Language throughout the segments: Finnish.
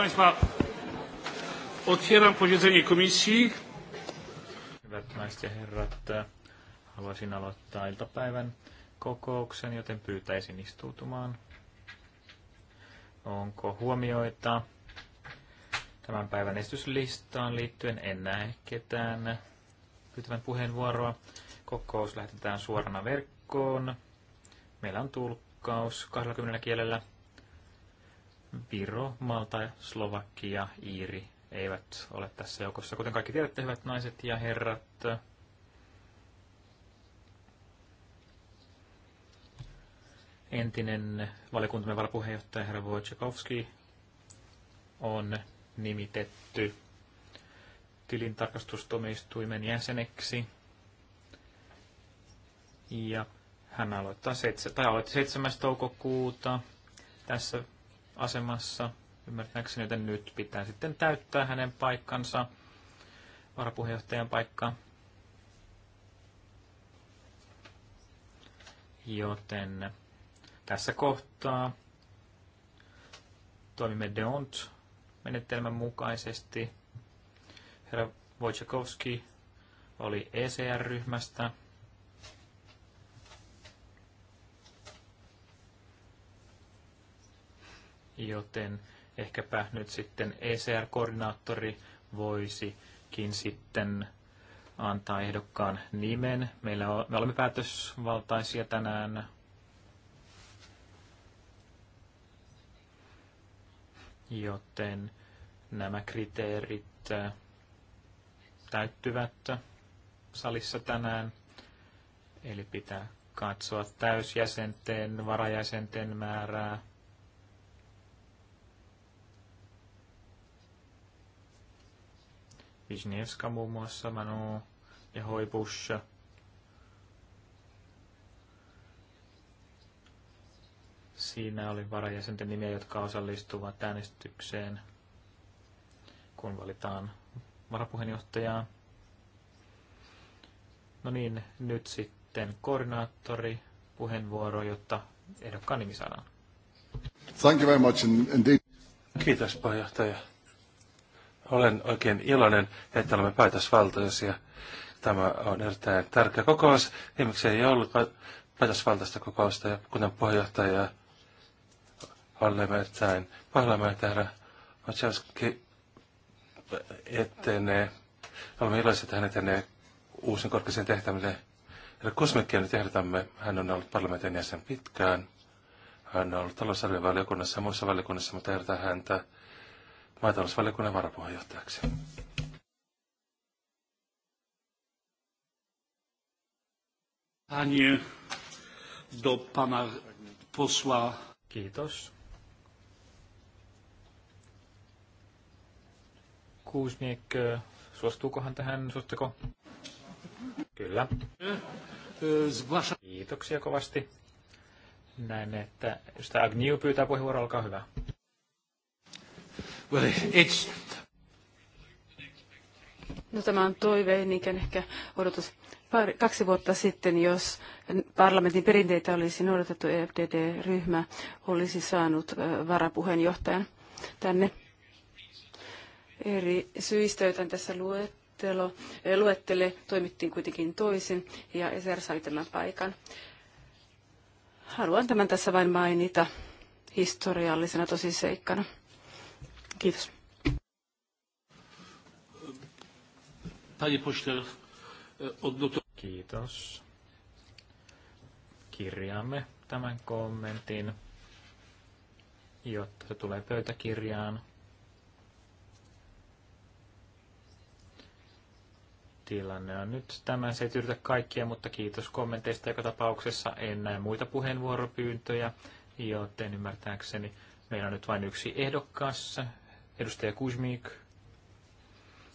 Państwa, otwieram posiedzenie komisji. Hyvät naiset ja herrat, haluaisin aloittaa iltapäivän kokouksen, joten pyytäisin istuutumaan. Onko huomioita tämän päivän esityslistaan liittyen? En näe ketään pyytävän puheenvuoroa. Kokous lähetetään suorana verkkoon. Meillä on tulkkaus 20 kielellä Viro, Malta, Slovakia, Iiri eivät ole tässä joukossa. Kuten kaikki tiedätte, hyvät naiset ja herrat, entinen valiokuntamme varapuheenjohtaja herra Wojciechowski on nimitetty tilintarkastustuomioistuimen jäseneksi. Ja hän aloittaa 7, tai aloitti 7. toukokuuta tässä asemassa, ymmärtääkseni, että nyt pitää sitten täyttää hänen paikkansa, varapuheenjohtajan paikka. Joten tässä kohtaa toimimme Deont menetelmän mukaisesti. Herra Wojciechowski oli ECR-ryhmästä joten ehkäpä nyt sitten ECR-koordinaattori voisikin sitten antaa ehdokkaan nimen. Meillä on, me olemme päätösvaltaisia tänään. Joten nämä kriteerit äh, täyttyvät salissa tänään. Eli pitää katsoa täysjäsenten, varajäsenten määrää, Genevska muun muassa Manu ja Hoipussa. Siinä oli varajäsenten nimiä, jotka osallistuvat äänestykseen, kun valitaan varapuheenjohtajaa. No niin, nyt sitten koordinaattori, puheenvuoro, jotta ehdokkaan nimi saadaan. Thank you very much indeed. Kiitos puheenjohtaja. Olen oikein iloinen, että olemme päätösvaltaisia. Tämä on erittäin tärkeä kokous. Viimeksi ei ollut päätösvaltaista kokousta, ja kuten puheenjohtaja olemme erittäin pahoillamme, että herra etenee. Olemme iloisia, että hän etenee uusin korkeisiin tehtäville. Herra Kusmikkiä nyt ehdotamme. Hän on ollut parlamentin jäsen pitkään. Hän on ollut talousarviovaliokunnassa ja muissa valiokunnissa, mutta ehdotan häntä maatalousvaliokunnan varapuheenjohtajaksi. do pana posła. Kiitos. Kuusniek, suostuukohan tähän, suostuko? Kyllä. Kiitoksia kovasti. Näin, että tämä Agnew pyytää puheenvuoroa, olkaa hyvä. Well, it's... No tämä on toive, niinkään ehkä odotus. Pari, kaksi vuotta sitten, jos parlamentin perinteitä olisi noudatettu, EFDD-ryhmä olisi saanut varapuheenjohtajan tänne eri syistä, joita tässä luettelo, luettele, toimittiin kuitenkin toisin, ja Eser sai tämän paikan. Haluan tämän tässä vain mainita historiallisena tosiseikkana. seikkana. Kiitos. E, kiitos. Kirjaamme tämän kommentin, jotta se tulee pöytäkirjaan. tilanne on nyt tämä. Se ei tyydytä kaikkia, mutta kiitos kommenteista joka tapauksessa. En näe muita puheenvuoropyyntöjä, joten ymmärtääkseni meillä on nyt vain yksi ehdokas Edustaja Kuzmiik,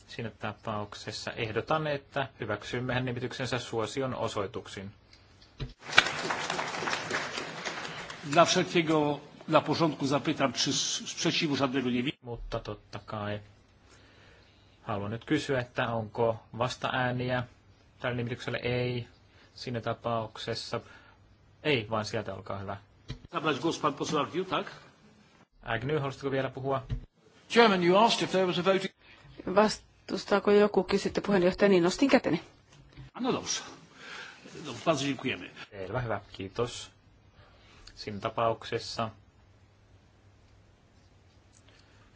Siinä tapauksessa ehdotan, että hyväksymme hänen nimityksensä suosion osoituksin. Dla wszelkiego, dla porządku zapytam, czy sprzeciwu żadnego nie widzę. Mutta totta kai. Haluan nyt kysyä, että onko vasta-ääniä tälle nimitykselle ei. Siinä tapauksessa ei, vaan sieltä olkaa hyvä. Zabrać głos pan poseł Agniu, tak? Agniu, haluaisitko vielä puhua? Chairman, you asked if there was a voting... Vastustaako joku? Kysytte puheenjohtaja, niin nostin käteni. Anna los. Bardzo dziękujemy. Selvä, hyvä. Kiitos. Siinä tapauksessa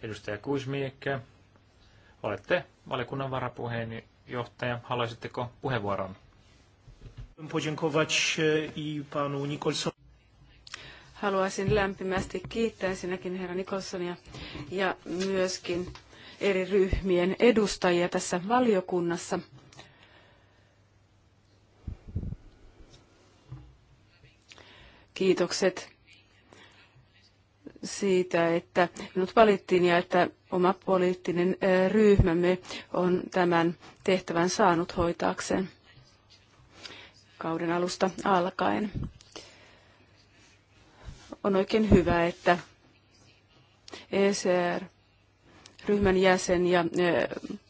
edustaja Kuismiekkä, olette valiokunnan varapuheenjohtaja. Haluaisitteko puheenvuoron? podziękować e, i panu Nikolson. Haluaisin lämpimästi kiittää ensinnäkin herra Nikolsonia ja myöskin eri ryhmien edustajia tässä valiokunnassa. Kiitokset siitä, että minut valittiin ja että oma poliittinen ryhmämme on tämän tehtävän saanut hoitaakseen kauden alusta alkaen. On oikein hyvä, että ECR-ryhmän jäsen ja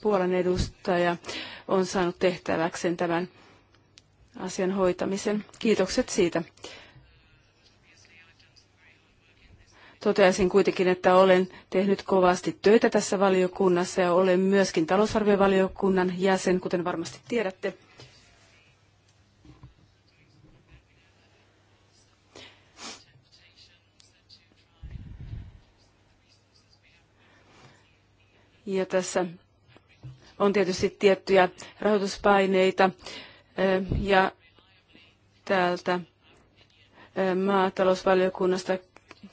Puolan edustaja on saanut tehtäväkseen tämän asian hoitamisen. Kiitokset siitä. Toteaisin kuitenkin, että olen tehnyt kovasti töitä tässä valiokunnassa ja olen myöskin talousarviovaliokunnan jäsen, kuten varmasti tiedätte. Ja tässä on tietysti tiettyjä rahoituspaineita ja täältä maatalousvaliokunnasta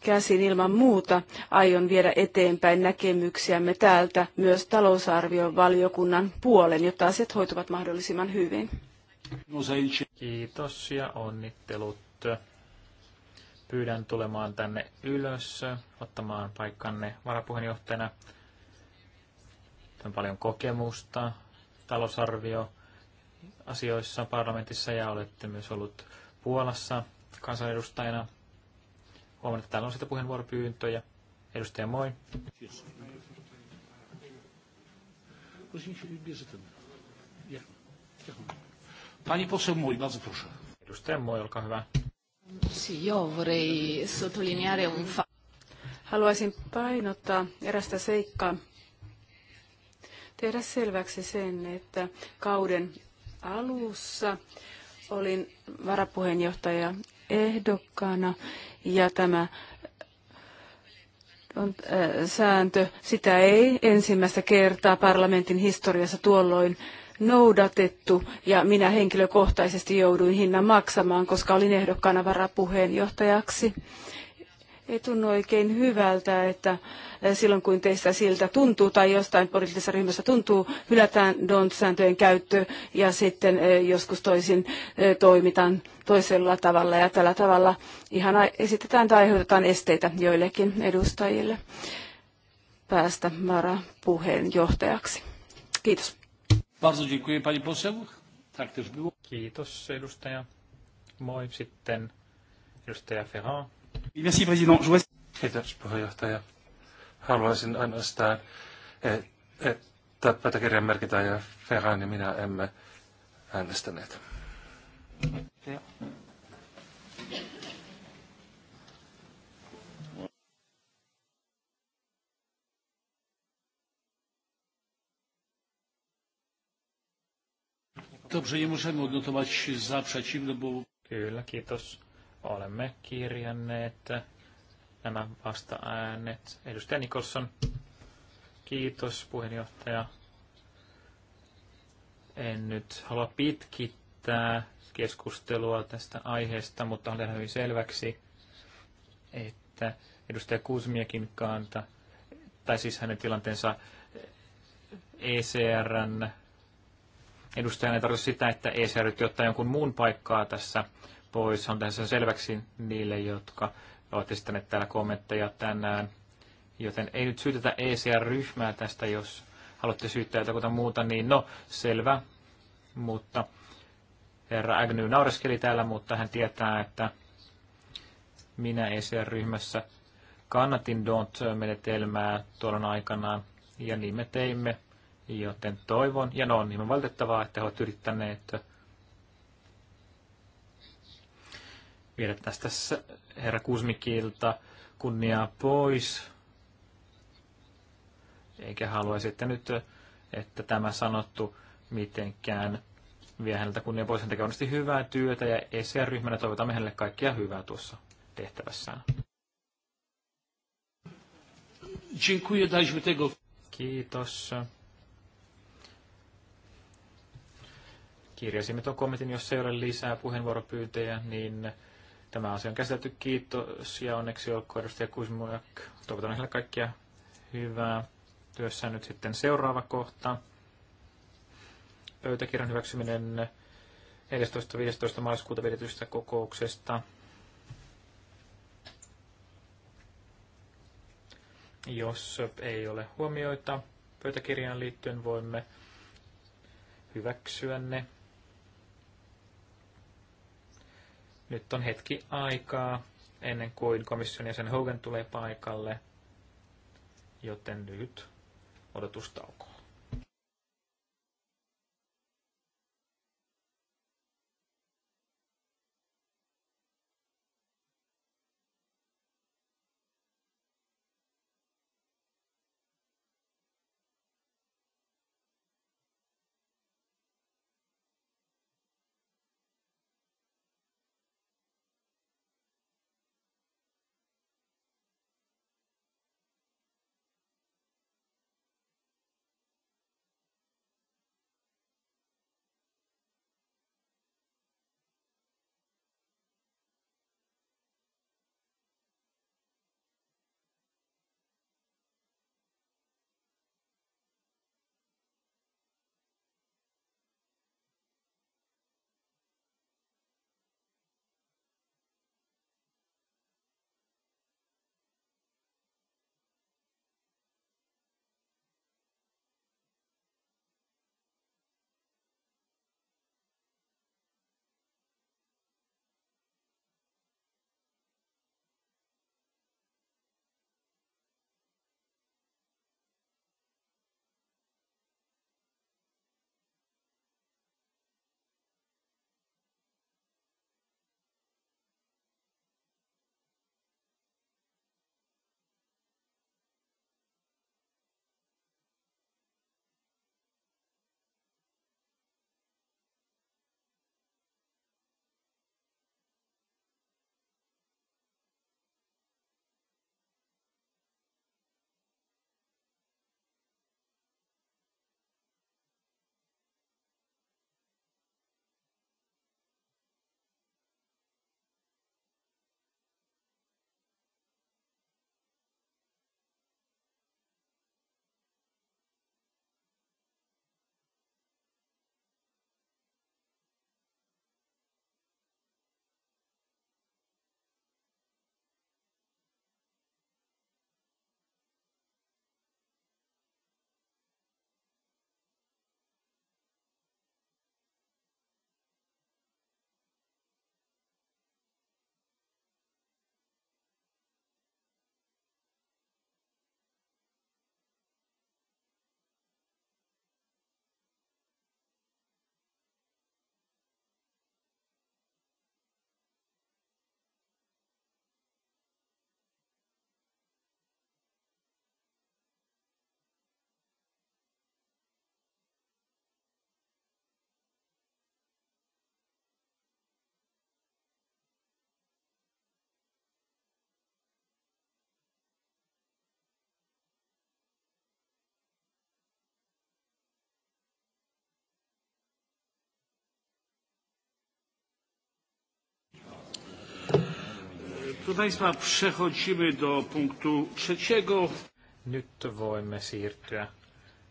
käsin ilman muuta aion viedä eteenpäin näkemyksiämme täältä myös talousarvion valiokunnan puolen, jotta asiat hoituvat mahdollisimman hyvin. Kiitos ja onnittelut. Pyydän tulemaan tänne ylös, ottamaan paikkanne varapuheenjohtajana on paljon kokemusta talousarvio asioissa parlamentissa ja olette myös ollut Puolassa kansanedustajana. Huomaan, että täällä on sitä puheenvuoropyyntöjä. Edustaja, moi. Pani poseu, moi, bardzo proszę. Edustaja Moi, olkaa hyvä. Haluaisin painottaa erästä seikkaa, tehdä selväksi sen, että kauden alussa olin varapuheenjohtaja ehdokkaana ja tämä on äh, sääntö, sitä ei ensimmäistä kertaa parlamentin historiassa tuolloin noudatettu ja minä henkilökohtaisesti jouduin hinnan maksamaan, koska olin ehdokkaana varapuheenjohtajaksi ei tunnu oikein hyvältä, että eh, silloin kun teistä siltä tuntuu tai jostain poliittisessa ryhmässä tuntuu, hylätään DONT-sääntöjen käyttö ja sitten eh, joskus toisin eh, toimitaan toisella tavalla ja tällä tavalla ihan esitetään tai aiheutetaan esteitä joillekin edustajille päästä puheenjohtajaksi. Kiitos. Kiitos edustaja. Moi sitten edustaja Ferrand. Merci, president. Kiitos, puheenjohtaja. Haluaisin ainoastaan, että pöytäkirjan merkitään ja Ferran ja minä emme äänestäneet. Dobrze, nie możemy odnotować za przeciwne, bo... Kyllä, kiitos olemme kirjanneet nämä vasta-äänet. Edustaja Nikolson, kiitos puheenjohtaja. En nyt halua pitkittää keskustelua tästä aiheesta, mutta on hyvin selväksi, että edustaja Kuusmiakin kanta, tai siis hänen tilanteensa ECRn edustajana ei tarkoita sitä, että ECR ottaa jonkun muun paikkaa tässä pois. On tässä selväksi niille, jotka ovat esittäneet täällä kommentteja tänään. Joten ei nyt syytetä ECR-ryhmää tästä, jos haluatte syyttää jotain muuta, niin no, selvä. Mutta herra Agnew naureskeli täällä, mutta hän tietää, että minä ECR-ryhmässä kannatin Don't-menetelmää tuolla aikanaan, ja niin me teimme. Joten toivon, ja no on niin valitettavaa, että he ovat yrittäneet viedä tästä herra Kusmikilta kunniaa pois. Eikä haluaisi, että nyt, että tämä sanottu mitenkään vie häneltä kunnia pois. Hän tekee onnistu hyvää työtä ja ECR-ryhmänä toivotamme hänelle kaikkia hyvää tuossa tehtävässään. Kiitos. Kirjasimme tuon kommentin, jos ei ole lisää puheenvuoropyyntejä, niin Tämä asia on käsitelty. Kiitos ja onneksi olkoon edustaja Kuismujak. Toivotan heille kaikkia hyvää työssä. Nyt sitten seuraava kohta. Pöytäkirjan hyväksyminen 14.15. maaliskuuta vedetystä kokouksesta. Jos ei ole huomioita pöytäkirjaan liittyen, voimme hyväksyä ne. Nyt on hetki aikaa ennen kuin komission jäsen Hogan tulee paikalle, joten nyt odotustauko. Proszę Państwa, przechodzimy do punktu trzeciego. Nyt voimme siirtyä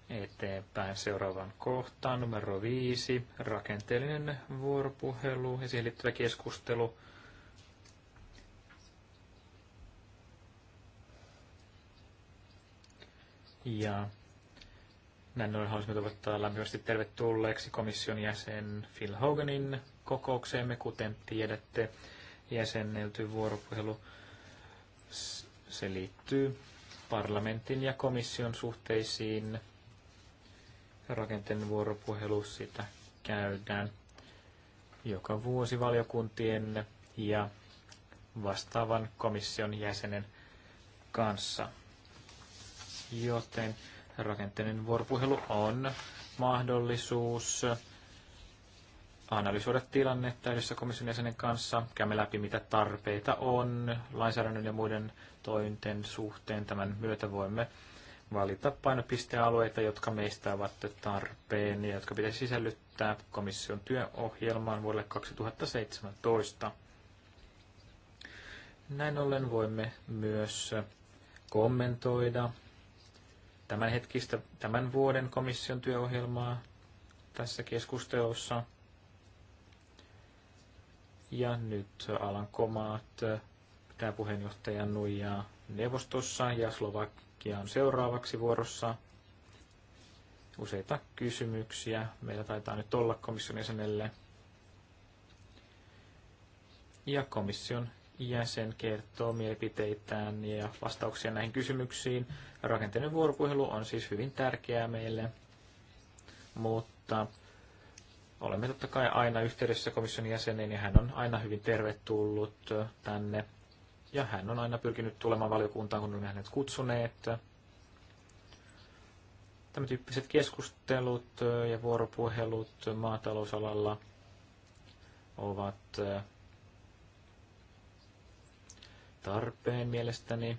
eteenpäin seuraavaan kohtaan, numero viisi, rakenteellinen vuoropuhelu ja siihen liittyvä keskustelu. Ja näin noin haluaisimme toivottaa lämpimästi tervetulleeksi komission jäsen Phil Hoganin kokoukseemme, kuten tiedätte jäsennelty vuoropuhelu. Se liittyy parlamentin ja komission suhteisiin. Rakenteen vuoropuhelu sitä käydään joka vuosi valiokuntien ja vastaavan komission jäsenen kanssa. Joten rakenteinen vuoropuhelu on mahdollisuus analysoida tilannetta yhdessä komission jäsenen kanssa, käymme läpi mitä tarpeita on lainsäädännön ja muiden tointen suhteen. Tämän myötä voimme valita painopistealueita, jotka meistä ovat tarpeen ja jotka pitäisi sisällyttää komission työohjelmaan vuodelle 2017. Näin ollen voimme myös kommentoida tämän hetkistä tämän vuoden komission työohjelmaa tässä keskustelussa – ja nyt Alankomaat pitää puheenjohtajan nuijaa neuvostossa ja Slovakia on seuraavaksi vuorossa. Useita kysymyksiä meillä taitaa nyt olla komission jäsenelle. Ja komission jäsen kertoo mielipiteitään ja vastauksia näihin kysymyksiin. Rakenteinen vuoropuhelu on siis hyvin tärkeää meille, mutta Olemme totta kai aina yhteydessä komission jäseniin ja hän on aina hyvin tervetullut tänne. Ja hän on aina pyrkinyt tulemaan valiokuntaan, kun olemme hänet kutsuneet. Tämän tyyppiset keskustelut ja vuoropuhelut maatalousalalla ovat tarpeen mielestäni.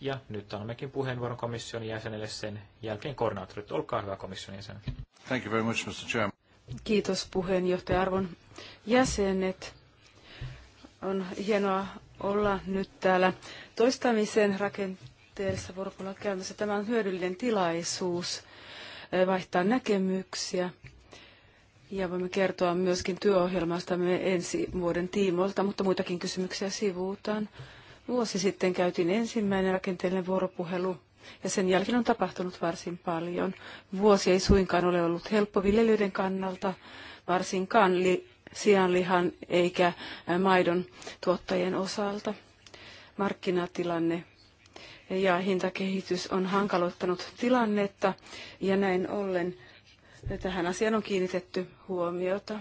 Ja nyt annammekin puheenvuoron komission jäsenelle sen jälkeen koordinaattorit. Olkaa hyvä komission jäsen. Thank you very much, Mr. Chairman. Kiitos puheenjohtaja arvon jäsenet. On hienoa olla nyt täällä toistamisen rakenteessa vuoropuolella käymässä. Tämä on hyödyllinen tilaisuus eh, vaihtaa näkemyksiä. Ja voimme kertoa myöskin työohjelmastamme ensi vuoden tiimoilta, mutta muitakin kysymyksiä sivuutaan. Vuosi sitten käytiin ensimmäinen rakenteellinen vuoropuhelu ja sen jälkeen on tapahtunut varsin paljon. Vuosi ei suinkaan ole ollut helppo viljelyiden kannalta, varsinkaan li- sianlihan eikä maidon tuottajien osalta. Markkinatilanne ja hintakehitys on hankaloittanut tilannetta ja näin ollen tähän asiaan on kiinnitetty huomiota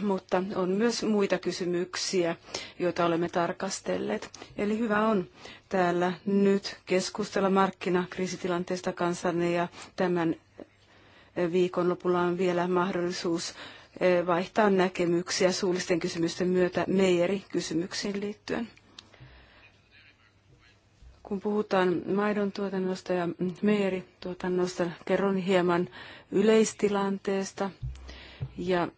mutta on myös muita kysymyksiä, joita olemme tarkastelleet. Eli hyvä on täällä nyt keskustella markkinakriisitilanteesta kanssanne ja tämän viikonlopulla on vielä mahdollisuus eh, vaihtaa näkemyksiä suullisten kysymysten myötä meijeri kysymyksiin liittyen. Kun puhutaan maidon tuotannosta ja meijeri tuotannosta, kerron hieman yleistilanteesta ja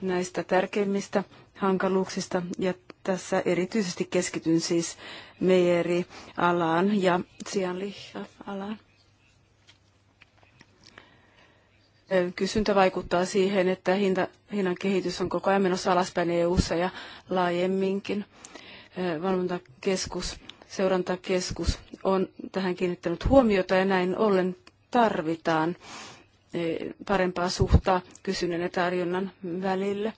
näistä tärkeimmistä hankaluuksista ja tässä erityisesti keskityn siis meijerialaan ja sianliha-alaan. Kysyntä vaikuttaa siihen, että hinta, hinnan kehitys on koko ajan menossa alaspäin EU-ssa ja laajemminkin. Valvontakeskus, seurantakeskus on tähän kiinnittänyt huomiota ja näin ollen tarvitaan parempaa suhtaa kysynnän ja tarjonnan välillä.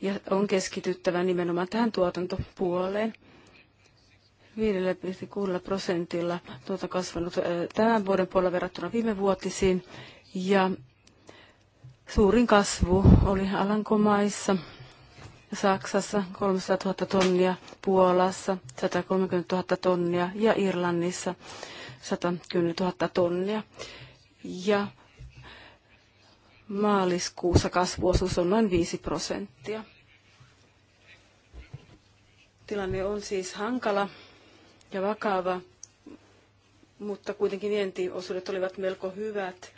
Ja on keskityttävä nimenomaan tähän tuotantopuoleen. 5,6 prosentilla tuota kasvanut tämän vuoden puolella verrattuna viime vuotisiin. Ja suurin kasvu oli Alankomaissa, Saksassa 300 000 tonnia, Puolassa 130 000 tonnia ja Irlannissa 110 000 tonnia. Ja Maaliskuussa kasvuosuus on noin 5 prosenttia. Tilanne on siis hankala ja vakava, mutta kuitenkin vientiosuudet olivat melko hyvät.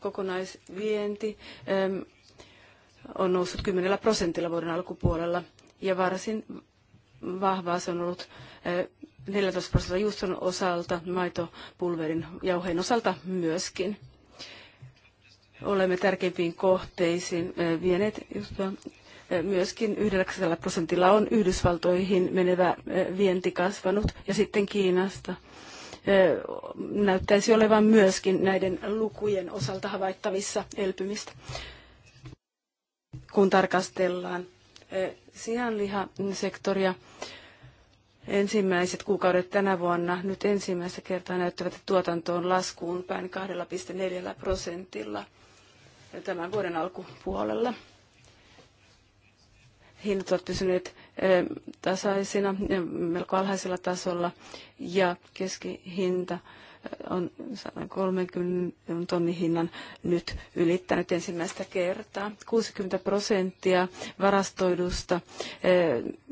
Kokonaisvienti on noussut 10 prosentilla vuoden alkupuolella ja varsin vahvaa se on ollut 14 eh, prosenttia juuston osalta, maitopulverin jauheen osalta myöskin olemme tärkeimpiin kohteisiin vieneet myöskin 9 prosentilla on Yhdysvaltoihin menevä vienti kasvanut ja sitten Kiinasta näyttäisi olevan myöskin näiden lukujen osalta havaittavissa elpymistä, kun tarkastellaan sianlihasektoria. Ensimmäiset kuukaudet tänä vuonna nyt ensimmäistä kertaa näyttävät, että tuotanto on laskuun päin 2,4 prosentilla – tämän vuoden alkupuolella. Hinnat ovat pysyneet tasaisina, melko alhaisella tasolla, ja keskihinta on 130 tonnin hinnan nyt ylittänyt ensimmäistä kertaa. 60 prosenttia varastoidusta,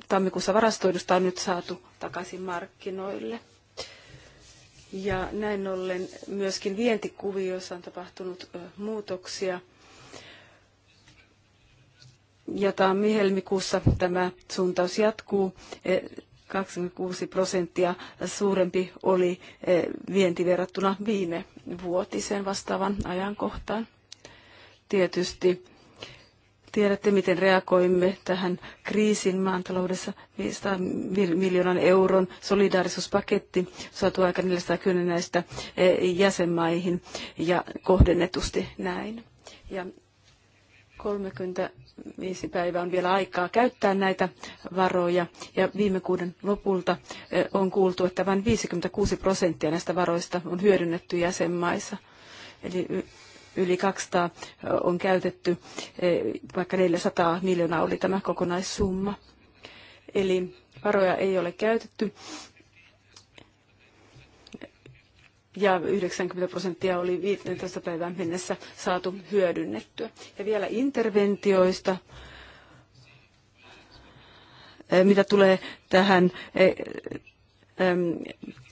tammikuussa varastoidusta on nyt saatu takaisin markkinoille. Ja näin ollen myöskin vientikuvioissa on tapahtunut muutoksia. Ja tammi-helmikuussa tämä suuntaus jatkuu. 26 e, prosenttia suurempi oli e, vienti verrattuna viime vuotiseen vastaavan ajankohtaan. Tietysti Tiedätte, miten reagoimme tähän kriisin maantaloudessa. 500 miljoonan euron solidaarisuuspaketti saatu aika 410 näistä eh, jäsenmaihin ja kohdennetusti näin. Ja 35 päivää on vielä aikaa käyttää näitä varoja ja viime kuuden lopulta eh, on kuultu, että vain 56 prosenttia näistä varoista on hyödynnetty jäsenmaissa. Eli yli 200 on käytetty, e, vaikka 400 miljoonaa oli tämä kokonaissumma. Eli varoja ei ole käytetty. ja 90 prosenttia oli 15 päivän mennessä saatu hyödynnettyä. Ja vielä interventioista, e, mitä tulee tähän e,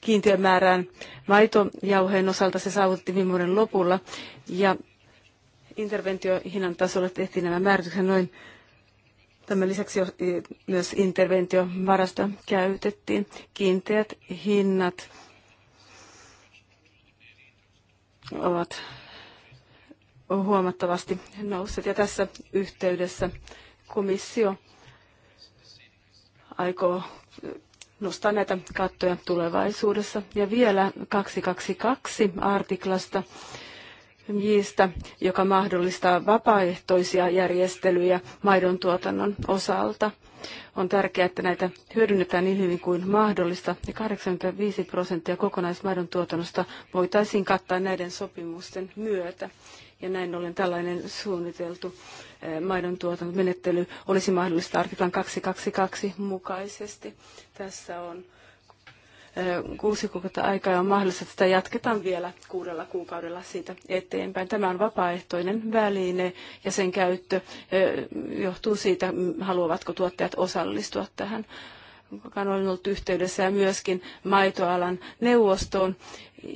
kiintiömäärään maitojauheen osalta. Se saavutti viime vuoden lopulla ja interventiohinnan tasolla tehtiin nämä määritykset noin Tämän lisäksi myös interventiovarasta käytettiin kiinteät hinnat ovat huomattavasti nousseet. Ja tässä yhteydessä komissio aikoo nostaa näitä kattoja tulevaisuudessa. Ja vielä 222 artiklasta jistä, joka mahdollistaa vapaaehtoisia järjestelyjä maidon tuotannon osalta. On tärkeää, että näitä hyödynnetään niin hyvin kuin mahdollista, ja 85 prosenttia kokonaismaidon tuotannosta voitaisiin kattaa näiden sopimusten myötä. Ja näin ollen tällainen suunniteltu eh, maidon tuotantomenettely olisi mahdollista artiklan 222 mukaisesti. Tässä on eh, kuusi kuukautta aikaa ja on mahdollista, että sitä jatketaan vielä kuudella kuukaudella siitä eteenpäin. Tämä on vapaaehtoinen väline ja sen käyttö eh, johtuu siitä, haluavatko tuottajat osallistua tähän olen ollut yhteydessä ja myöskin maitoalan neuvostoon,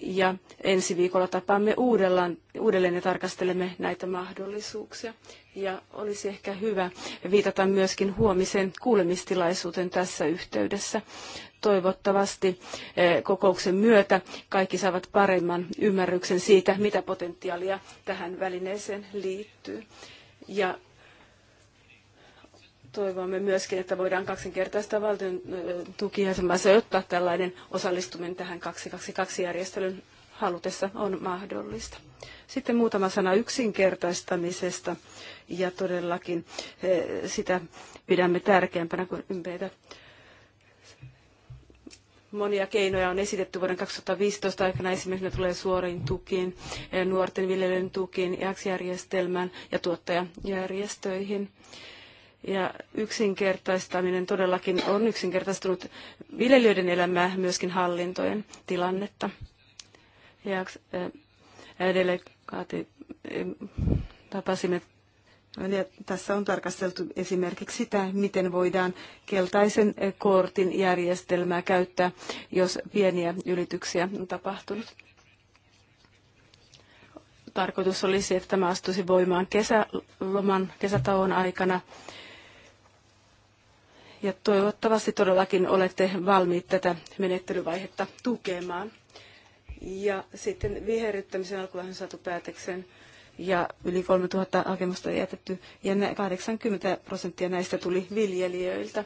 ja ensi viikolla tapaamme uudelleen, uudelleen ja tarkastelemme näitä mahdollisuuksia. Ja olisi ehkä hyvä viitata myöskin huomisen kuulemistilaisuuteen tässä yhteydessä. Toivottavasti eh, kokouksen myötä kaikki saavat paremman ymmärryksen siitä, mitä potentiaalia tähän välineeseen liittyy. Ja Toivomme myöskin, että voidaan kaksinkertaista valtion tukijäsenmaassa, jotta tällainen osallistuminen tähän 222-järjestelyn halutessa on mahdollista. Sitten muutama sana yksinkertaistamisesta ja todellakin sitä pidämme tärkeämpänä kuin ympeitä. Monia keinoja on esitetty vuoden 2015 aikana. Esimerkiksi ne tulee suoriin tukiin, nuorten viljelijöiden tukiin, järjestelmään ja tuottajajärjestöihin. Ja yksinkertaistaminen todellakin on yksinkertaistunut viljelijöiden elämää, myöskin hallintojen tilannetta. Ja äh, delegaati äh, tapasimme ja tässä on tarkasteltu esimerkiksi sitä, miten voidaan keltaisen äh, kortin järjestelmää käyttää, jos pieniä ylityksiä on tapahtunut. Tarkoitus olisi, että tämä astuisi voimaan kesäloman, kesätauon aikana ja toivottavasti todellakin olette valmiit tätä menettelyvaihetta tukemaan. Ja sitten viherryttämisen alkuvaiheen on saatu päätöksen ja yli 3000 hakemusta jätetty ja 80 prosenttia näistä tuli viljelijöiltä.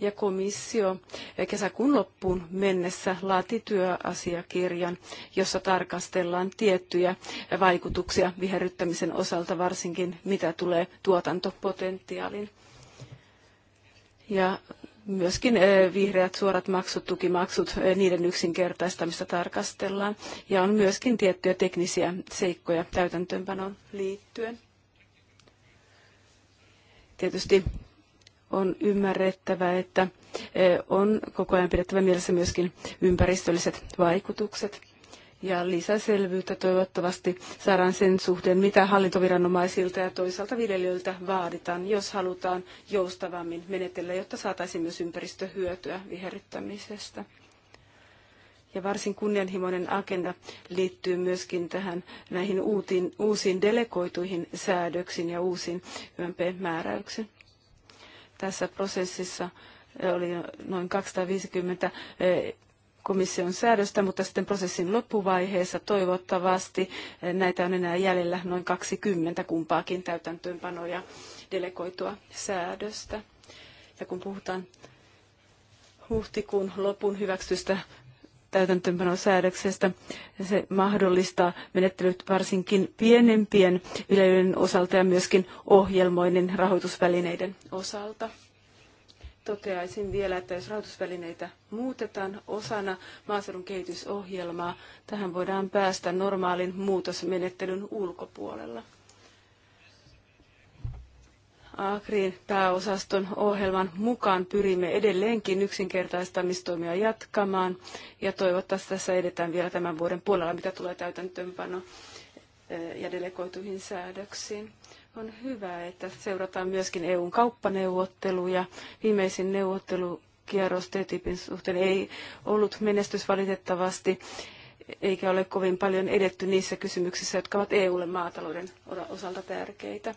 Ja komissio eh, kesäkuun loppuun mennessä laati työasiakirjan, jossa tarkastellaan tiettyjä vaikutuksia viherryttämisen osalta, varsinkin mitä tulee tuotantopotentiaalin ja myöskin eh, vihreät suorat maksut, tukimaksut, eh, niiden yksinkertaistamista tarkastellaan. Ja on myöskin tiettyjä teknisiä seikkoja täytäntöönpanoon liittyen. Tietysti on ymmärrettävä, että eh, on koko ajan pidettävä mielessä myöskin ympäristölliset vaikutukset ja lisäselvyyttä toivottavasti saadaan sen suhteen, mitä hallintoviranomaisilta ja toisaalta viljelijöiltä vaaditaan, jos halutaan joustavammin menetellä, jotta saataisiin myös ympäristöhyötyä viherryttämisestä. Ja varsin kunnianhimoinen agenda liittyy myöskin tähän näihin uutiin, uusiin delegoituihin säädöksiin ja uusiin YMP-määräyksiin. Tässä prosessissa oli noin 250 komission säädöstä, mutta sitten prosessin loppuvaiheessa toivottavasti eh, näitä on enää jäljellä noin 20 kumpaakin täytäntöönpanoja delegoitua säädöstä. Ja kun puhutaan huhtikuun lopun hyväksytystä täytäntöönpanosäädöksestä. Se mahdollistaa menettelyt varsinkin pienempien viljelyiden osalta ja myöskin ohjelmoinnin rahoitusvälineiden osalta toteaisin vielä, että jos rahoitusvälineitä muutetaan osana maaseudun kehitysohjelmaa, tähän voidaan päästä normaalin muutosmenettelyn ulkopuolella. Agrin pääosaston ohjelman mukaan pyrimme edelleenkin yksinkertaistamistoimia jatkamaan ja toivottavasti tässä edetään vielä tämän vuoden puolella, mitä tulee täytäntöönpano eh, ja delegoituihin säädöksiin. On hyvä, että seurataan myöskin EUn kauppaneuvotteluja. Viimeisin neuvottelukierros TTIPin suhteen ei ollut menestys valitettavasti, eikä ole kovin paljon edetty niissä kysymyksissä, jotka ovat EUlle maatalouden osalta tärkeitä.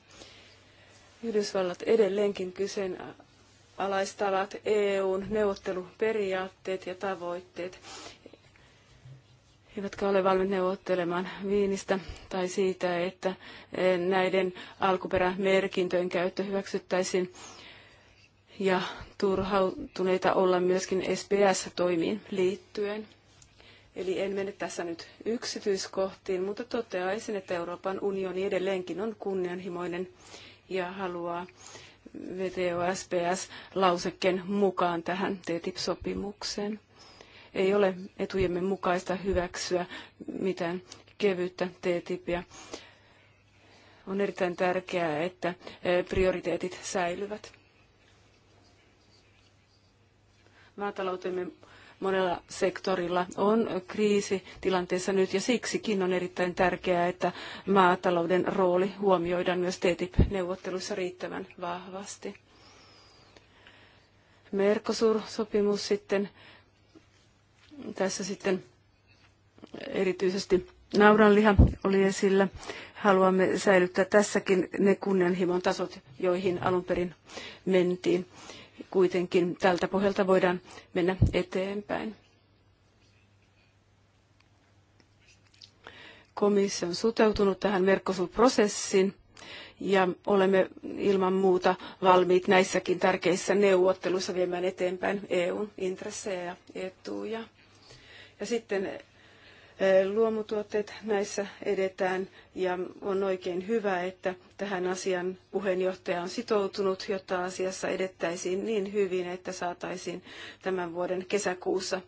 Yhdysvallat edelleenkin kyseenalaistavat EUn neuvotteluperiaatteet ja tavoitteet, eivätkä ole valmiit neuvottelemaan viinistä tai siitä, että eh, näiden alkuperämerkintöjen käyttö hyväksyttäisiin ja turhautuneita olla myöskin SPS-toimiin liittyen. Eli en mene tässä nyt yksityiskohtiin, mutta toteaisin, että Euroopan unioni edelleenkin on kunnianhimoinen ja haluaa VTO-SPS-lausekkeen mukaan tähän TTIP-sopimukseen. Ei ole etujemme mukaista hyväksyä mitään kevyttä TTIPiä. On erittäin tärkeää, että e, prioriteetit säilyvät. Maataloutemme monella sektorilla on kriisitilanteessa nyt ja siksikin on erittäin tärkeää, että maatalouden rooli huomioidaan myös TTIP-neuvotteluissa riittävän vahvasti. Mercosur-sopimus sitten tässä sitten erityisesti nauranliha oli esillä. Haluamme säilyttää tässäkin ne kunnianhimon tasot, joihin alun perin mentiin. Kuitenkin tältä pohjalta voidaan mennä eteenpäin. Komissio on suteutunut tähän Mercosur-prosessiin ja olemme ilman muuta valmiit näissäkin tärkeissä neuvotteluissa viemään eteenpäin EUn intressejä ja etuja. Ja sitten eh, luomutuotteet näissä edetään ja on oikein hyvä, että tähän asian puheenjohtaja on sitoutunut, jotta asiassa edettäisiin niin hyvin, että saataisiin tämän vuoden kesäkuussa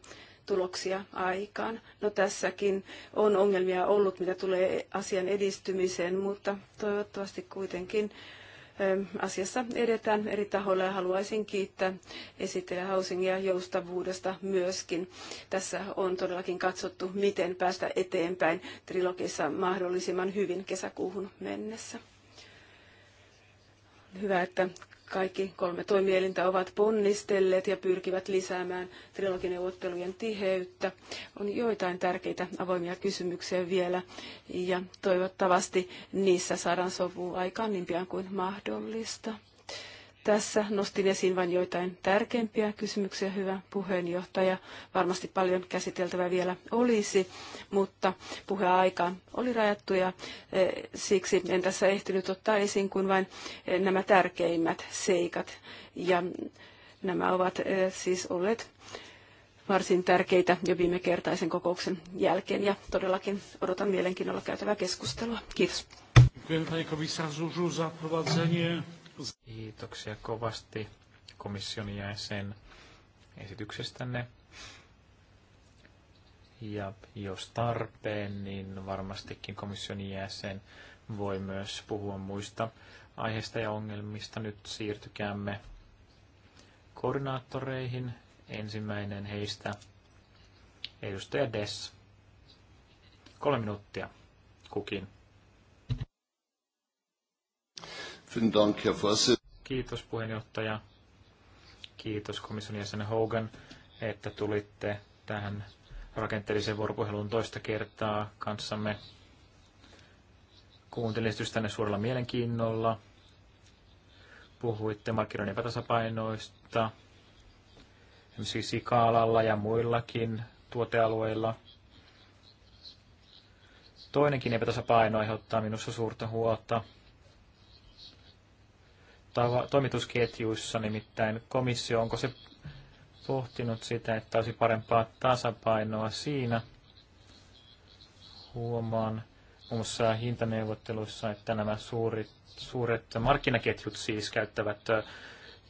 tuloksia aikaan. No tässäkin on ongelmia ollut, mitä tulee asian edistymiseen, mutta toivottavasti kuitenkin asiassa edetään eri tahoilla ja haluaisin kiittää esittelijä Hausingia joustavuudesta myöskin. Tässä on todellakin katsottu, miten päästä eteenpäin trilogissa mahdollisimman hyvin kesäkuuhun mennessä. Hyvä, että kaikki kolme toimielintä ovat ponnistelleet ja pyrkivät lisäämään trilogineuvottelujen tiheyttä. On joitain tärkeitä avoimia kysymyksiä vielä ja toivottavasti niissä saadaan sopu aikaan niin pian kuin mahdollista. Tässä nostin esiin vain joitain tärkeimpiä kysymyksiä, hyvä puheenjohtaja. Varmasti paljon käsiteltävää vielä olisi, mutta puheaika oli rajattu ja e, siksi en tässä ehtinyt ottaa esiin kuin vain e, nämä tärkeimmät seikat. Ja nämä ovat e, siis olleet varsin tärkeitä jo viime kertaisen kokouksen jälkeen ja todellakin odotan mielenkiinnolla käytävää keskustelua. Kiitos. Dziękuję panie komisarzu za prowadzenie Kiitoksia kovasti komission jäsen esityksestänne. Ja jos tarpeen, niin varmastikin komission jäsen voi myös puhua muista aiheista ja ongelmista. Nyt siirtykäämme koordinaattoreihin. Ensimmäinen heistä edustaja Des. Kolme minuuttia kukin. Kiitos puheenjohtaja. Kiitos komission jäsen Hogan, että tulitte tähän rakenteelliseen vuoropuheluun toista kertaa kanssamme. Kuuntelin tänne suurella mielenkiinnolla. Puhuitte markkinoiden epätasapainoista, esimerkiksi sikaalalla ja muillakin tuotealueilla. Toinenkin epätasapaino aiheuttaa minussa suurta huolta, tava, toimitusketjuissa, nimittäin komissio, onko se pohtinut sitä, että olisi parempaa tasapainoa siinä. Huomaan muun muassa hintaneuvotteluissa, että nämä suurit, suuret markkinaketjut siis käyttävät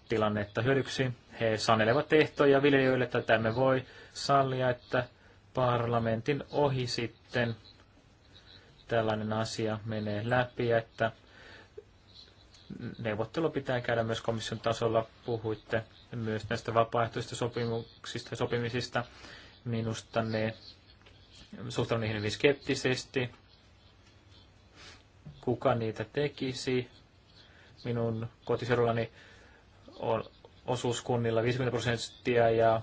tilannetta hyödyksi. He sanelevat ehtoja viljelijöille, että tämä me voi sallia, että parlamentin ohi sitten tällainen asia menee läpi, että neuvottelu pitää käydä myös komission tasolla. Puhuitte myös näistä vapaaehtoisista sopimuksista ja sopimisista. Minusta ne suhtaudun niihin hyvin skeptisesti. Kuka niitä tekisi? Minun kotiseudullani on osuuskunnilla 50 prosenttia ja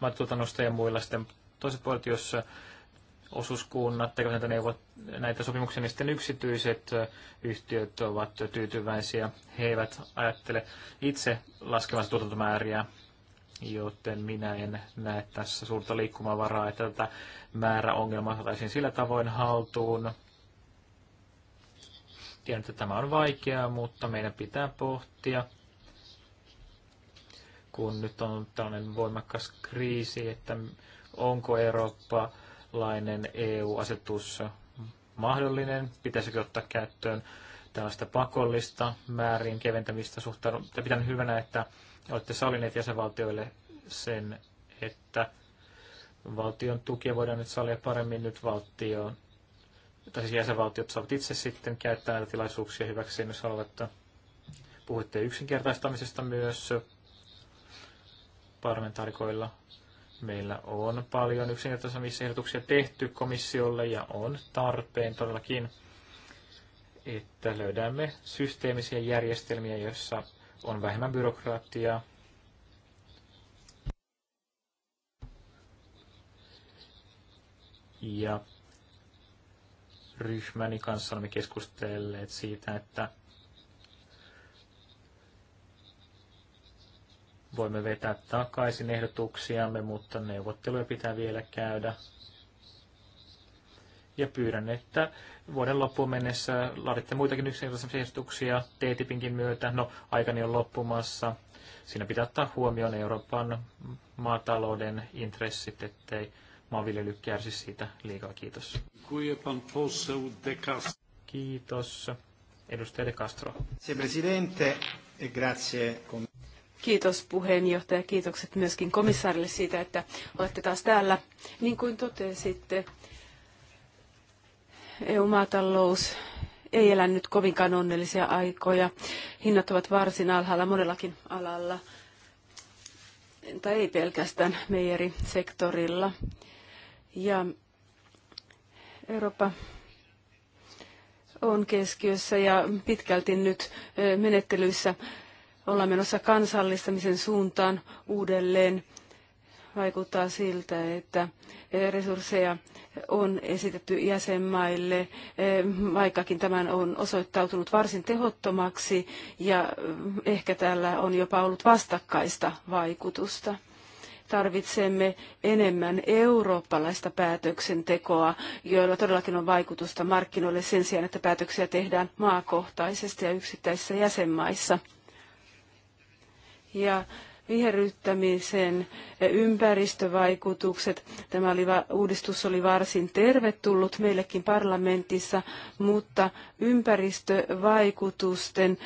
maidotuotannosta ja muilla sitten toiset puolet, jossa osuuskunnat tekevät näitä, neuvot, näitä sopimuksia, niin sitten yksityiset yhtiöt ovat tyytyväisiä. He eivät ajattele itse laskevansa tuotantomääriä, joten minä en näe tässä suurta liikkumavaraa, että tätä määräongelmaa saataisiin sillä tavoin haltuun. Tiedän, että tämä on vaikeaa, mutta meidän pitää pohtia, kun nyt on tällainen voimakas kriisi, että onko Eurooppa lainen EU-asetus mahdollinen? Pitäisikö ottaa käyttöön tällaista pakollista määrin keventämistä suhtaudun, tai pidän hyvänä, että olette sallineet jäsenvaltioille sen, että valtion tukia voidaan nyt sallia paremmin nyt valtioon, tai siis jäsenvaltiot saavat itse sitten käyttää näitä tilaisuuksia hyväksi jos haluavat. Puhuitte yksinkertaistamisesta myös parlamentaarikoilla Meillä on paljon yksinkertaisemmissa ehdotuksia tehty komissiolle ja on tarpeen todellakin, että löydämme systeemisiä järjestelmiä, joissa on vähemmän byrokraattia. ja ryhmäni kanssa olemme keskustelleet siitä, että Voimme vetää takaisin ehdotuksiamme, mutta neuvotteluja pitää vielä käydä. Ja pyydän, että vuoden loppuun mennessä laaditte muitakin yksinkertaisia ehdotuksia TTIPinkin myötä. No, aikani on loppumassa. Siinä pitää ottaa huomioon Euroopan maatalouden intressit, ettei maanviljely kärsi siitä liikaa. Kiitos. Kiitos. Edustaja De Castro. Se Presidente e grazie. Kiitos puheenjohtaja, kiitokset myöskin komissaarille siitä, että olette taas täällä. Niin kuin totesitte, EU-maatalous ei elä nyt kovinkaan onnellisia aikoja. Hinnat ovat varsin alhaalla monellakin alalla, tai ei pelkästään meijerisektorilla. Ja Eurooppa on keskiössä ja pitkälti nyt menettelyissä ollaan menossa kansallistamisen suuntaan uudelleen. Vaikuttaa siltä, että eh, resursseja on esitetty jäsenmaille, eh, vaikkakin tämän on osoittautunut varsin tehottomaksi ja eh, ehkä tällä on jopa ollut vastakkaista vaikutusta tarvitsemme enemmän eurooppalaista päätöksentekoa, joilla todellakin on vaikutusta markkinoille sen sijaan, että päätöksiä tehdään maakohtaisesti ja yksittäisissä jäsenmaissa ja viherryttämisen ympäristövaikutukset. Tämä oli, uudistus oli varsin tervetullut meillekin parlamentissa, mutta ympäristövaikutusten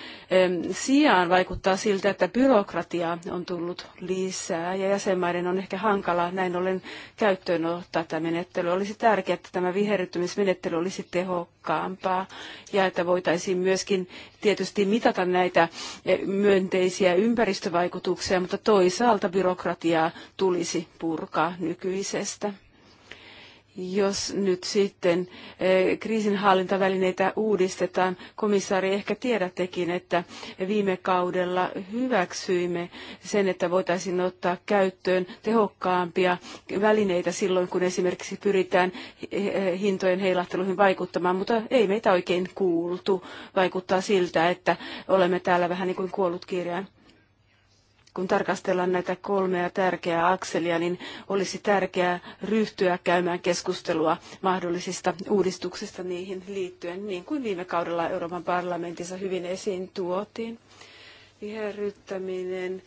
sijaan vaikuttaa siltä, että byrokratiaa on tullut lisää ja jäsenmaiden on ehkä hankala näin ollen käyttöön ottaa tämä menettely. Olisi tärkeää, että tämä viherryttämismenettely olisi tehokkaampaa ja että voitaisiin myöskin tietysti mitata näitä eh, myönteisiä ympäristövaikutuksia, mutta toisaalta byrokratiaa tulisi purkaa nykyisestä jos nyt sitten eh, kriisinhallintavälineitä uudistetaan, komissaari, ehkä tiedättekin, että viime kaudella hyväksyimme sen, että voitaisiin ottaa käyttöön tehokkaampia välineitä silloin, kun esimerkiksi pyritään eh, eh, hintojen heilahteluihin vaikuttamaan, mutta ei meitä oikein kuultu. Vaikuttaa siltä, että olemme täällä vähän niin kuin kuollut kirjain kun tarkastellaan näitä kolmea tärkeää akselia, niin olisi tärkeää ryhtyä käymään keskustelua mahdollisista uudistuksista niihin liittyen, niin kuin viime kaudella Euroopan parlamentissa hyvin esiin tuotiin. Viherryttäminen,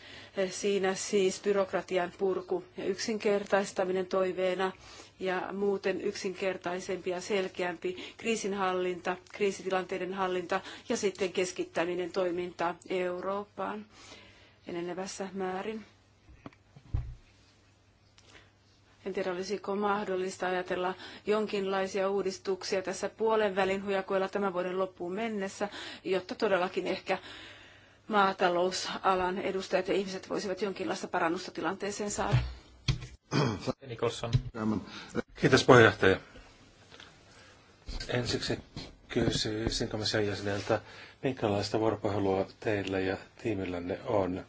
siinä siis byrokratian purku ja yksinkertaistaminen toiveena ja muuten yksinkertaisempi ja selkeämpi kriisinhallinta, kriisitilanteiden hallinta ja sitten keskittäminen toimintaa Eurooppaan enenevässä määrin. En tiedä, olisiko mahdollista ajatella jonkinlaisia uudistuksia tässä puolen välin hujakoilla tämän vuoden loppuun mennessä, jotta todellakin ehkä maatalousalan edustajat ja ihmiset voisivat jonkinlaista parannusta tilanteeseen saada. Nicholson. Kiitos puheenjohtaja. Ensiksi kysyisin komission jäseneltä, minkälaista vuoropuhelua teillä ja tiimillänne on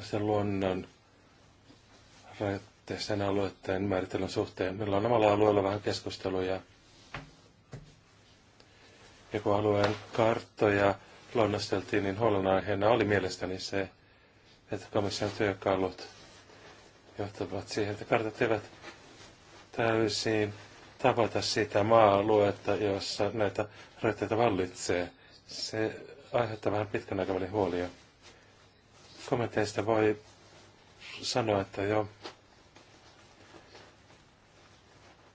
sen luonnon rajoitteisten alueiden määritelmän suhteen. Meillä on omalla alueella vähän keskusteluja. Ja kun alueen karttoja luonnosteltiin, niin huolenaiheena oli mielestäni se, että komission työkalut johtavat siihen, että kartat eivät täysin tavoita sitä maa-aluetta, jossa näitä rajoitteita vallitsee. Se aiheuttaa vähän pitkän aikavälin huolia kommenteista voi sanoa, että jo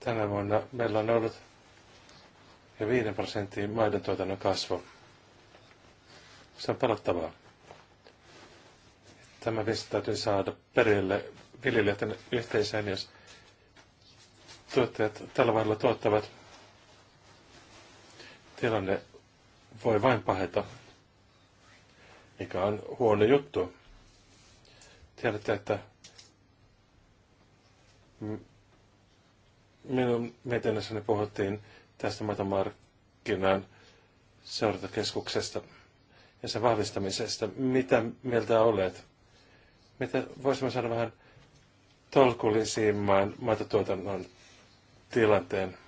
tänä vuonna meillä on ollut jo 5 prosenttia maiden tuotannon kasvu. Se on palattavaa. Tämä viesti täytyy saada perille viljelijöiden yhteisöön, jos tuottajat tällä vaiheella tuottavat. Tilanne voi vain paheta, mikä on huono juttu. Tiedätte, että minun mietinnössäni puhuttiin tästä matamarkkinan seurantakeskuksesta ja sen vahvistamisesta. Mitä mieltä olet? Mitä voisimme saada vähän tolkullisimman matatuotannon tilanteen?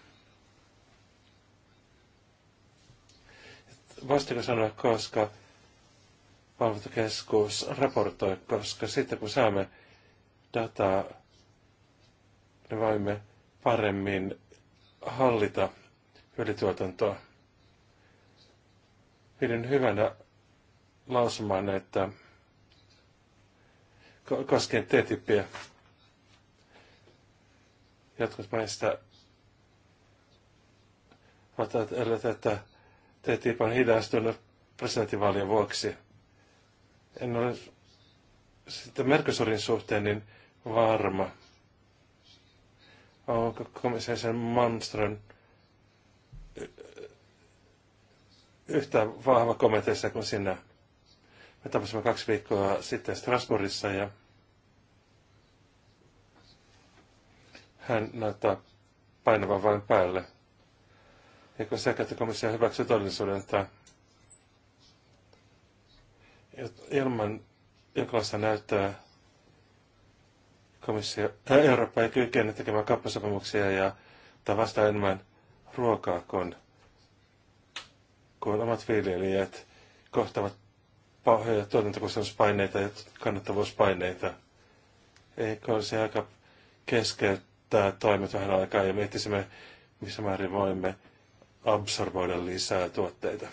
Vastiko sanoa, koska valvontakeskus raportoi, koska sitten kun saamme dataa, me niin voimme paremmin hallita ylituotantoa. Pidin hyvänä lausumaan, että koskien T-tippiä jotkut meistä ovat ajatelleet, että TTIP on hidastunut presidentinvaalien vuoksi en ole sitten Mercosurin suhteen niin varma. Onko komissaisen Malmström yhtä vahva komiteissa kuin sinä? Me tapasimme kaksi viikkoa sitten Strasbourgissa ja hän näyttää painavan vain päälle. Ja kun sekä komissio hyväksyy todellisuuden, että ilman jonkinlaista näyttöä komissio, tai äh, Eurooppa ei kykene tekemään kauppasopimuksia ja tai vastaa enemmän ruokaa kuin, kuin omat viljelijät kohtavat pahoja tuotantokustannuspaineita ja kannattavuuspaineita. Eikö olisi aika keskeyttää toimet vähän aikaa ja miettisimme, missä määrin voimme absorboida lisää tuotteita?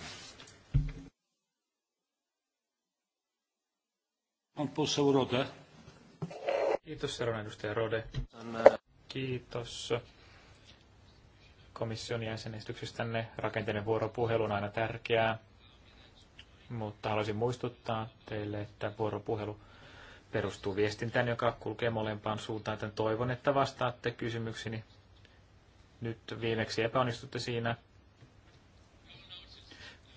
On poseł Rode. Kiitos, herra edustaja Rode. Kiitos komission jäsenestyksestänne. Rakenteinen vuoropuhelu on aina tärkeää, mutta haluaisin muistuttaa teille, että vuoropuhelu perustuu viestintään, joka kulkee molempaan suuntaan, joten toivon, että vastaatte kysymykseni. Nyt viimeksi epäonnistutte siinä.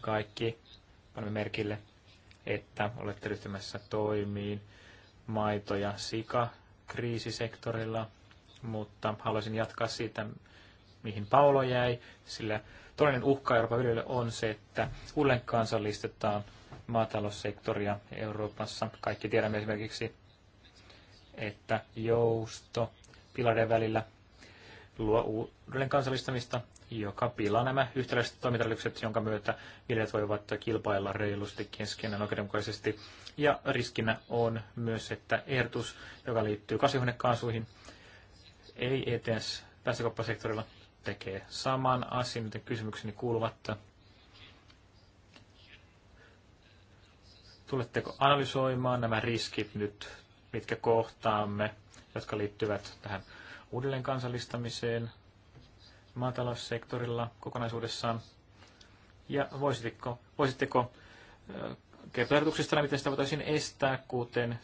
Kaikki panemme merkille että olette ryhtymässä toimiin maito- ja sika-kriisisektorilla, mutta haluaisin jatkaa siitä, mihin Paolo jäi, sillä toinen uhka Euroopan viljelijöille on se, että uudelleen kansallistetaan maataloussektoria Euroopassa. Kaikki tiedämme esimerkiksi, että jousto pilarien välillä luo uudelleen kansallistamista, joka pilaa nämä yhtäläiset toimintaedellytykset, jonka myötä viljelijät voivat kilpailla reilusti keskenään oikeudenmukaisesti. Ja riskinä on myös, että ehdotus, joka liittyy kasvihuonekaasuihin, ei ETS päästökauppasektorilla tekee saman asian, joten kysymykseni kuuluvat, tuletteko analysoimaan nämä riskit nyt, mitkä kohtaamme, jotka liittyvät tähän uudelleen kansallistamiseen maataloussektorilla kokonaisuudessaan? Ja voisitteko, voisitteko kertoa ehdotuksista, miten sitä voitaisiin estää, kuten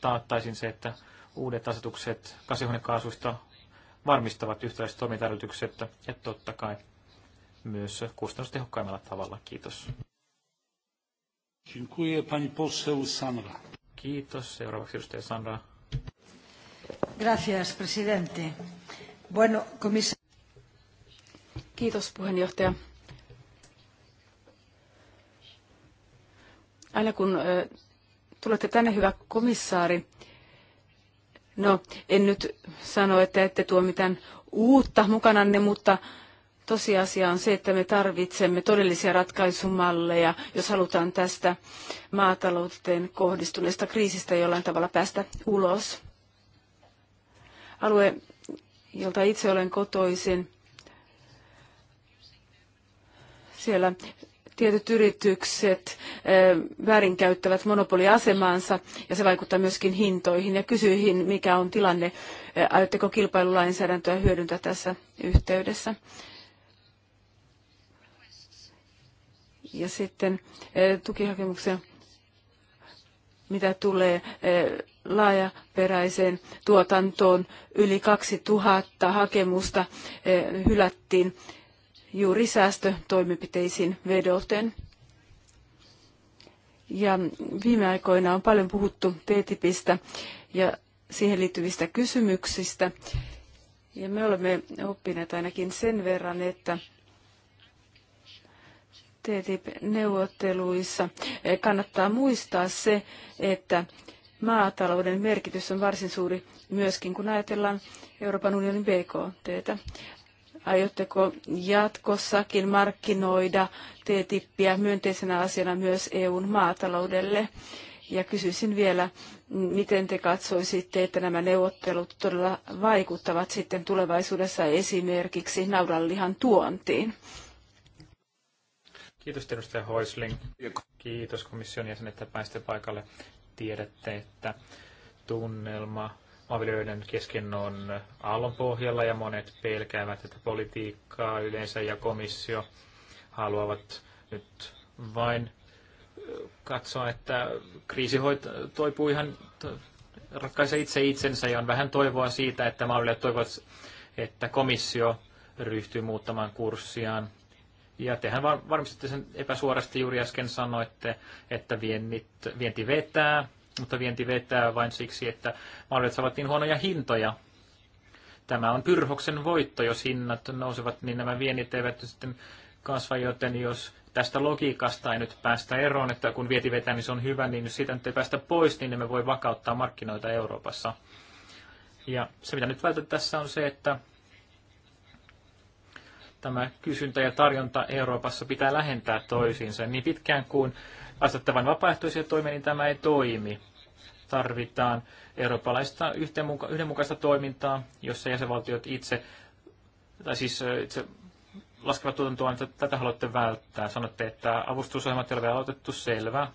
taattaisiin se, että uudet asetukset kasvihuonekaasuista varmistavat yhtäläiset toimintaedellytykset ja totta kai myös kustannustehokkaimmalla tavalla. Kiitos. Dziękuję pani poseł Kiitos. Seuraavaksi edustaja Sandra. Gracias, presidente. Bueno, Kiitos puheenjohtaja. Aina kun tulette tänne, hyvä komissaari, no en nyt sano, että ette tuo mitään uutta mukananne, mutta tosiasia on se, että me tarvitsemme todellisia ratkaisumalleja, jos halutaan tästä maatalouteen kohdistuneesta kriisistä jollain tavalla päästä ulos. Alue, jolta itse olen kotoisin, siellä tietyt yritykset eh, väärinkäyttävät monopoliasemaansa ja se vaikuttaa myöskin hintoihin. Ja kysyihin, mikä on tilanne, eh, aiotteko kilpailulainsäädäntöä hyödyntää tässä yhteydessä. Ja sitten eh, tukihakemuksen mitä tulee eh, laajaperäiseen tuotantoon, yli 2000 hakemusta eh, hylättiin juuri säästötoimenpiteisiin vedoten. Ja viime aikoina on paljon puhuttu TTIPistä ja siihen liittyvistä kysymyksistä. Ja me olemme oppineet ainakin sen verran, että TTIP-neuvotteluissa eh, kannattaa muistaa se, että maatalouden merkitys on varsin suuri myöskin, kun ajatellaan Euroopan unionin BKTtä. Aiotteko jatkossakin markkinoida TTIPiä myönteisenä asiana myös EUn maataloudelle? Ja kysyisin vielä, miten te katsoisitte, että nämä neuvottelut todella vaikuttavat sitten tulevaisuudessa esimerkiksi naudanlihan tuontiin? Kiitos edustaja Hoisling. Kiitos komission jäsenet, että pääsitte paikalle. Tiedätte, että tunnelma maanviljelijöiden kesken on aallon pohjalla ja monet pelkäävät, että politiikkaa yleensä ja komissio haluavat nyt vain katsoa, että kriisi toipuu ihan, ratkaisee itse itsensä ja on vähän toivoa siitä, että maanviljelijät toivovat, että komissio ryhtyy muuttamaan kurssiaan ja tehän varmistitte sen epäsuorasti juuri äsken sanoitte, että viennit, vienti vetää, mutta vienti vetää vain siksi, että mahdolliset saavat niin huonoja hintoja. Tämä on pyrhoksen voitto, jos hinnat nousevat, niin nämä viennit eivät sitten kasva, joten jos tästä logiikasta ei nyt päästä eroon, että kun vieti vetää, niin se on hyvä, niin jos siitä nyt ei päästä pois, niin me voi vakauttaa markkinoita Euroopassa. Ja se, mitä nyt vältetään tässä on se, että tämä kysyntä ja tarjonta Euroopassa pitää lähentää toisiinsa. Niin pitkään kuin asettavan vapaaehtoisia toimia, niin tämä ei toimi. Tarvitaan eurooppalaista yhdenmukaista toimintaa, jossa jäsenvaltiot itse, tai siis itse laskevat tuotantoa, että tätä haluatte välttää. Sanotte, että avustusohjelmat ei ole vielä aloitettu, selvä.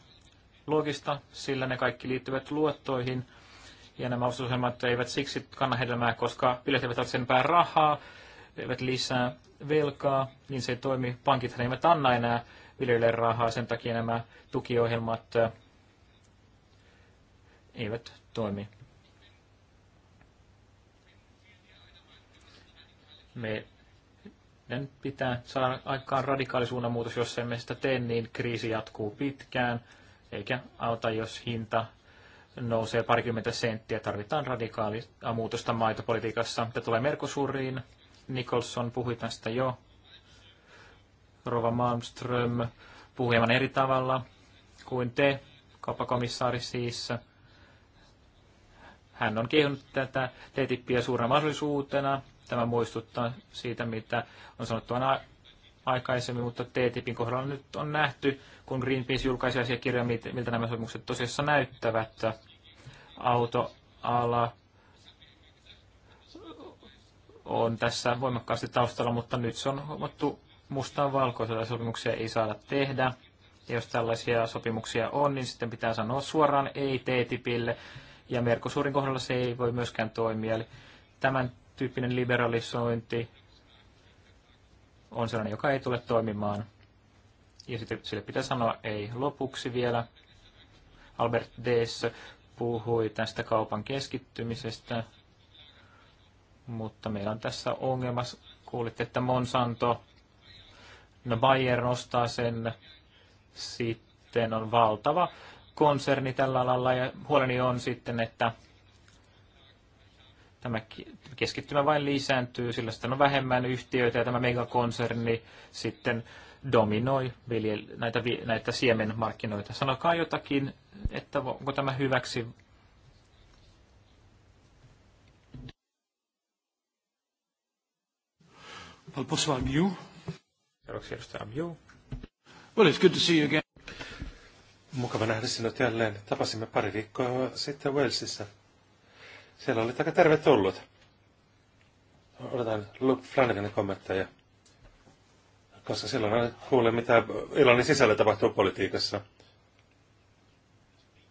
Logista, sillä ne kaikki liittyvät luottoihin. Ja nämä avustusohjelmat eivät siksi kanna hedelmää, koska yleensä eivät sen päin rahaa, eivät lisää velkaa, niin se ei toimi. Pankithan eivät anna enää viljelijöille rahaa, sen takia nämä tukiohjelmat eivät toimi. Meidän pitää saada aikaan radikaali muutos, jos emme sitä tee, niin kriisi jatkuu pitkään, eikä auta, jos hinta nousee parikymmentä senttiä. Tarvitaan radikaalia muutosta maitopolitiikassa. Tämä tulee Merkosuriin, Nicholson puhui tästä jo. Rova Malmström puhui hieman eri tavalla kuin te, kauppakomissaari siis. Hän on kehunut tätä TTIPiä suurena mahdollisuutena. Tämä muistuttaa siitä, mitä on sanottu aina aikaisemmin, mutta TTIPin kohdalla nyt on nähty, kun Greenpeace julkaisi asiakirjan, miltä nämä sopimukset tosiaan näyttävät. Autoala on tässä voimakkaasti taustalla, mutta nyt se on huomattu mustaan valkoisella. Sopimuksia ei saada tehdä. Ja jos tällaisia sopimuksia on, niin sitten pitää sanoa suoraan ei TTIPille. Ja Merkosuurin kohdalla se ei voi myöskään toimia. Eli tämän tyyppinen liberalisointi on sellainen, joka ei tule toimimaan. Ja sitten sille pitää sanoa ei lopuksi vielä. Albert Dees puhui tästä kaupan keskittymisestä. Mutta meillä on tässä ongelma. Kuulitte, että Monsanto, no Bayer nostaa sen, sitten on valtava konserni tällä alalla ja huoleni on sitten, että tämä keskittymä vain lisääntyy, sillä sitten on vähemmän yhtiöitä ja tämä megakonserni sitten dominoi viljel- näitä, näitä siemenmarkkinoita. Sanokaa jotakin, että onko tämä hyväksi Pan Mukava nähdä sinut jälleen. Tapasimme pari viikkoa sitten Walesissa. Siellä oli aika tervetullut. Odotan Luke Flanaganin kommentteja. Koska silloin kuulee, mitä Irlannin sisällä tapahtuu politiikassa.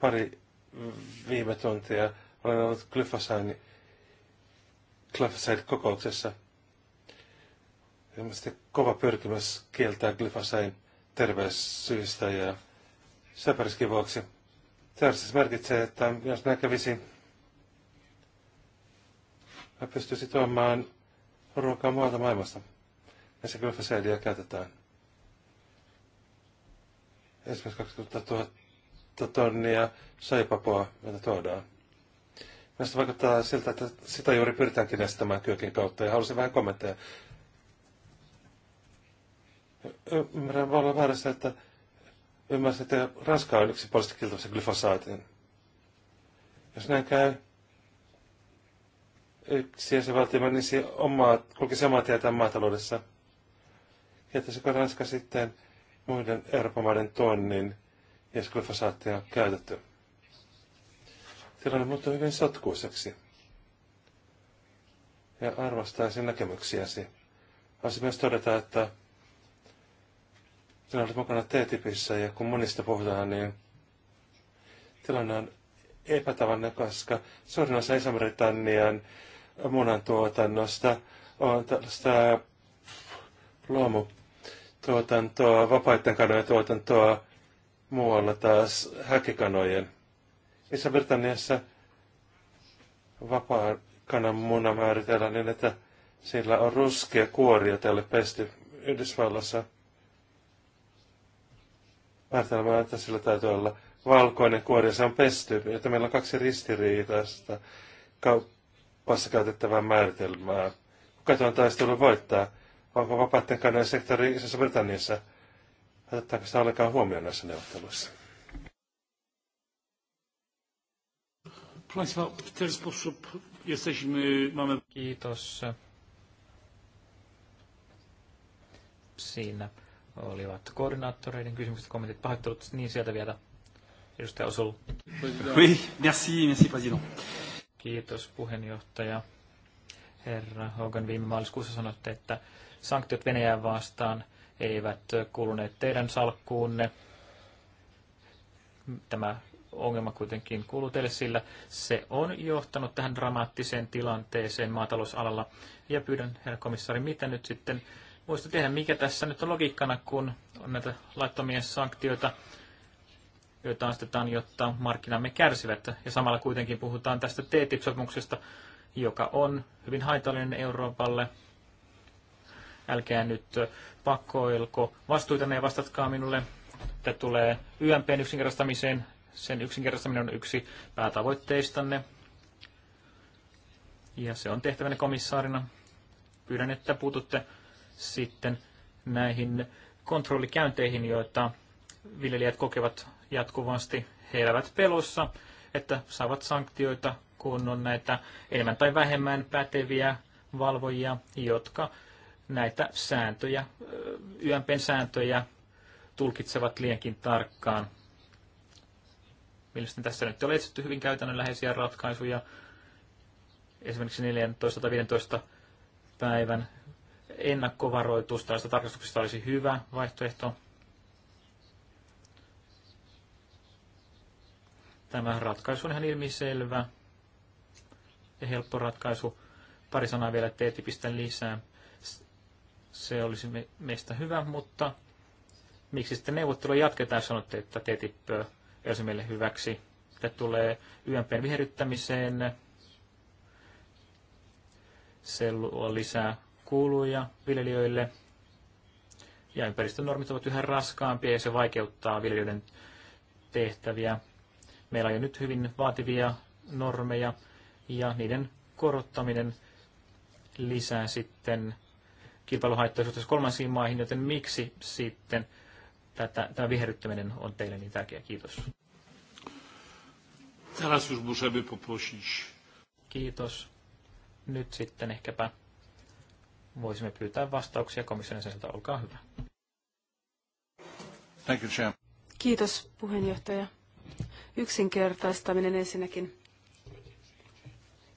Pari viime tuntia olen ollut Glyphosine, Glyphosine kokouksessa – ilmeisesti kova pyrkimys kieltää glyfosain terveyssyistä ja säpäriskin vuoksi. Se siis merkitsee, että jos mä kävisin, mä pystyisin tuomaan ruokaa muualta maailmasta, missä glyfosaidia käytetään. Esimerkiksi 20 000 tonnia soipapoa, mitä tuodaan. Minusta vaikuttaa siltä, että sitä juuri pyritäänkin estämään kyökin kautta, ja halusin vähän kommentteja ymmärrän olla väärässä, että ymmärsin, että Ranska on yksi puolesta kiltävässä glyfosaatin. Jos näin käy, yksi jäsenvaltio menisi omaa, kulkisi omaa tietään maataloudessa. Jättäisikö Ranska sitten muiden Euroopan maiden tonnin, jos glyfosaattia on käytetty? Tilanne muuttuu hyvin sotkuiseksi. Ja arvostaisin näkemyksiäsi. Voisi myös todeta, että minä olen mukana TTIPissä ja kun monista puhutaan, niin tilanne on epätavallinen, koska suurin osa Iso-Britannian munantuotannosta on tällaista luomutuotantoa, vapaiden kanojen tuotantoa, muualla taas häkikanojen. Iso-Britanniassa vapaa kanan muna määritellään niin, että sillä on ruskea kuori, jota ei ole pesty Yhdysvalloissa. Määritelmä, että sillä täytyy olla valkoinen kuori ja se on pesty. Että meillä on kaksi ristiriitaista kaupassa käytettävää määritelmää. Kuka on taistelun voittaa? Onko vapaiden kannan sektori isossa Britanniassa? Otetaanko sitä ollenkaan huomioon näissä neuvotteluissa? Państwa, w ten sposób jesteśmy, mamy... Kiitos. Siinä olivat koordinaattoreiden kysymykset, kommentit, pahoittelut, niin sieltä vielä edustaja Osul. Oui, merci, merci président. Kiitos puheenjohtaja. Herra Hogan, viime maaliskuussa sanoitte, että sanktiot Venäjää vastaan eivät kuuluneet teidän salkkuunne. Tämä ongelma kuitenkin kuuluu teille, sillä se on johtanut tähän dramaattiseen tilanteeseen maatalousalalla. Ja pyydän, herra komissaari, mitä nyt sitten voisitte tehdä, mikä tässä nyt on logiikkana, kun on näitä laittomia sanktioita, joita astetaan, jotta markkinamme kärsivät. Ja samalla kuitenkin puhutaan tästä TTIP-sopimuksesta, joka on hyvin haitallinen Euroopalle. Älkää nyt pakkoilko vastuita ja vastatkaa minulle. Tämä tulee YMPn yksinkertaistamiseen. Sen yksinkertaistaminen on yksi päätavoitteistanne. Ja se on tehtävänne komissaarina. Pyydän, että puututte sitten näihin kontrollikäynteihin, joita viljelijät kokevat jatkuvasti. He elävät pelossa, että saavat sanktioita, kun on näitä enemmän tai vähemmän päteviä valvojia, jotka näitä sääntöjä, YMPn sääntöjä tulkitsevat liiankin tarkkaan. Mielestäni tässä nyt on etsitty hyvin käytännönläheisiä ratkaisuja. Esimerkiksi 14-15 päivän ennakkovaroitus tällaista tarkastuksesta olisi hyvä vaihtoehto. Tämä ratkaisu on ihan ilmiselvä ja helppo ratkaisu. Pari sanaa vielä TTIPistä lisää. Se olisi meistä hyvä, mutta miksi sitten neuvottelua jatketaan? Sanotte, että TTIP tip olisi meille hyväksi. Tämä tulee YMP viherryttämiseen. Se luo lisää ja viljelijöille ja ympäristönormit ovat yhä raskaampia ja se vaikeuttaa viljelijöiden tehtäviä. Meillä on jo nyt hyvin vaativia normeja ja niiden korottaminen lisää sitten kilpailuhaittoja suhteessa kolmansiin maihin, joten miksi sitten tätä, tämä viherryttäminen on teille niin tärkeä? Kiitos. Kiitos. Nyt sitten ehkäpä voisimme pyytää vastauksia komission jäseniltä. Olkaa hyvä. Thank you, Chair. Kiitos puheenjohtaja. Yksinkertaistaminen ensinnäkin.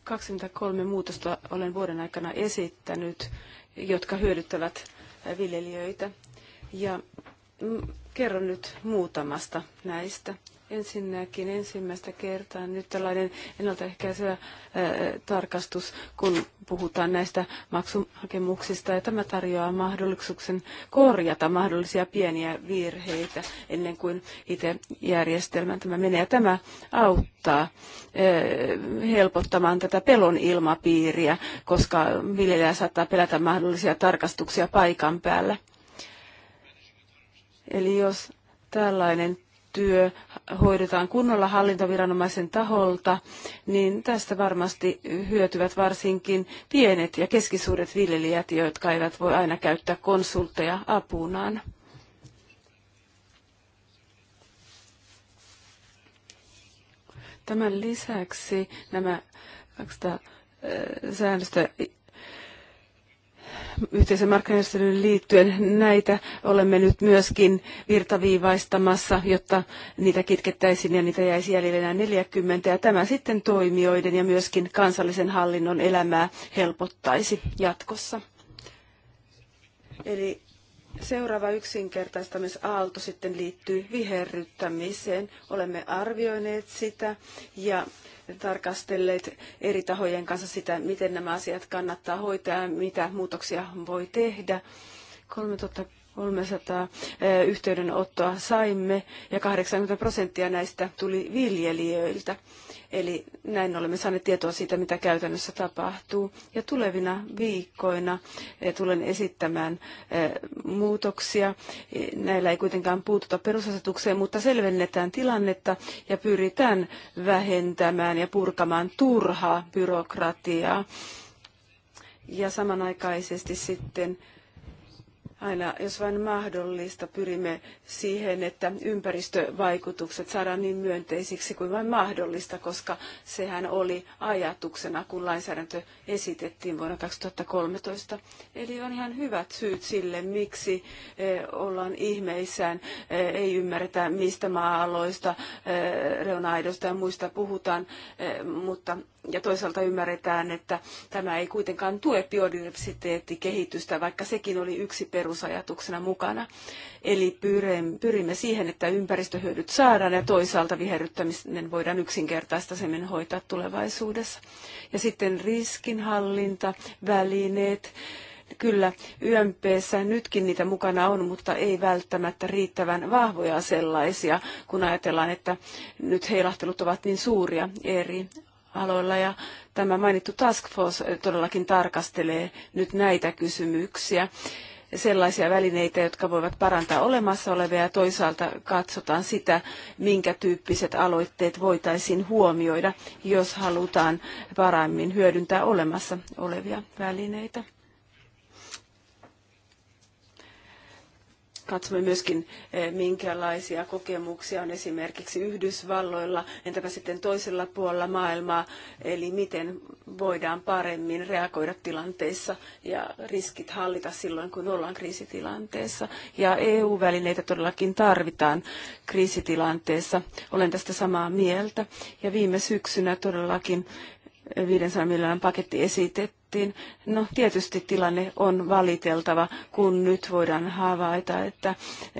23 muutosta olen vuoden aikana esittänyt, jotka hyödyttävät viljelijöitä. Ja mm, kerron nyt muutamasta näistä. Ensinnäkin ensimmäistä kertaa nyt tällainen ennaltaehkäisevä tarkastus, kun puhutaan näistä maksuhakemuksista, ja tämä tarjoaa mahdollisuuden korjata mahdollisia pieniä virheitä ennen kuin itse järjestelmän tämä menee. Ja tämä auttaa helpottamaan tätä pelon ilmapiiriä, koska viljelijä saattaa pelätä mahdollisia tarkastuksia paikan päällä. Eli jos tällainen työ hoidetaan kunnolla hallintoviranomaisen taholta, niin tästä varmasti hyötyvät varsinkin pienet ja keskisuuret viljelijät, jotka eivät voi aina käyttää konsultteja apunaan. Tämän lisäksi nämä 200 äh, säännöstä yhteisen markkinajärjestelyyn liittyen näitä olemme nyt myöskin virtaviivaistamassa, jotta niitä kitkettäisiin ja niitä jäisi jäljelle enää 40. Ja tämä sitten toimijoiden ja myöskin kansallisen hallinnon elämää helpottaisi jatkossa. Eli Seuraava yksinkertaistamisaalto sitten liittyy viherryttämiseen. Olemme arvioineet sitä ja tarkastelleet eri tahojen kanssa sitä, miten nämä asiat kannattaa hoitaa ja mitä muutoksia voi tehdä. 3000 300 yhteydenottoa saimme ja 80 prosenttia näistä tuli viljelijöiltä. Eli näin olemme saaneet tietoa siitä, mitä käytännössä tapahtuu. Ja tulevina viikkoina tulen esittämään muutoksia. Näillä ei kuitenkaan puututa perusasetukseen, mutta selvennetään tilannetta ja pyritään vähentämään ja purkamaan turhaa byrokratiaa. Ja samanaikaisesti sitten aina, jos vain mahdollista, pyrimme siihen, että ympäristövaikutukset saadaan niin myönteisiksi kuin vain mahdollista, koska sehän oli ajatuksena, kun lainsäädäntö esitettiin vuonna 2013. Eli on ihan hyvät syyt sille, miksi eh, ollaan ihmeissään, eh, ei ymmärretä mistä maa-aloista, eh, reuna-aidoista ja muista puhutaan, mutta ja toisaalta ymmärretään, että tämä ei kuitenkaan tue biodiversiteettikehitystä, vaikka sekin oli yksi perusajatuksena mukana. Eli pyrimme siihen, että ympäristöhyödyt saadaan ja toisaalta viherryttäminen voidaan yksinkertaistaisemmin hoitaa tulevaisuudessa. Ja sitten riskinhallinta, välineet. Kyllä, YMPssä nytkin niitä mukana on, mutta ei välttämättä riittävän vahvoja sellaisia, kun ajatellaan, että nyt heilahtelut ovat niin suuria eri aloilla ja tämä mainittu Task Force eh, todellakin tarkastelee nyt näitä kysymyksiä sellaisia välineitä, jotka voivat parantaa olemassa olevia ja toisaalta katsotaan sitä, minkä tyyppiset aloitteet voitaisiin huomioida, jos halutaan paremmin hyödyntää olemassa olevia välineitä. Katsomme myöskin, eh, minkälaisia kokemuksia on esimerkiksi Yhdysvalloilla, entäpä sitten toisella puolella maailmaa, eli miten voidaan paremmin reagoida tilanteissa ja riskit hallita silloin, kun ollaan kriisitilanteessa. Ja EU-välineitä todellakin tarvitaan kriisitilanteessa. Olen tästä samaa mieltä. Ja viime syksynä todellakin 500 eh, miljoonan paketti esitettiin tehtiin. No tietysti tilanne on valiteltava, kun nyt voidaan havaita, että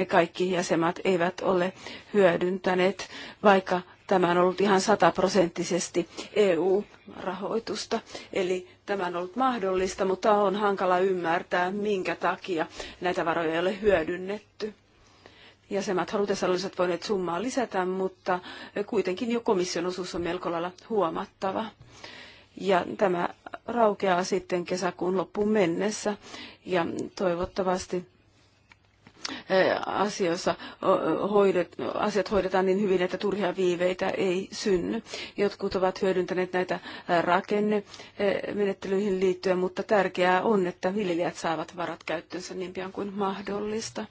kaikki jäsenmaat eivät ole hyödyntäneet, vaikka tämä on ollut ihan sataprosenttisesti EU-rahoitusta. Eli tämä on ollut mahdollista, mutta on hankala ymmärtää, minkä takia näitä varoja ei ole hyödynnetty. Jäsenmaat halutessaan olisivat voineet summaa lisätä, mutta kuitenkin jo komission osuus on melko lailla huomattava ja tämä raukeaa sitten kesäkuun loppuun mennessä ja toivottavasti eh, asioissa hoidet, asiat hoidetaan niin hyvin, että turhia viiveitä ei synny. Jotkut ovat hyödyntäneet näitä eh, rakennemenettelyihin liittyen, mutta tärkeää on, että viljelijät saavat varat käyttöönsä niin pian kuin mahdollista.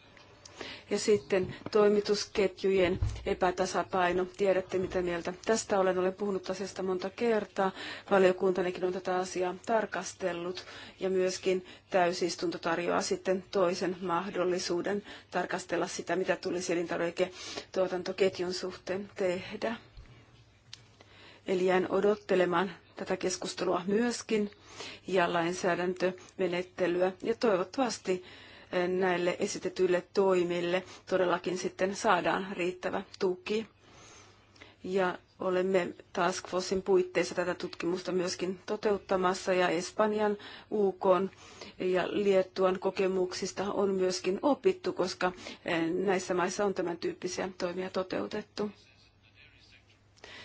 Ja sitten toimitusketjujen epätasapaino. Tiedätte, mitä mieltä tästä olen. Olen puhunut asiasta monta kertaa. Valiokuntanekin on tätä asiaa tarkastellut. Ja myöskin täysistunto tarjoaa sitten toisen mahdollisuuden tarkastella sitä, mitä tulisi elintarviketuotantoketjun suhteen tehdä. Eli jään odottelemaan tätä keskustelua myöskin ja lainsäädäntömenettelyä. Ja toivottavasti näille esitetyille toimille todellakin sitten saadaan riittävä tuki. Ja olemme Task Forcein puitteissa tätä tutkimusta myöskin toteuttamassa ja Espanjan, UK ja Liettuan kokemuksista on myöskin opittu, koska eh, näissä maissa on tämän tyyppisiä toimia toteutettu.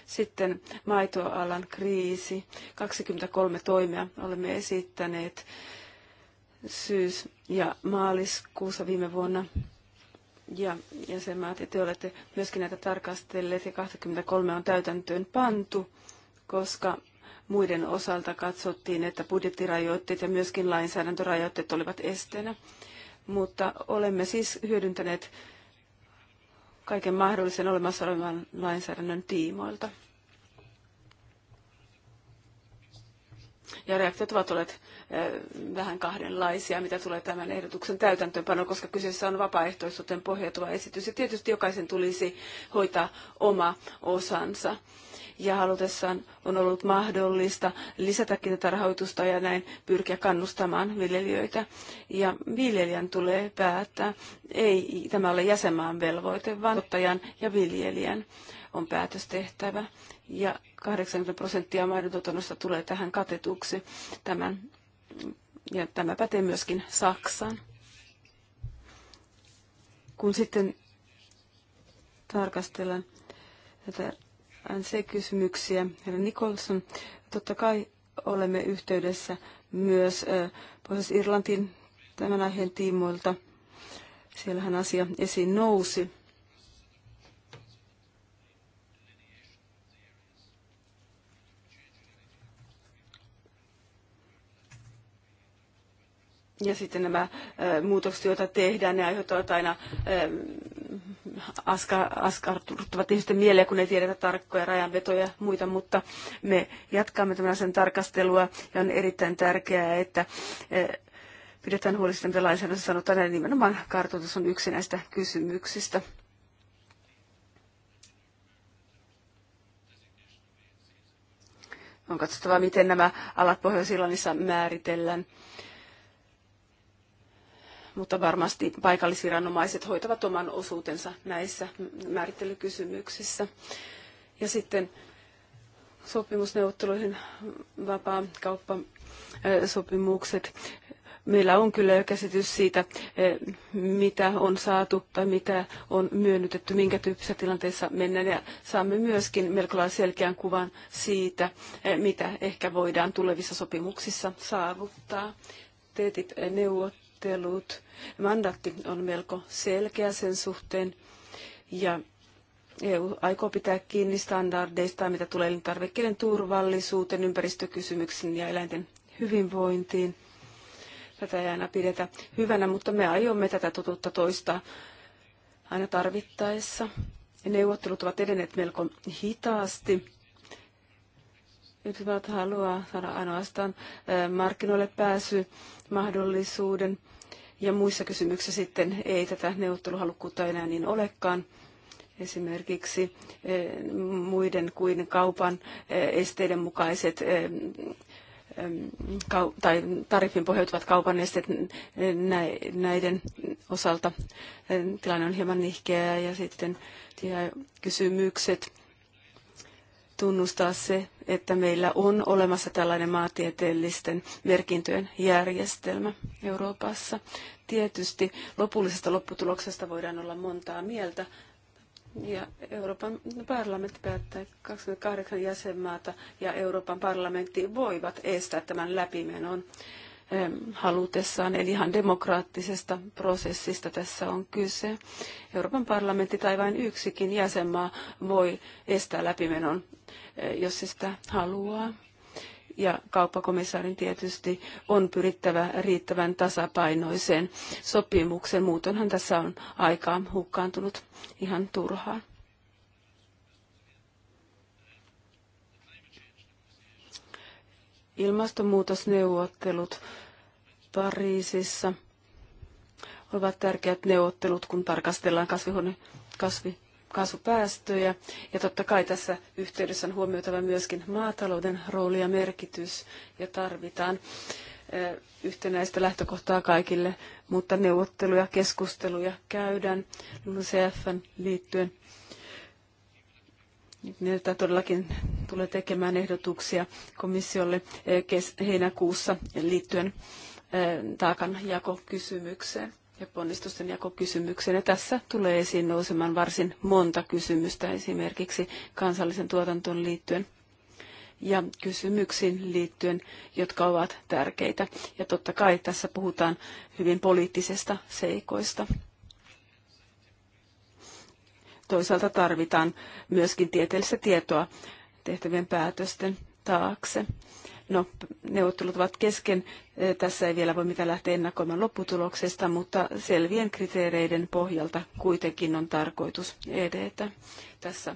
Sitten maitoalan kriisi. 23 toimia olemme esittäneet syys- ja maaliskuussa viime vuonna. Ja jäsenmaat, ja te olette myöskin näitä tarkastelleet, ja 23 on täytäntöön pantu, koska muiden osalta katsottiin, että budjettirajoitteet ja myöskin lainsäädäntörajoitteet olivat esteenä. Mutta olemme siis hyödyntäneet kaiken mahdollisen olemassa olevan lainsäädännön tiimoilta. Ja reaktiot ovat olleet vähän kahdenlaisia, mitä tulee tämän ehdotuksen täytäntöönpanoon, koska kyseessä on vapaaehtoisuuteen pohjautuva esitys. Ja tietysti jokaisen tulisi hoitaa oma osansa. Ja halutessaan on ollut mahdollista lisätäkin tätä rahoitusta ja näin pyrkiä kannustamaan viljelijöitä. Ja viljelijän tulee päättää, ei tämä ole jäsenmaan velvoite, vaan ottajan ja viljelijän on päätös tehtävä ja 80 prosenttia maidontuotannosta tulee tähän katetuksi. Tämän, ja tämä pätee myöskin Saksaan. Kun sitten tarkastellaan tätä NC-kysymyksiä, herra Nicholson, totta kai olemme yhteydessä myös pohjois irlantin tämän aiheen tiimoilta. Siellähän asia esiin nousi. Ja sitten nämä muutokset, joita tehdään, ne aiheuttavat aina aska, askartuttavat ihmisten mieleen, kun ei tiedetä tarkkoja rajanvetoja ja muita, mutta me jatkamme tämän tarkastelua ja on erittäin tärkeää, että pidetään huoli siitä, mitä lainsäädännössä sanotaan, ja nimenomaan kartoitus on yksi näistä kysymyksistä. On katsottava, miten nämä alat Pohjois-Irlannissa määritellään mutta varmasti paikallisviranomaiset hoitavat oman osuutensa näissä määrittelykysymyksissä. Ja sitten sopimusneuvotteluihin vapaa kauppasopimukset. Meillä on kyllä jo käsitys siitä, mitä on saatu tai mitä on myönnytetty, minkä tyyppisissä tilanteissa mennään. Ja saamme myöskin melko lailla selkeän kuvan siitä, mitä ehkä voidaan tulevissa sopimuksissa saavuttaa. Teetit neuvot neuvottelut. Mandaatti on melko selkeä sen suhteen ja EU aikoo pitää kiinni standardeista, mitä tulee elintarvikkeiden turvallisuuteen, ympäristökysymyksiin ja eläinten hyvinvointiin. Tätä ei aina pidetä hyvänä, mutta me aiomme tätä totuutta toistaa aina tarvittaessa. Neuvottelut ovat edenneet melko hitaasti. Yhdysvallat haluaa saada ainoastaan markkinoille pääsy mahdollisuuden ja muissa kysymyksissä sitten ei tätä neuvotteluhalukkuutta enää niin olekaan esimerkiksi eh, muiden kuin kaupan eh, esteiden mukaiset eh, tai tariffin pohjautuvat kaupan esteet näiden osalta. Tilanne on hieman nihkeä ja sitten kysymykset tunnustaa se, että meillä on olemassa tällainen maatieteellisten merkintöjen järjestelmä Euroopassa. Tietysti lopullisesta lopputuloksesta voidaan olla montaa mieltä, ja Euroopan parlamentti päättää, 28 jäsenmaata ja Euroopan parlamentti voivat estää tämän läpimenon halutessaan, eli ihan demokraattisesta prosessista tässä on kyse. Euroopan parlamentti tai vain yksikin jäsenmaa voi estää läpimenon, e, jos se sitä haluaa. Ja kauppakomissaarin tietysti on pyrittävä riittävän tasapainoiseen sopimukseen. Muutenhan tässä on aikaa hukkaantunut ihan turhaan. Ilmastonmuutosneuvottelut Pariisissa ovat tärkeät neuvottelut, kun tarkastellaan kasvihuone, kasvi, kasvupäästöjä. Ja totta kai tässä yhteydessä on huomioitava myöskin maatalouden rooli ja merkitys, ja tarvitaan yhtenäistä lähtökohtaa kaikille, mutta neuvotteluja, keskusteluja käydään LUCFn liittyen. Niitä todellakin tulee tekemään ehdotuksia komissiolle eh, heinäkuussa liittyen eh, taakanjakokysymykseen ja ponnistusten jakokysymykseen. Ja tässä tulee esiin nousemaan varsin monta kysymystä esimerkiksi kansallisen tuotantoon liittyen ja kysymyksiin liittyen, jotka ovat tärkeitä. Ja totta kai tässä puhutaan hyvin poliittisesta seikoista toisaalta tarvitaan myöskin tieteellistä tietoa tehtävien päätösten taakse. No, neuvottelut ovat kesken. Tässä ei vielä voi mitään lähteä ennakoimaan lopputuloksesta, mutta selvien kriteereiden pohjalta kuitenkin on tarkoitus edetä tässä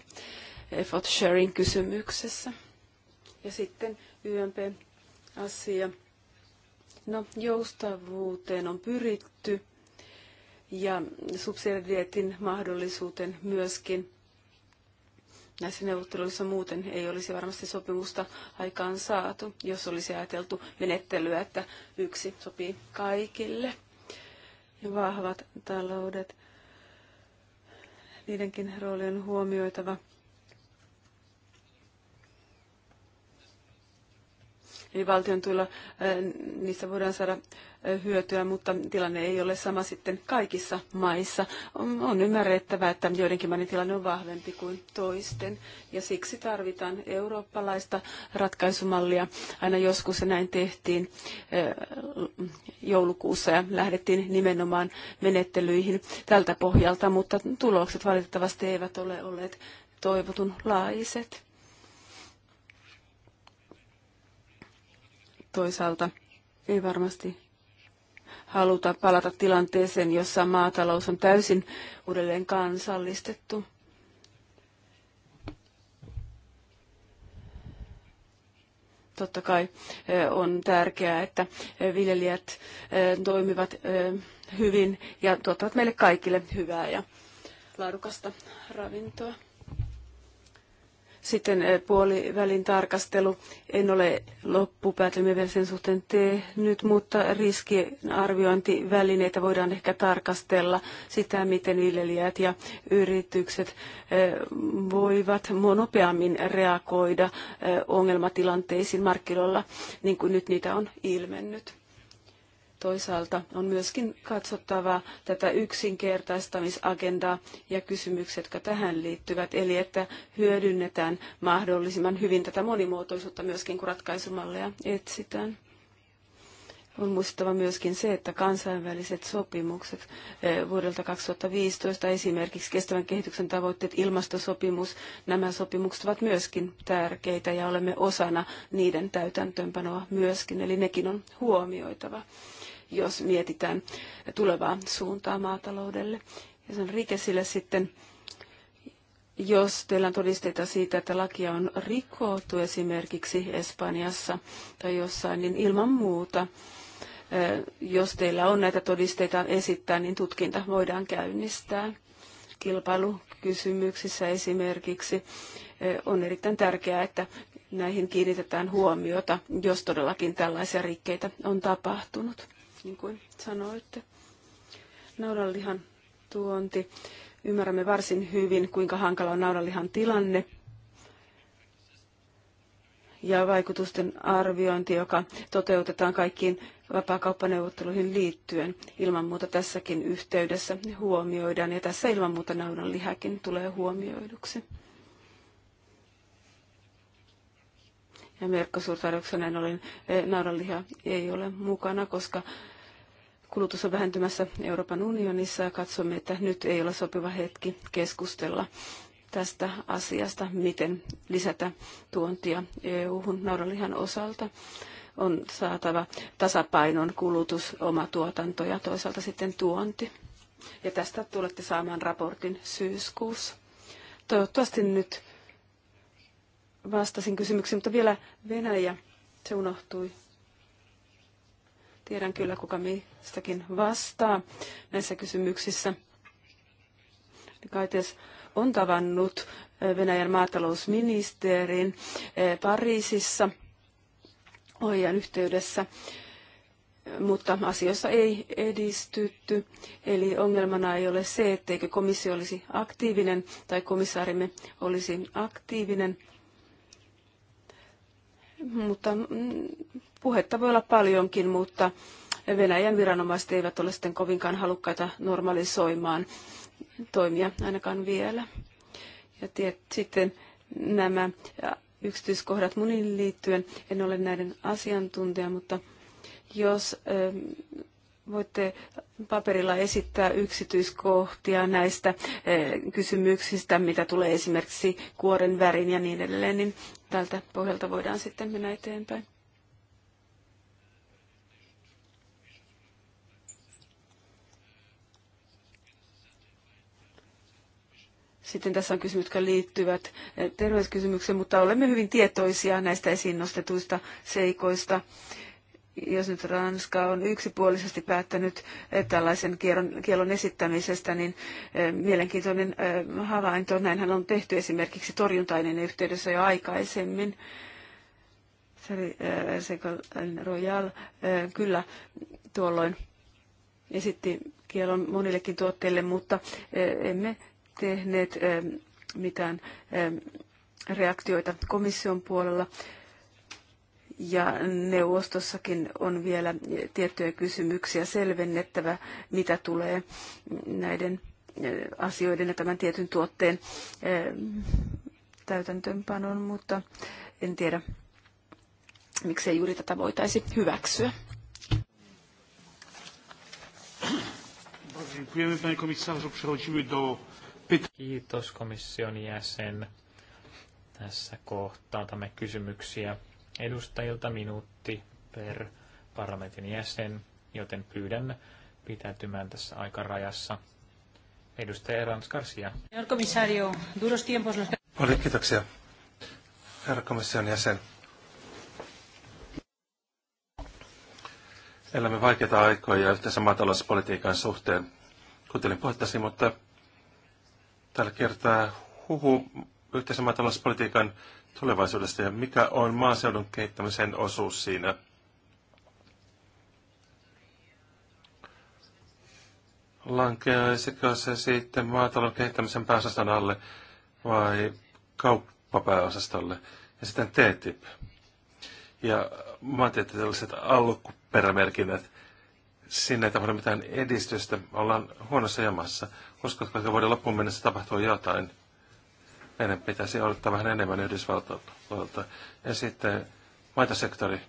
effort sharing kysymyksessä. Ja sitten YMP-asia. No, joustavuuteen on pyritty ja subsidiariteetin mahdollisuuteen myöskin. Näissä neuvotteluissa muuten ei olisi varmasti sopimusta aikaan saatu, jos olisi ajateltu menettelyä, että yksi sopii kaikille. Ja vahvat taloudet, niidenkin rooli on huomioitava. Eli valtion tuilla eh, niistä voidaan saada hyötyä, mutta tilanne ei ole sama sitten kaikissa maissa. On ymmärrettävää, että joidenkin maiden tilanne on vahvempi kuin toisten, ja siksi tarvitaan eurooppalaista ratkaisumallia. Aina joskus se näin tehtiin eh, joulukuussa, ja lähdettiin nimenomaan menettelyihin tältä pohjalta, mutta tulokset valitettavasti eivät ole olleet toivotun laiset. toisaalta ei varmasti haluta palata tilanteeseen, jossa maatalous on täysin uudelleen kansallistettu. Totta kai on tärkeää, että viljelijät toimivat hyvin ja tuottavat meille kaikille hyvää ja laadukasta ravintoa. Sitten eh, puolivälin tarkastelu. En ole loppupäätelmiä vielä sen suhteen tehnyt, mutta riskiarviointivälineitä voidaan ehkä tarkastella sitä, miten viljelijät ja yritykset eh, voivat nopeammin reagoida eh, ongelmatilanteisiin markkinoilla, niin kuin nyt niitä on ilmennyt. Toisaalta on myöskin katsottava tätä yksinkertaistamisagendaa ja kysymykset, jotka tähän liittyvät, eli että hyödynnetään mahdollisimman hyvin tätä monimuotoisuutta myöskin, kun ratkaisumalleja etsitään. On muistettava myöskin se, että kansainväliset sopimukset eh, vuodelta 2015, esimerkiksi kestävän kehityksen tavoitteet, ilmastosopimus, nämä sopimukset ovat myöskin tärkeitä ja olemme osana niiden täytäntöönpanoa myöskin, eli nekin on huomioitava jos mietitään tulevaa suuntaa maataloudelle. Ja sen rikesille sitten, jos teillä on todisteita siitä, että lakia on rikottu esimerkiksi Espanjassa tai jossain, niin ilman muuta, jos teillä on näitä todisteita esittää, niin tutkinta voidaan käynnistää kilpailukysymyksissä esimerkiksi. On erittäin tärkeää, että näihin kiinnitetään huomiota, jos todellakin tällaisia rikkeitä on tapahtunut niin kuin sanoitte. Naudanlihan tuonti. Ymmärrämme varsin hyvin, kuinka hankala on naudanlihan tilanne ja vaikutusten arviointi, joka toteutetaan kaikkiin vapaakauppaneuvotteluihin liittyen. Ilman muuta tässäkin yhteydessä huomioidaan ja tässä ilman muuta naudanlihakin tulee huomioiduksi. Ja merkkosuurtarjouksena olin, ollen eh, naudanliha ei ole mukana, koska kulutus on vähentymässä Euroopan unionissa ja katsomme, että nyt ei ole sopiva hetki keskustella tästä asiasta, miten lisätä tuontia EU-hun naudanlihan osalta. On saatava tasapainon kulutus, oma tuotanto ja toisaalta sitten tuonti. Ja tästä tulette saamaan raportin syyskuussa. Toivottavasti nyt vastasin kysymyksiin, mutta vielä Venäjä, se unohtui Tiedän kyllä, kuka mistäkin vastaa näissä kysymyksissä. Kaites on tavannut Venäjän maatalousministerin Pariisissa ohjan yhteydessä, mutta asioissa ei edistytty. Eli ongelmana ei ole se, etteikö komissio olisi aktiivinen tai komissaarimme olisi aktiivinen, mutta mm, Puhetta voi olla paljonkin, mutta Venäjän viranomaiset eivät ole sitten kovinkaan halukkaita normalisoimaan toimia ainakaan vielä. Ja tiet, sitten nämä yksityiskohdat munin liittyen, en ole näiden asiantuntija, mutta jos ähm, voitte paperilla esittää yksityiskohtia näistä äh, kysymyksistä, mitä tulee esimerkiksi kuoren värin ja niin edelleen, niin tältä pohjalta voidaan sitten mennä eteenpäin. Sitten tässä on kysymys, jotka liittyvät eh, terveyskysymykseen, mutta olemme hyvin tietoisia näistä esiin nostetuista seikoista. Jos nyt Ranska on yksipuolisesti päättänyt eh, tällaisen kielon, kielon esittämisestä, niin eh, mielenkiintoinen havainto. Näinhän on tehty esimerkiksi torjuntainen yhteydessä jo aikaisemmin. Royal kyllä tuolloin esitti kielon monillekin tuotteille, mutta emme tehneet ähm, mitään ähm, reaktioita komission puolella. Ja neuvostossakin on vielä tiettyjä kysymyksiä selvennettävä, mitä tulee näiden äh, asioiden ja tämän tietyn tuotteen äh, täytäntöönpanon, mutta en tiedä, miksei juuri tätä voitaisi hyväksyä. Dziękujemy panie komisarzu. Przechodzimy do Kiitos komission jäsen. Tässä kohtaa otamme kysymyksiä edustajilta minuutti per parlamentin jäsen, joten pyydän pitäytymään tässä aikarajassa. Edustaja Rans Garcia. Oli, kiitoksia, herra komission jäsen. Elämme vaikeita aikoja yhteensä maatalouspolitiikan suhteen. Kuuntelin puhetta mutta tällä kertaa huhu yhteisen maatalouspolitiikan tulevaisuudesta ja mikä on maaseudun kehittämisen osuus siinä? Lankeaisiko se sitten maatalouden kehittämisen pääosaston alle vai kauppapääosastolle? Ja sitten TTIP ja maantieteelliset alkuperämerkinnät. Sinne ei tapahdu mitään edistystä. Ollaan huonossa jamassa. Uskotko, että vuoden loppuun mennessä tapahtuu jotain? Meidän pitäisi odottaa vähän enemmän Yhdysvaltoilta. Ja sitten maitosektori.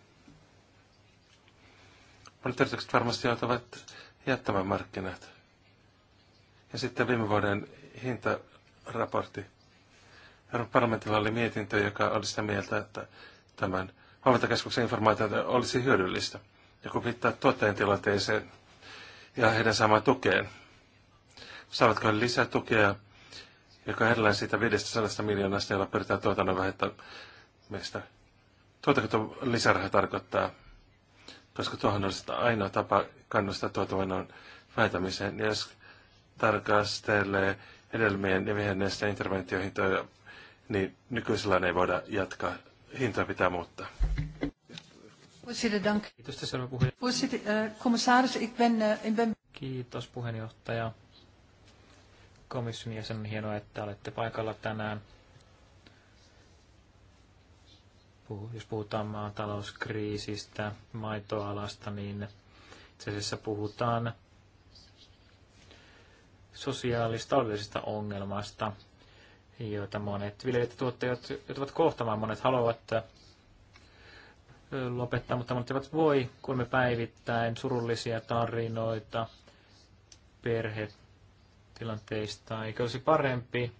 Monet yritykset varmasti joutuvat jättämään markkinat. Ja sitten viime vuoden hintaraportti. Euroopan parlamentilla oli mietintö, joka oli sitä mieltä, että tämän valvontakeskuksen informaatio olisi hyödyllistä. Ja kun viittaa tuotteen tilanteeseen ja heidän saamaan tukeen, saavatko he lisää tukea, joka on erilainen siitä 500 miljoonasta, jolla pyritään tuotannon vähentämistä. Tuotako tuo lisäraha tarkoittaa? Koska tuohon olisi ainoa tapa kannustaa tuotannon vähentämiseen. jos tarkastelee hedelmien ja vihenneistä interventiohintoja, niin nykyisellä ei voida jatkaa. Hintoja pitää muuttaa. Kiitos, eh, commissaris, eh, Kiitos puheenjohtaja komission jäsen. On hienoa, että olette paikalla tänään. Jos puhutaan maatalouskriisistä, maitoalasta, niin itse asiassa puhutaan sosiaalista taloudellisesta ongelmasta, joita monet viljelijät ja tuottajat joutuvat kohtamaan. Monet haluavat lopettaa, mutta monet eivät voi. me päivittäin surullisia tarinoita perhe tilanteista. Eikö olisi parempi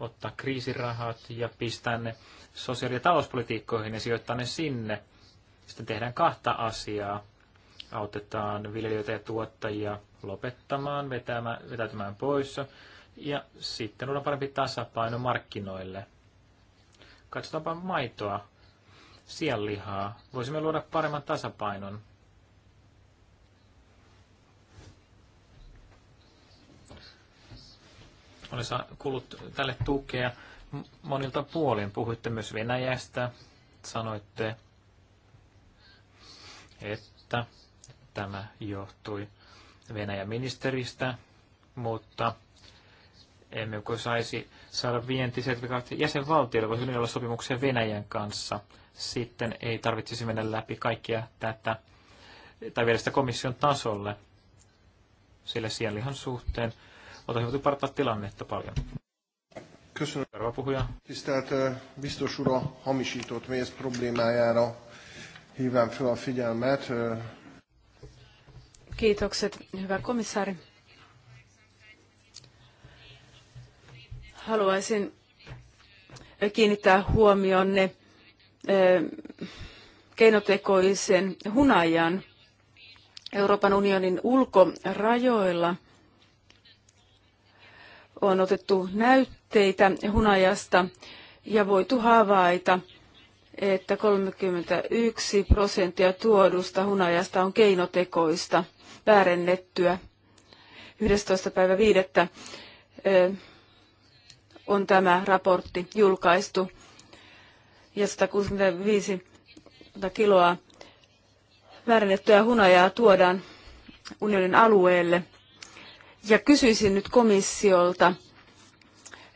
ottaa kriisirahat ja pistää ne sosiaali- ja talouspolitiikkoihin ja sijoittaa ne sinne. Sitten tehdään kahta asiaa. Autetaan viljelijöitä ja tuottajia lopettamaan, vetämään, vetäytymään pois. Ja sitten on parempi tasapaino markkinoille. Katsotaanpa maitoa, sianlihaa. Voisimme luoda paremman tasapainon. olisi kuullut tälle tukea monilta puolin. Puhuitte myös Venäjästä, sanoitte, että tämä johtui Venäjän ministeristä, mutta emme saisi saada vientisertifikaatti jäsenvaltioille, voisi olla sopimuksia Venäjän kanssa. Sitten ei tarvitsisi mennä läpi kaikkia tätä tai viedä sitä komission tasolle sillä sianlihan suhteen Ota voitu parantaa tilannetta paljon. Köszönöm. Seuraava puhuja. Tisztelt biztos ura, hamisított méz problémájára hívám fel a figyelmet. Kiitokset, hyvä komissaari. Haluaisin kiinnittää huomionne keinotekoisen hunajan Euroopan unionin ulkorajoilla – on otettu näytteitä hunajasta ja voitu havaita, että 31 prosenttia tuodusta hunajasta on keinotekoista väärennettyä. 11. päivä 5. on tämä raportti julkaistu ja 165 kiloa väärennettyä hunajaa tuodaan unionin alueelle – ja kysyisin nyt komissiolta,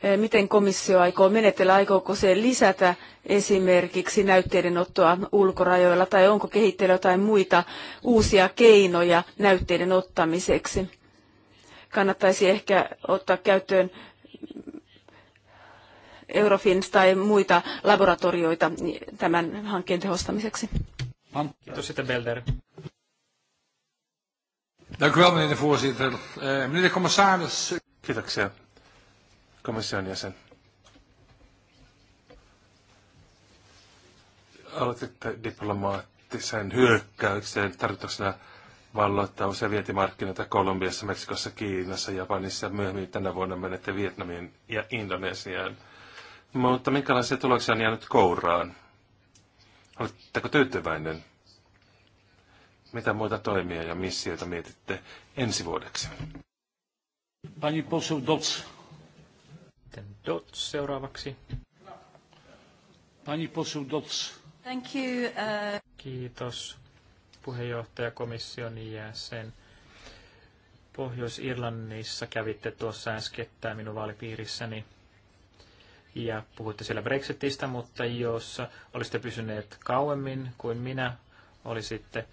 eh, miten komissio aikoo menetellä, aikooko se lisätä esimerkiksi näytteidenottoa ulkorajoilla tai onko kehitteillä jotain muita uusia keinoja näytteiden ottamiseksi. Kannattaisi ehkä ottaa käyttöön Eurofins tai muita laboratorioita tämän hankkeen tehostamiseksi. Kiitos sitten Belder. Dank u wel, meneer de voorzitter. Uh, meneer de commissaris. Kiitoksia, komission jäsen. Aloititte diplomaattisen hyökkäyksen tarkoituksena valloittaa usein vientimarkkinoita Kolumbiassa, Meksikossa, Kiinassa, Japanissa. Myöhemmin tänä vuonna menette Vietnamiin ja Indonesiaan. Mutta minkälaisia tuloksia on jäänyt kouraan? Oletteko tyytyväinen? mitä muita toimia ja missioita mietitte ensi vuodeksi? Pani poseł Dots. Dots seuraavaksi. Pani poseł Dots. Thank you. Uh... Kiitos puheenjohtaja komission jäsen. Pohjois-Irlannissa kävitte tuossa äskettäin minun vaalipiirissäni ja puhutte siellä Brexitistä, mutta jos olisitte pysyneet kauemmin kuin minä, olisitte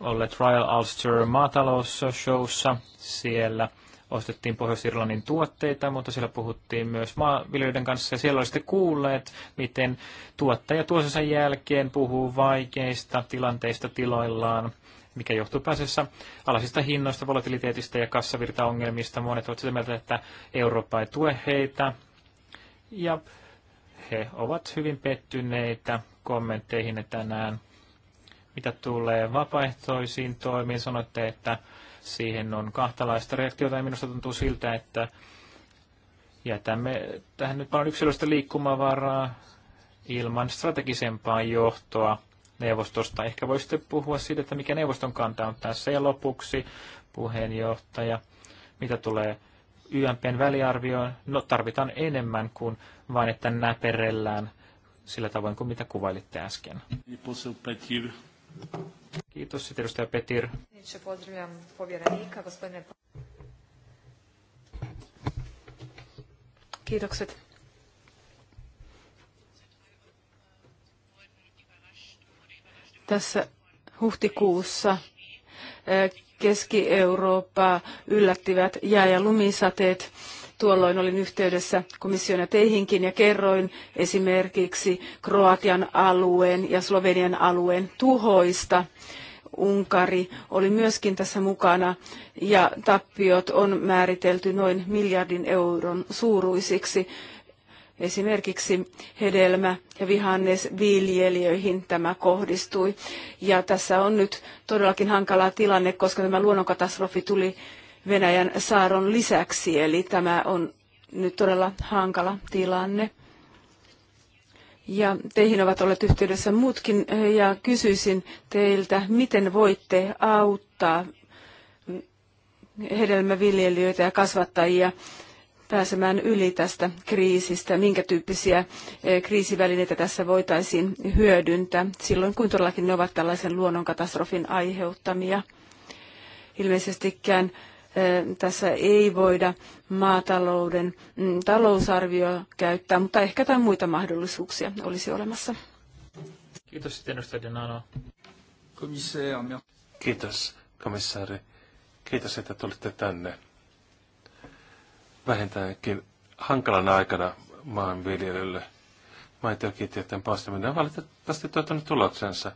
olleet Royal Ulster maatalousshowssa. Siellä ostettiin Pohjois-Irlannin tuotteita, mutta siellä puhuttiin myös maanviljelijöiden kanssa. Ja siellä olisitte kuulleet, miten tuottaja tuossa jälkeen puhuu vaikeista tilanteista tiloillaan, mikä johtuu pääsessä alasista hinnoista, volatiliteetista ja kassavirtaongelmista. Monet ovat sitä mieltä, että Eurooppa ei tue heitä. Ja he ovat hyvin pettyneitä kommentteihin tänään. Mitä tulee vapaaehtoisiin toimiin, sanoitte, että siihen on kahtalaista reaktiota ja minusta tuntuu siltä, että jätämme tähän nyt paljon yksilöllistä liikkumavaraa ilman strategisempaa johtoa neuvostosta. Ehkä voisitte puhua siitä, että mikä neuvoston kanta on tässä. Ja lopuksi puheenjohtaja, mitä tulee YMPn väliarvioon, no tarvitaan enemmän kuin vain, että näperellään sillä tavoin kuin mitä kuvailitte äsken. Niin, Kiitos. Sitten edustaja Petir. Kiitokset. Tässä huhtikuussa eh, Keski-Eurooppaa yllättivät jää- ja lumisateet Tuolloin olin yhteydessä komission ja teihinkin ja kerroin esimerkiksi Kroatian alueen ja Slovenian alueen tuhoista. Unkari oli myöskin tässä mukana ja tappiot on määritelty noin miljardin euron suuruisiksi. Esimerkiksi hedelmä- ja vihannesviljelijöihin tämä kohdistui. Ja tässä on nyt todellakin hankala tilanne, koska tämä luonnonkatastrofi tuli Venäjän saaron lisäksi, eli tämä on nyt todella hankala tilanne. Ja teihin ovat olleet yhteydessä muutkin, ja kysyisin teiltä, miten voitte auttaa hedelmäviljelijöitä ja kasvattajia pääsemään yli tästä kriisistä, minkä tyyppisiä eh, kriisivälineitä tässä voitaisiin hyödyntää silloin, kun todellakin ne ovat tällaisen luonnonkatastrofin aiheuttamia. Ilmeisestikään tässä ei voida maatalouden mm, talousarvio käyttää, mutta ehkä tämä muita mahdollisuuksia olisi olemassa. Kiitos edustaja Denano. Kiitos komissaari. Kiitos, että tulitte tänne. Vähintäänkin hankalana aikana maanviljelijöille. Maitokiintiöiden poistaminen on valitettavasti tuottanut tuloksensa.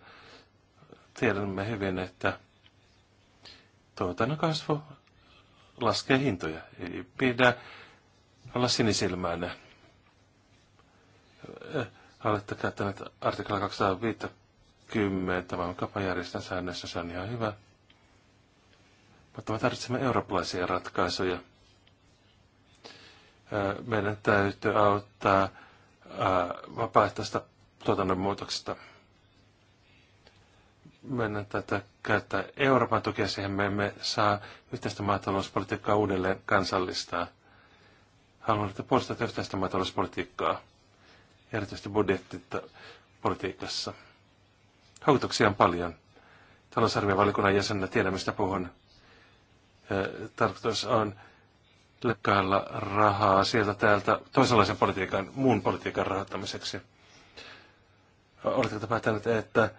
Tiedämme hyvin, että tuotannon kasvu laskee hintoja. Ei pidä olla sinisilmäinen. Olette käyttäneet artikla 250 kauppajärjestön säännössä, se on ihan hyvä. Mutta me tarvitsemme eurooppalaisia ratkaisuja. Meidän täytyy auttaa vapaaehtoista tuotannon muutoksista mennä tätä käyttää Euroopan tukea siihen. Me emme saa yhteistä maatalouspolitiikkaa uudelleen kansallistaa. Haluan, että puolustat yhteistä maatalouspolitiikkaa, erityisesti budjettipolitiikassa. Houkutuksia on paljon. Talousarviovalikunnan jäsenenä tiedän, mistä puhun. Tarkoitus on lekkailla rahaa sieltä täältä toisenlaisen politiikan, muun politiikan rahoittamiseksi. Oletteko päättäneet, että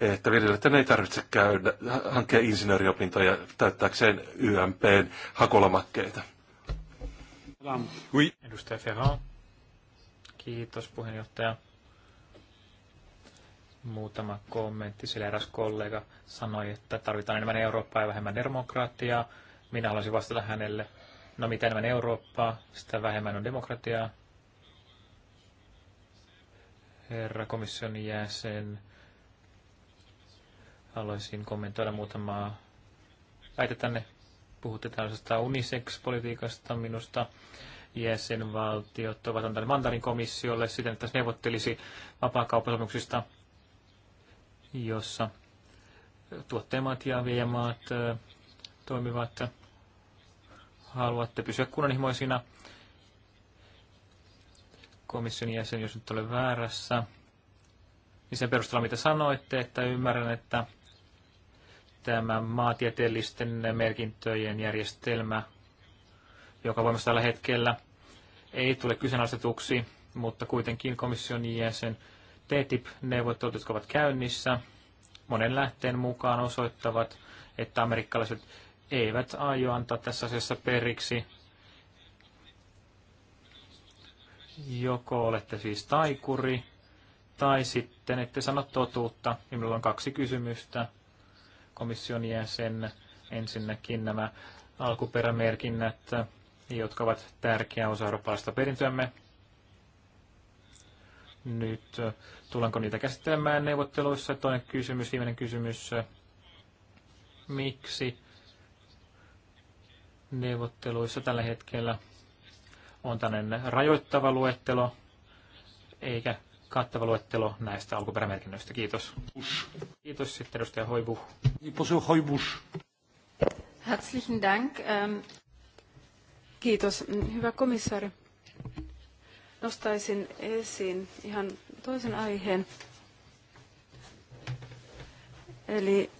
että viljelijöiden ei tarvitse käydä hankkia insinööriopintoja täyttääkseen YMPn hakulamakkeita. Oui. Edustaja Ferran. Kiitos puheenjohtaja. Muutama kommentti, sillä eräs kollega sanoi, että tarvitaan enemmän Eurooppaa ja vähemmän demokratiaa. Minä haluaisin vastata hänelle, no mitä enemmän Eurooppaa, sitä vähemmän on demokratiaa herra komission jäsen. Haluaisin kommentoida muutamaa tänne. Puhutte tällaisesta unisex-politiikasta minusta. Jäsenvaltiot ovat antaneet Mandarin komissiolle siten, että se neuvottelisi vapaakauppasopimuksista, jossa tuottajamaat ja viemaat toimivat. Haluatte pysyä kunnanhimoisina komission jäsen, jos nyt olen väärässä, niin sen perusteella mitä sanoitte, että ymmärrän, että tämä maatieteellisten merkintöjen järjestelmä, joka voimassa tällä hetkellä, ei tule kyseenalaistetuksi, mutta kuitenkin komission jäsen TTIP-neuvottelut, jotka ovat käynnissä, monen lähteen mukaan osoittavat, että amerikkalaiset eivät aio antaa tässä asiassa periksi Joko olette siis taikuri, tai sitten ette sano totuutta. Ja minulla on kaksi kysymystä komission jäsen. Ensinnäkin nämä alkuperämerkinnät, jotka ovat tärkeä osa eurooppalaista perintöämme. Nyt tullaanko niitä käsittelemään neuvotteluissa? Toinen kysymys, viimeinen kysymys. Miksi neuvotteluissa tällä hetkellä on tällainen rajoittava luettelo, eikä kattava luettelo näistä alkuperämerkinnöistä. Kiitos. Kiitos sitten edustaja Hoibuh. Niin, Hoibush. Herzlichen Dank. Ähm. Kiitos. Hyvä komissaari. Nostaisin esiin ihan toisen aiheen. Eli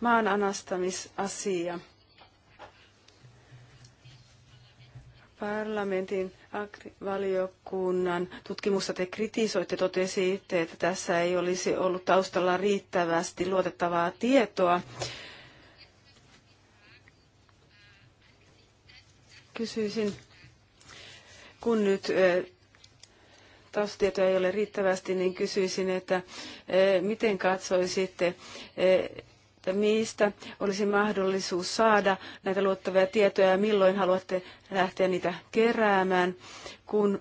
maananastamisasia. parlamentin valiokunnan tutkimusta te kritisoitte, totesitte, että tässä ei olisi ollut taustalla riittävästi luotettavaa tietoa. Kysyisin, kun nyt taustatietoja ei ole riittävästi, niin kysyisin, että miten katsoisitte mistä olisi mahdollisuus saada näitä luottavia tietoja ja milloin haluatte lähteä niitä keräämään, kun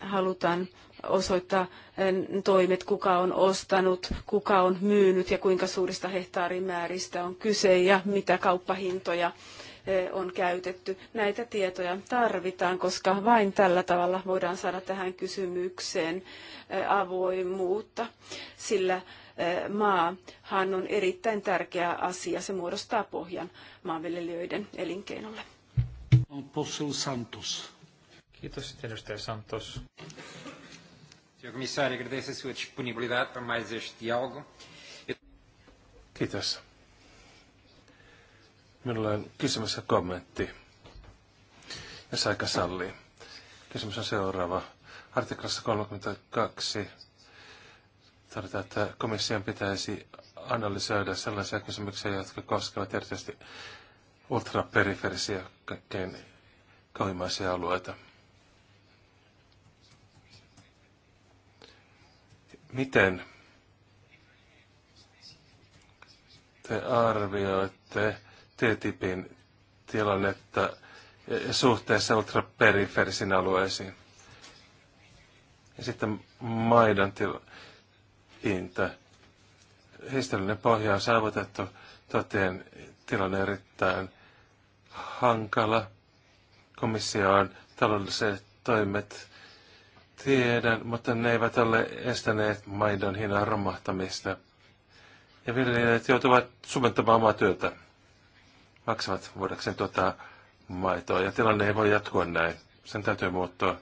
halutaan osoittaa eh, toimet, kuka on ostanut, kuka on myynyt ja kuinka suurista hehtaarimääristä on kyse ja mitä kauppahintoja eh, on käytetty. Näitä tietoja tarvitaan, koska vain tällä tavalla voidaan saada tähän kysymykseen eh, avoimuutta, sillä maahan on erittäin tärkeä asia. Se muodostaa pohjan maanviljelijöiden elinkeinolle. Possul Santos. Kiitos edustaja Santos. Senhor Comissário, agradeço a sua disponibilidade para mais este diálogo. Kiitos. Minulla on kysymys ja kommentti, jos aika sallii. Kysymys on seuraava. Artiklassa 32 todeta, että komission pitäisi analysoida sellaisia kysymyksiä, jotka koskevat erityisesti ultraperiferisiä, kaikkein kauimmaisia alueita. Miten te arvioitte TTIPin tilannetta suhteessa ultraperiferisiin alueisiin? Ja sitten maidan tilanne hinta. Historiallinen pohja on saavutettu, toteen tilanne erittäin hankala. Komissio on taloudelliset toimet tiedän, mutta ne eivät ole estäneet maidon hinnan romahtamista. Ja viljelijät joutuvat suventamaan omaa työtä. Maksavat voidakseen tuota maitoa. Ja tilanne ei voi jatkua näin. Sen täytyy muuttua.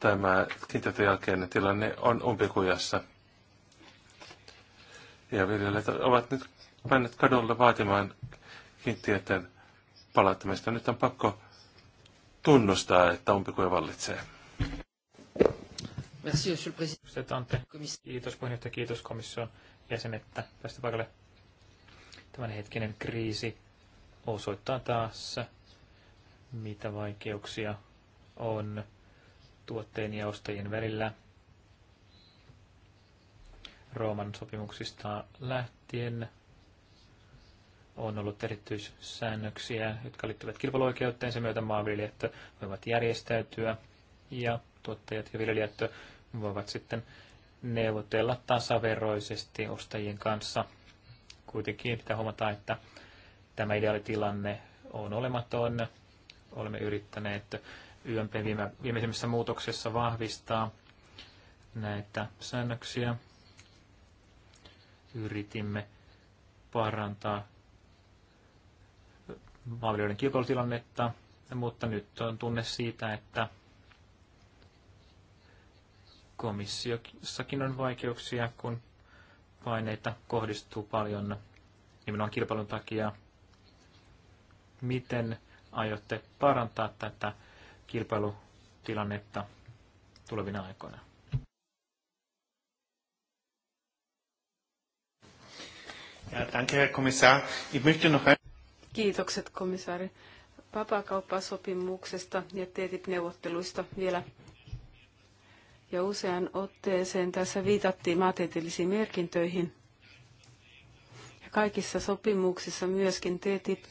Tämä kiinteiden jälkeinen tilanne on umpikujassa ja viljelijät ovat nyt menneet kadolle vaatimaan kiintiöiden palauttamista. Nyt on pakko tunnustaa, että umpikuja vallitsee. Merci, monsieur le président. Kiitos puheenjohtaja, kiitos komission jäsenettä tästä paikalle. Tämän hetkinen kriisi osoittaa taas, mitä vaikeuksia on tuotteen ja ostajien välillä – Rooman sopimuksista lähtien on ollut erityissäännöksiä, jotka liittyvät kilpailuoikeuteen. Sen myötä maanviljelijät voivat järjestäytyä ja tuottajat ja viljelijät voivat sitten neuvotella tasaveroisesti ostajien kanssa. Kuitenkin pitää huomata, että tämä ideaalitilanne on olematon. Olemme yrittäneet YMP viime, viimeisimmässä muutoksessa vahvistaa näitä säännöksiä yritimme parantaa maanviljelijöiden kilpailutilannetta, mutta nyt on tunne siitä, että komissiossakin on vaikeuksia, kun paineita kohdistuu paljon nimenomaan kilpailun takia. Miten aiotte parantaa tätä kilpailutilannetta tulevina aikoina? Ja, danke, Herr Kommissar. Ich möchte noch ein... Kiitokset, komissaari. Vapaakauppasopimuksesta ja TTIP-neuvotteluista vielä. Ja usean otteeseen tässä viitattiin maatieteellisiin merkintöihin. Ja kaikissa sopimuksissa myöskin TTIP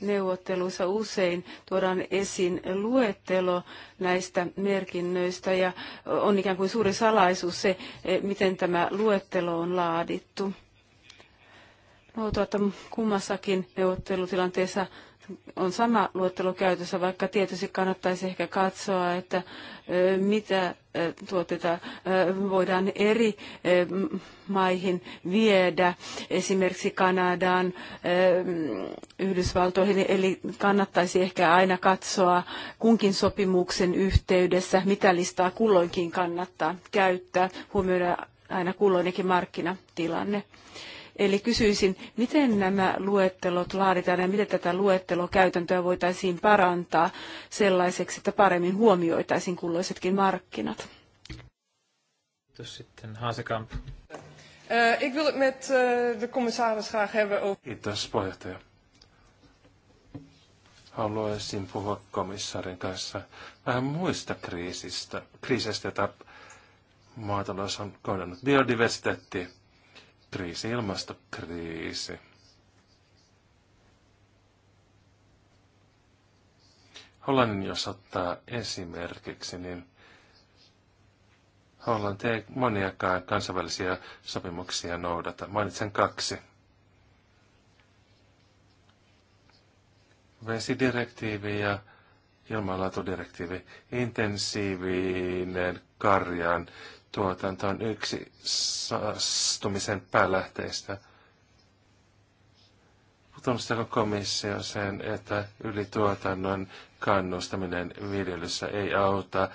neuvotteluissa usein tuodaan esiin luettelo näistä merkinnöistä ja on ikään kuin suuri salaisuus se, eh, miten tämä luettelo on laadittu outoa, että kummassakin neuvottelutilanteessa on sama luettelo käytössä, vaikka tietysti kannattaisi ehkä katsoa, että mitä tuotteita voidaan eri maihin viedä, esimerkiksi Kanadaan, Yhdysvaltoihin. Eli kannattaisi ehkä aina katsoa kunkin sopimuksen yhteydessä, mitä listaa kulloinkin kannattaa käyttää, huomioida aina kulloinenkin markkinatilanne. Eli kysyisin, miten nämä luettelot laaditaan ja miten tätä luettelokäytäntöä voitaisiin parantaa sellaiseksi, että paremmin huomioitaisiin kulloisetkin markkinat? Kiitos sitten Haasekamp. Eh, ik wil het met eh, de commissaris graag hebben over... Kiitos puheenjohtaja. Haluaisin puhua komissaarin kanssa vähän muista kriisistä, kriisistä jota maatalous on kohdannut. Biodiversiteetti, kriisi, ilmastokriisi. Hollannin jos ottaa esimerkiksi, niin Hollanti ei moniakaan kansainvälisiä sopimuksia noudata. Mainitsen kaksi. Vesidirektiivi ja ilmanlaatudirektiivi. Intensiivinen karjan tuotanto on yksi saastumisen päälähteistä. Tunnustellut komissio sen, että ylituotannon kannustaminen viljelyssä ei auta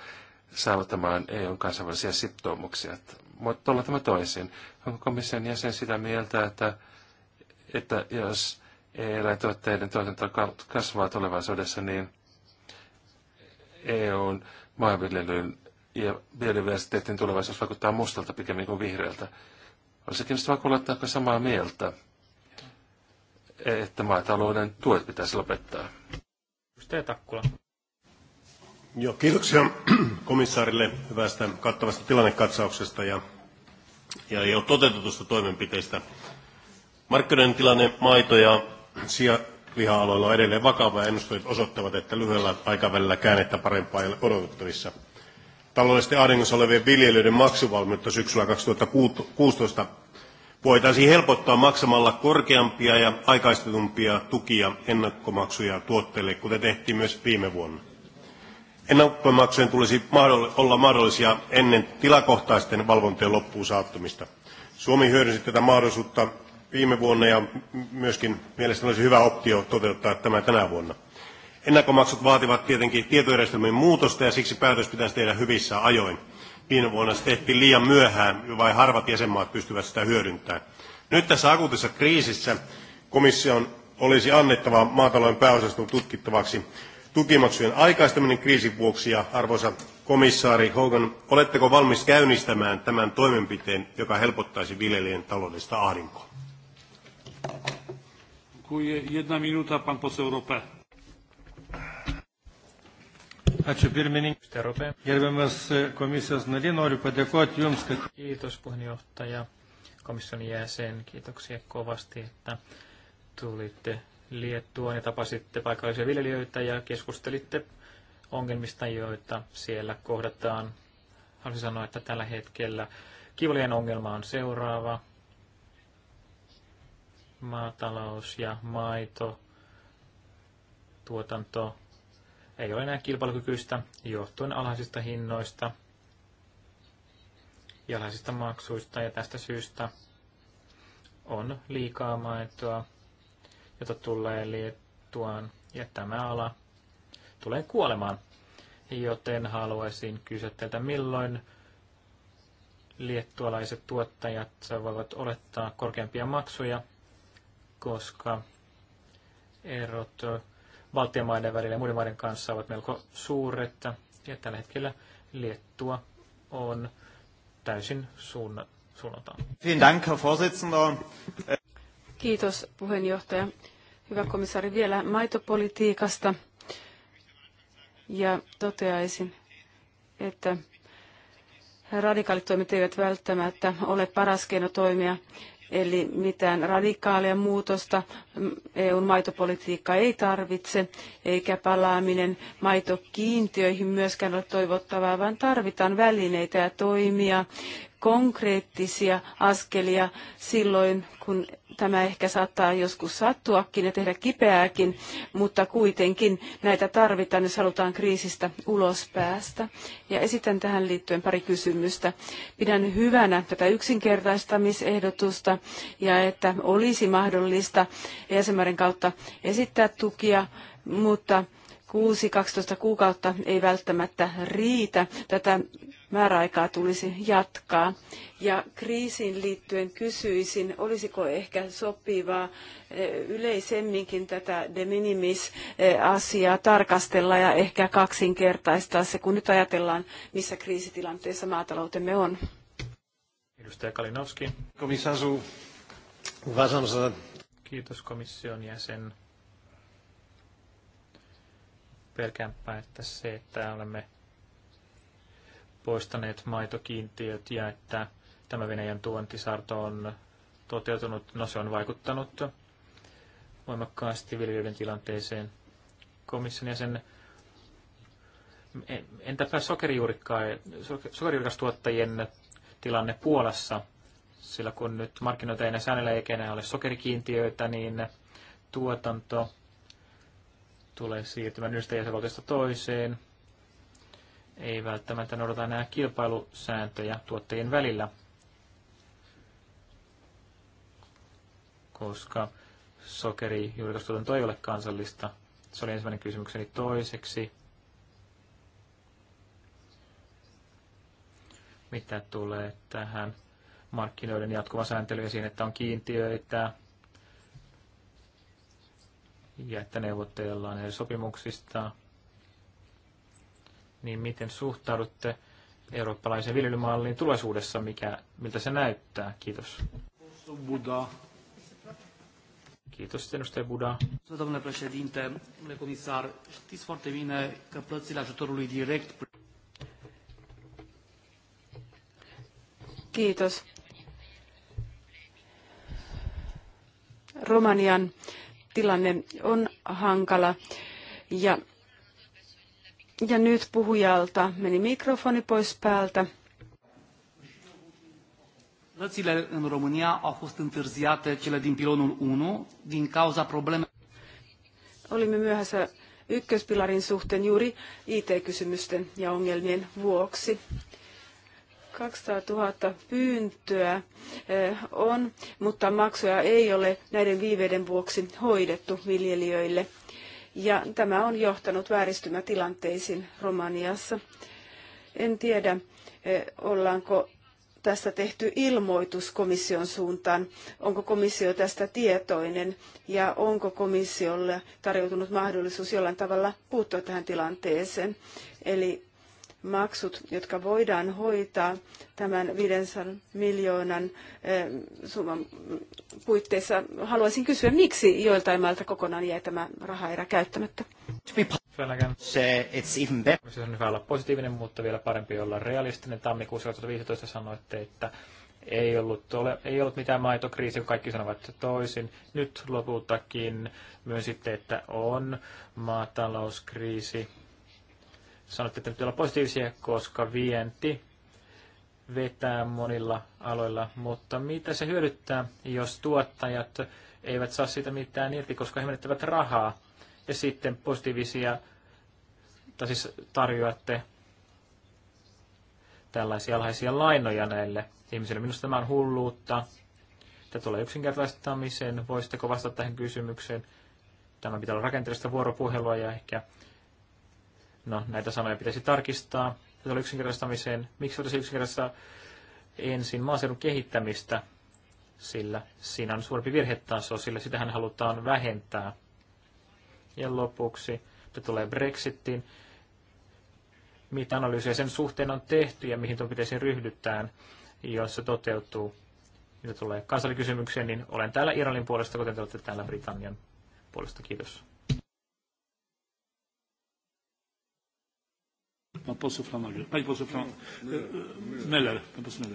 saavuttamaan EUn kansainvälisiä sitoumuksia. Mutta tuolla tämä toisin. Onko komission jäsen sitä mieltä, että, että jos eläintuotteiden tuotanto kasvaa tulevaisuudessa, niin EUn maanviljelyn ja biodiversiteetin tulevaisuus vaikuttaa mustalta pikemmin kuin vihreältä. Olisi kiinnostavaa kuulla, että samaa mieltä, että maatalouden tuet pitäisi lopettaa. Edustaja Takkula. Joo, kiitoksia komissaarille hyvästä kattavasta tilannekatsauksesta ja, ja jo toteutetusta toimenpiteistä. Markkinoiden tilanne maito- ja liha aloilla on edelleen vakava ja ennusteet osoittavat, että lyhyellä aikavälillä käännettä parempaa ei ole odotettavissa – taloudellisesti ahdingossa olevien viljelijöiden maksuvalmiutta syksyllä 2016 voitaisiin helpottaa maksamalla korkeampia ja aikaistetumpia tukia ennakkomaksuja tuotteille, kuten tehtiin myös viime vuonna. Ennakkomaksujen tulisi olla mahdollisia ennen tilakohtaisten valvontojen loppuun saattumista. Suomi hyödynsi tätä mahdollisuutta viime vuonna ja myöskin mielestäni olisi hyvä optio toteuttaa tämä tänä vuonna. Ennakkomaksut vaativat tietenkin tietojärjestelmien muutosta ja siksi päätös pitäisi tehdä hyvissä ajoin. Viime vuonna se tehtiin liian myöhään, vai harvat jäsenmaat pystyvät sitä hyödyntämään. Nyt tässä akuutissa kriisissä komission olisi annettava maatalouden pääosaston tutkittavaksi tukimaksujen aikaistaminen kriisin vuoksi ja arvoisa komissaari Hogan, oletteko valmis käynnistämään tämän toimenpiteen, joka helpottaisi viljelijän taloudellista ahdinkoa? Jedna minuta, pan poseł Ačiū pirmininkai. Gerbiamas e, komisijos nariai, noriu padėkoti Jums, kad... Kiitos puheenjohtaja, komission jäsen. Kiitoksia kovasti, että tulitte Liettuaan ja tapasitte paikallisia viljelijöitä ja keskustelitte ongelmista, joita siellä kohdataan. Haluaisin sanoa, että tällä hetkellä kivolien ongelma on seuraava. Maatalous ja maito tuotanto ei ole enää kilpailukykyistä johtuen alhaisista hinnoista ja alhaisista maksuista ja tästä syystä on liikaa maitoa, jota tulee liettuaan ja tämä ala tulee kuolemaan. Joten haluaisin kysyä teiltä, milloin liettualaiset tuottajat voivat olettaa korkeampia maksuja, koska erot Baltian maiden välillä ja muiden maiden kanssa ovat melko suuret. Ja tällä hetkellä Liettua on täysin suunna, suunnataan. Kiitos puheenjohtaja. Hyvä komissaari, vielä maitopolitiikasta. Ja toteaisin, että radikaalitoimet eivät välttämättä ole paras keino toimia Eli mitään radikaalia muutosta EUn maitopolitiikka ei tarvitse, eikä palaaminen maitokiintiöihin myöskään ole toivottavaa, vaan tarvitaan välineitä ja toimia konkreettisia askelia silloin, kun tämä ehkä saattaa joskus sattuakin ja tehdä kipeääkin, mutta kuitenkin näitä tarvitaan, jos halutaan kriisistä ulos päästä. Ja esitän tähän liittyen pari kysymystä. Pidän hyvänä tätä yksinkertaistamisehdotusta ja että olisi mahdollista jäsenmaiden kautta esittää tukia, mutta 6-12 kuukautta ei välttämättä riitä. Tätä määräaikaa tulisi jatkaa. Ja kriisiin liittyen kysyisin, olisiko ehkä sopivaa eh, yleisemminkin tätä de minimis-asiaa eh, tarkastella ja ehkä kaksinkertaistaa se, kun nyt ajatellaan, missä kriisitilanteessa maataloutemme on. Edustaja Kalinowski. Komisarzu, Kiitos komission jäsen. Pelkäänpä, että se, että olemme poistaneet maitokiintiöt ja että tämä Venäjän tuontisarto on toteutunut, no se on vaikuttanut voimakkaasti viljelijöiden tilanteeseen. Komission sen entäpä sokerijuurikastuottajien tilanne Puolassa? Sillä kun nyt markkinoita ei enää säännellä eikä enää ole sokerikiintiöitä, niin tuotanto tulee siirtymään yhdestä jäsenvaltiosta toiseen ei välttämättä noudata enää kilpailusääntöjä tuottajien välillä, koska sokeri juurikastuotanto ei ole kansallista. Se oli ensimmäinen kysymykseni toiseksi. Mitä tulee tähän markkinoiden jatkuva sääntely ja siihen, että on kiintiöitä ja että neuvotteellaan eri sopimuksista, niin miten suhtaudutte eurooppalaisen viljelymalliin tulevaisuudessa, mikä, miltä se näyttää? Kiitos. Buda. Kiitos, edustaja Buda. direct... Kiitos. Romanian tilanne on hankala ja ja nyt puhujalta meni mikrofoni pois päältä. Plățile în România au fost întârziate cele din pilonul 1 din cauza problemelor. Olimme myöhässä ykköspilarin suhteen juuri IT-kysymysten ja ongelmien vuoksi. 200 000 pyyntöä eh, on, mutta maksuja ei ole näiden viiveiden vuoksi hoidettu viljelijöille ja tämä on johtanut vääristymätilanteisiin Romaniassa. En tiedä, e, ollaanko tästä tehty ilmoitus komission suuntaan? Onko komissio tästä tietoinen ja onko komissiolle tarjoutunut mahdollisuus jollain tavalla puuttua tähän tilanteeseen? Eli maksut, jotka voidaan hoitaa tämän 500 miljoonan eh, summan puitteissa. Haluaisin kysyä, miksi joiltain mailta kokonaan jäi tämä rahaerä käyttämättä? Se, it's even better. Se on hyvä olla positiivinen, mutta vielä parempi olla realistinen. Tammikuussa 2015 sanoitte, että ei ollut, ole, ei ollut mitään maitokriisiä, kun kaikki sanovat toisin. Nyt lopultakin myönsitte, että on maatalouskriisi sanotte, että pitää olla positiivisia, koska vienti vetää monilla aloilla, mutta mitä se hyödyttää, jos tuottajat eivät saa siitä mitään irti, koska he menettävät rahaa ja sitten positiivisia tai siis tarjoatte tällaisia alhaisia lainoja näille ihmisille. Minusta tämä on hulluutta. Tämä tulee yksinkertaistamiseen. Voisitteko vastata tähän kysymykseen? Tämä pitää olla rakenteellista vuoropuhelua ja ehkä No, näitä sanoja pitäisi tarkistaa tätä yksinkertaistamiseen. Miksi olisi yksinkertaista ensin maaseudun kehittämistä, sillä siinä on suurempi virhetaso, sillä sitähän halutaan vähentää. Ja lopuksi se tulee Brexitin, Mitä analyysiä sen suhteen on tehty ja mihin pitäisi ryhdytään, jos se toteutuu? Mitä tulee kansallikysymykseen, niin olen täällä Iranin puolesta, kuten te olette täällä Britannian puolesta. Kiitos. Pan poseł Flanagan. Pani poseł e, e, Pan poseł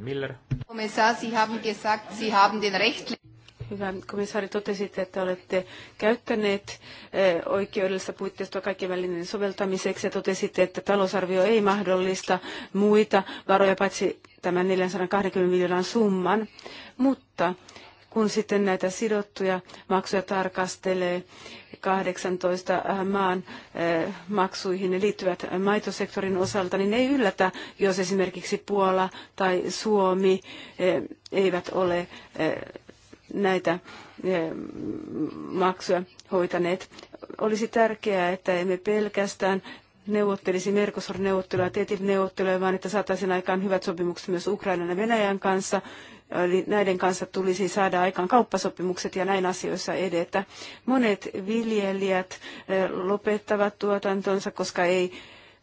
Miller. Kommissar, Sie haben gesagt, Sie haben den rechtlichen Hyvä komissaari, totesitte, että olette käyttäneet e, oikeudellista puitteistoa kaikkien välinen soveltamiseksi ja totesitte, että talousarvio ei mahdollista muita varoja paitsi tämän 420 miljoonan summan. Mutta kun sitten näitä sidottuja maksuja tarkastelee, 18 äh, maan äh, maksuihin ne liittyvät maitosektorin osalta, niin ei yllätä, jos esimerkiksi Puola tai Suomi äh, eivät ole näitä maksuja hoitaneet. Olisi tärkeää, että emme pelkästään neuvottelisi Mercosur-neuvotteluja, TTIP-neuvotteluja, vaan että saataisiin aikaan hyvät sopimukset myös Ukrainan ja Venäjän kanssa, Eli näiden kanssa tulisi saada aikaan kauppasopimukset ja näin asioissa edetä. Monet viljelijät eh, lopettavat tuotantonsa, koska ei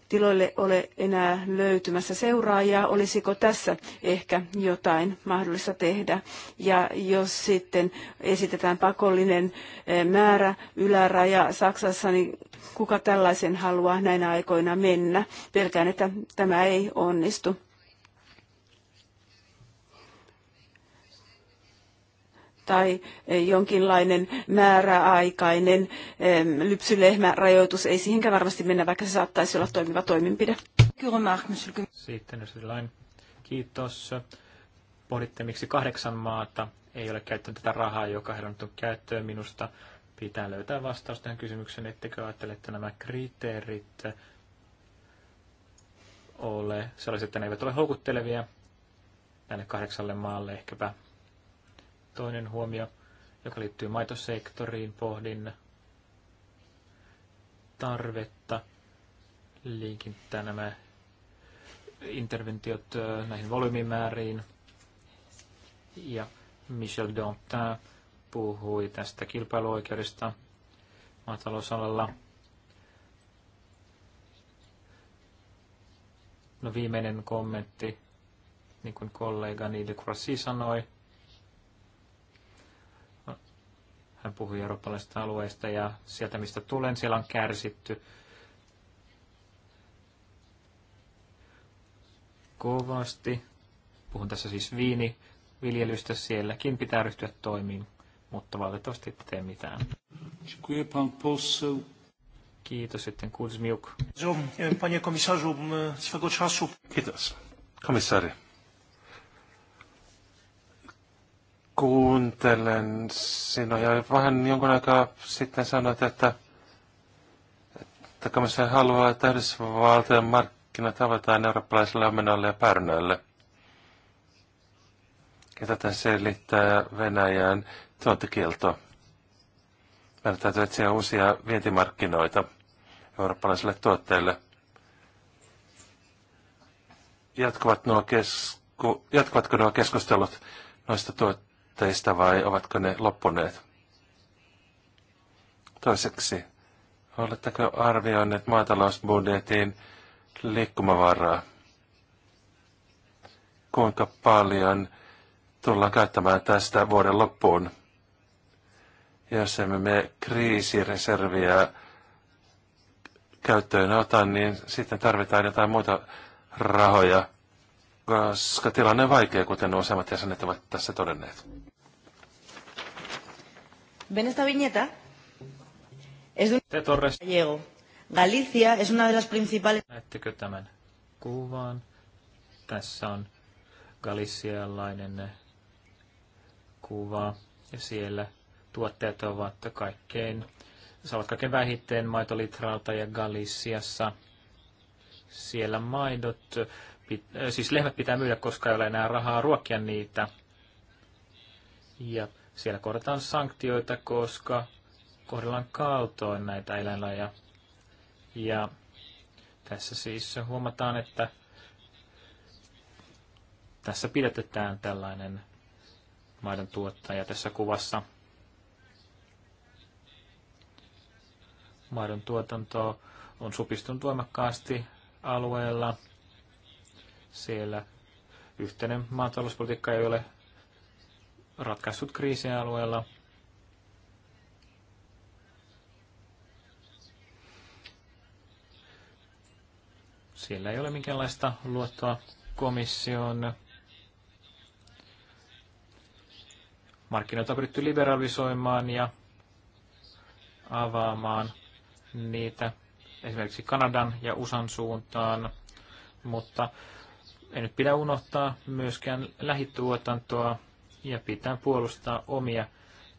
tiloille ole enää löytymässä seuraajaa, olisiko tässä ehkä jotain mahdollista tehdä. Ja jos sitten esitetään pakollinen eh, määrä, yläraja Saksassa, niin kuka tällaisen haluaa näinä aikoina mennä? Pelkään, että tämä ei onnistu. tai eh, jonkinlainen määräaikainen eh, lypsylehmärajoitus. Ei siihenkään varmasti mennä, vaikka se saattaisi olla toimiva toimenpide. Sitten lain. Kiitos. Pohditte, miksi kahdeksan maata ei ole käyttänyt tätä rahaa, joka heillä on nyt käyttöön minusta. Pitää löytää vastaus tähän kysymykseen, ettekö ajattele, että nämä kriteerit ole sellaiset, että ne eivät ole houkuttelevia näille kahdeksalle maalle ehkäpä Toinen huomio, joka liittyy maitosektoriin, pohdin tarvetta linkittää nämä interventiot näihin volyymimääriin. Ja Michel Dantin puhui tästä kilpailuoikeudesta maatalousalalla. No viimeinen kommentti, niin kuin kollega Nidekrasi sanoi, Hän puhui eurooppalaisista alueista ja sieltä, mistä tulen, siellä on kärsitty kovasti. Puhun tässä siis viini viljelystä sielläkin pitää ryhtyä toimiin, mutta valitettavasti ette tee mitään. Kiitos sitten, Kuulis Miuk. Panie komisarzu, swego czasu. Kiitos. Komissaari. kuuntelen sinua ja vähän jonkun aikaa sitten sanoit, että, että komissio haluaa, että Yhdysvaltojen markkinat avataan eurooppalaisille omenoille ja pärnöille. Ja tätä selittää Venäjän tuontikielto. Meidän täytyy etsiä uusia vientimarkkinoita eurooppalaisille tuotteille. Jatkuvat nuo kesku, jatkuvatko nuo keskustelut noista tuotteista? teistä vai ovatko ne loppuneet? Toiseksi, oletteko arvioineet maatalousbudjetin liikkumavaraa? Kuinka paljon tullaan käyttämään tästä vuoden loppuun? Jos emme me kriisireserviä käyttöön ota, niin sitten tarvitaan jotain muita rahoja koska tilanne on vaikea, kuten useimmat jäsenet ovat tässä todenneet. Ven esta viñeta. Es un... Te Torres. Gallego. Galicia es una de las principales... Näettekö tämän kuvan? Tässä on galicialainen kuva. Ja siellä tuotteet ovat kaikkein, saavat kaikkein vähiten maitolitralta ja Galiciassa. Siellä maidot Äh, siis lehmät pitää myydä, koska ei ole enää rahaa ruokkia niitä. Ja siellä kohdataan sanktioita, koska kohdellaan kaltoin näitä eläinlajeja. Ja tässä siis huomataan, että tässä pidetetään tällainen maidon tuottaja tässä kuvassa. Maidon tuotanto on supistunut voimakkaasti alueella siellä yhteinen maatalouspolitiikka ei ole ratkaissut alueella. Siellä ei ole minkäänlaista luottoa komission. Markkinoita on pyritty liberalisoimaan ja avaamaan niitä esimerkiksi Kanadan ja USAn suuntaan, mutta ei nyt pidä unohtaa myöskään lähituotantoa ja pitää puolustaa omia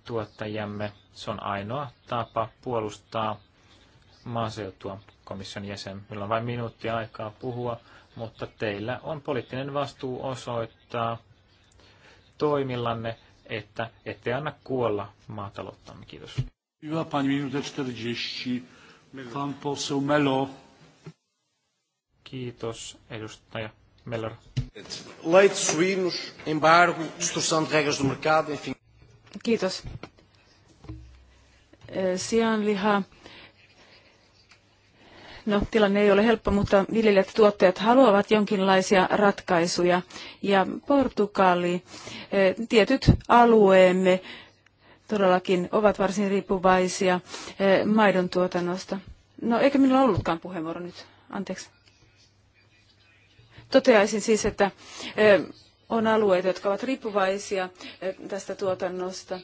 tuottajamme. Se on ainoa tapa puolustaa maaseutua komission jäsen. Meillä on vain minuutti aikaa puhua, mutta teillä on poliittinen vastuu osoittaa toimillanne, että ette anna kuolla maatalouttamme. Kiitos. Hyvä, pani minuutti 40. Pan Melo. Kiitos, edustaja Melhor. Leite, suínos, embargo, distorção de regras do mercado, enfim. Kiitos. Eh, Sianliha. No, tilanne ei ole helppo, mutta viljelijät ja tuottajat haluavat jonkinlaisia ratkaisuja. Ja Portugali, eh, tietyt alueemme todellakin ovat varsin riippuvaisia eh, maidon tuotannosta. No, eikö minulla ollutkaan puheenvuoro nyt. Anteeksi. Toteaisin siis, että on alueita, jotka ovat riippuvaisia tästä tuotannosta.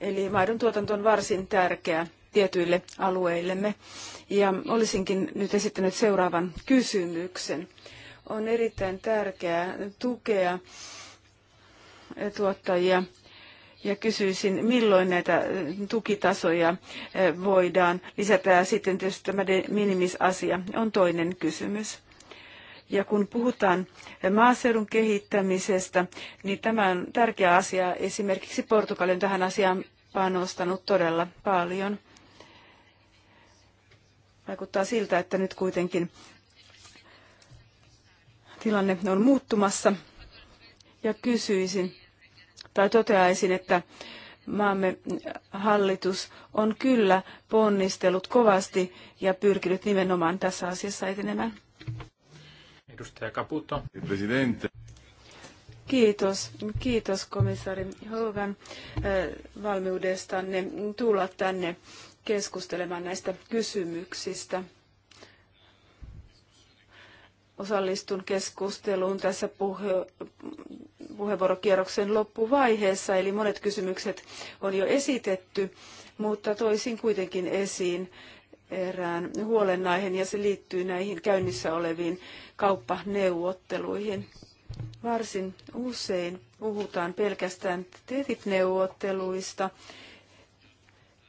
Eli maidon tuotanto on varsin tärkeä tietyille alueillemme. Ja olisinkin nyt esittänyt seuraavan kysymyksen. On erittäin tärkeää tukea tuottajia ja kysyisin, milloin näitä äh, tukitasoja äh, voidaan lisätä. Ja sitten tietysti tämä de minimisasia on toinen kysymys. Ja kun puhutaan äh, maaseudun kehittämisestä, niin tämä on tärkeä asia. Esimerkiksi Portugali on tähän asiaan panostanut todella paljon. Vaikuttaa siltä, että nyt kuitenkin tilanne on muuttumassa. Ja kysyisin, tai toteaisin, että maamme hallitus on kyllä ponnistellut kovasti ja pyrkinyt nimenomaan tässä asiassa etenemään. Edustaja Caputo. Presidente. Kiitos, kiitos komissaari Hogan valmiudestanne tulla tänne keskustelemaan näistä kysymyksistä osallistun keskusteluun tässä puhe, puheenvuorokierroksen loppuvaiheessa, eli monet kysymykset on jo esitetty, mutta toisin kuitenkin esiin erään huolenaiheen, ja se liittyy näihin käynnissä oleviin kauppaneuvotteluihin. Varsin usein puhutaan pelkästään TTIP-neuvotteluista,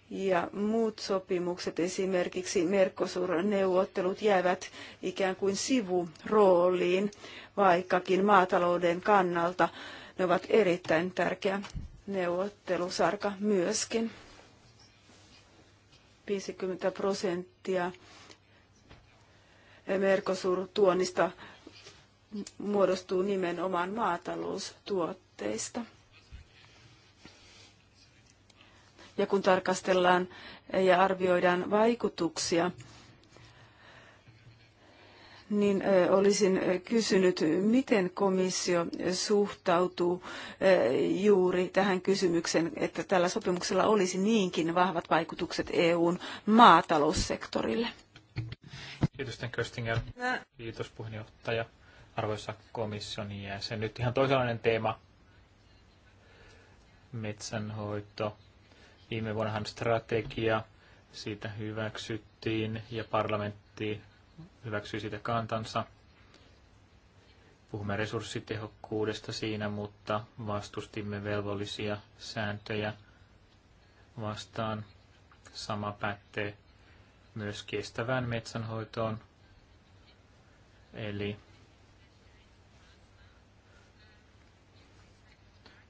ja muut sopimukset, esimerkiksi Mercosur-neuvottelut, jäävät ikään kuin sivurooliin, vaikkakin maatalouden kannalta ne ovat erittäin tärkeä neuvottelusarka myöskin. 50 prosenttia Mercosur-tuonnista muodostuu nimenomaan maataloustuotteista. ja kun tarkastellaan ja arvioidaan vaikutuksia, niin olisin kysynyt, miten komissio suhtautuu juuri tähän kysymykseen, että tällä sopimuksella olisi niinkin vahvat vaikutukset EUn maataloussektorille. Kiitos, Köstinger. Kiitos, puheenjohtaja. Arvoisa komission jäsen. Nyt ihan toisenlainen teema. Metsänhoito Viime vuonnahan strategia siitä hyväksyttiin ja parlamentti hyväksyi siitä kantansa. Puhumme resurssitehokkuudesta siinä, mutta vastustimme velvollisia sääntöjä vastaan. Sama pätee myös kestävään metsänhoitoon. Eli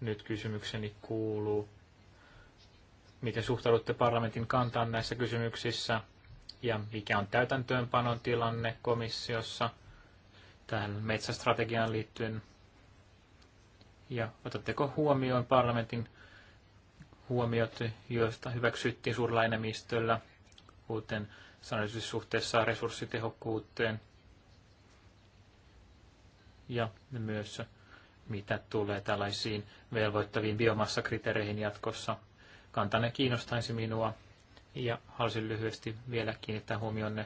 nyt kysymykseni kuuluu, miten suhtaudutte parlamentin kantaan näissä kysymyksissä ja mikä on täytäntöönpanon tilanne komissiossa tähän metsästrategiaan liittyen. Ja otatteko huomioon parlamentin huomiot, joista hyväksyttiin suurella enemmistöllä uuteen suhteessa resurssitehokkuuteen ja myös mitä tulee tällaisiin velvoittaviin biomassakriteereihin jatkossa – kantanne kiinnostaisi minua. Ja halusin lyhyesti vielä kiinnittää huomionne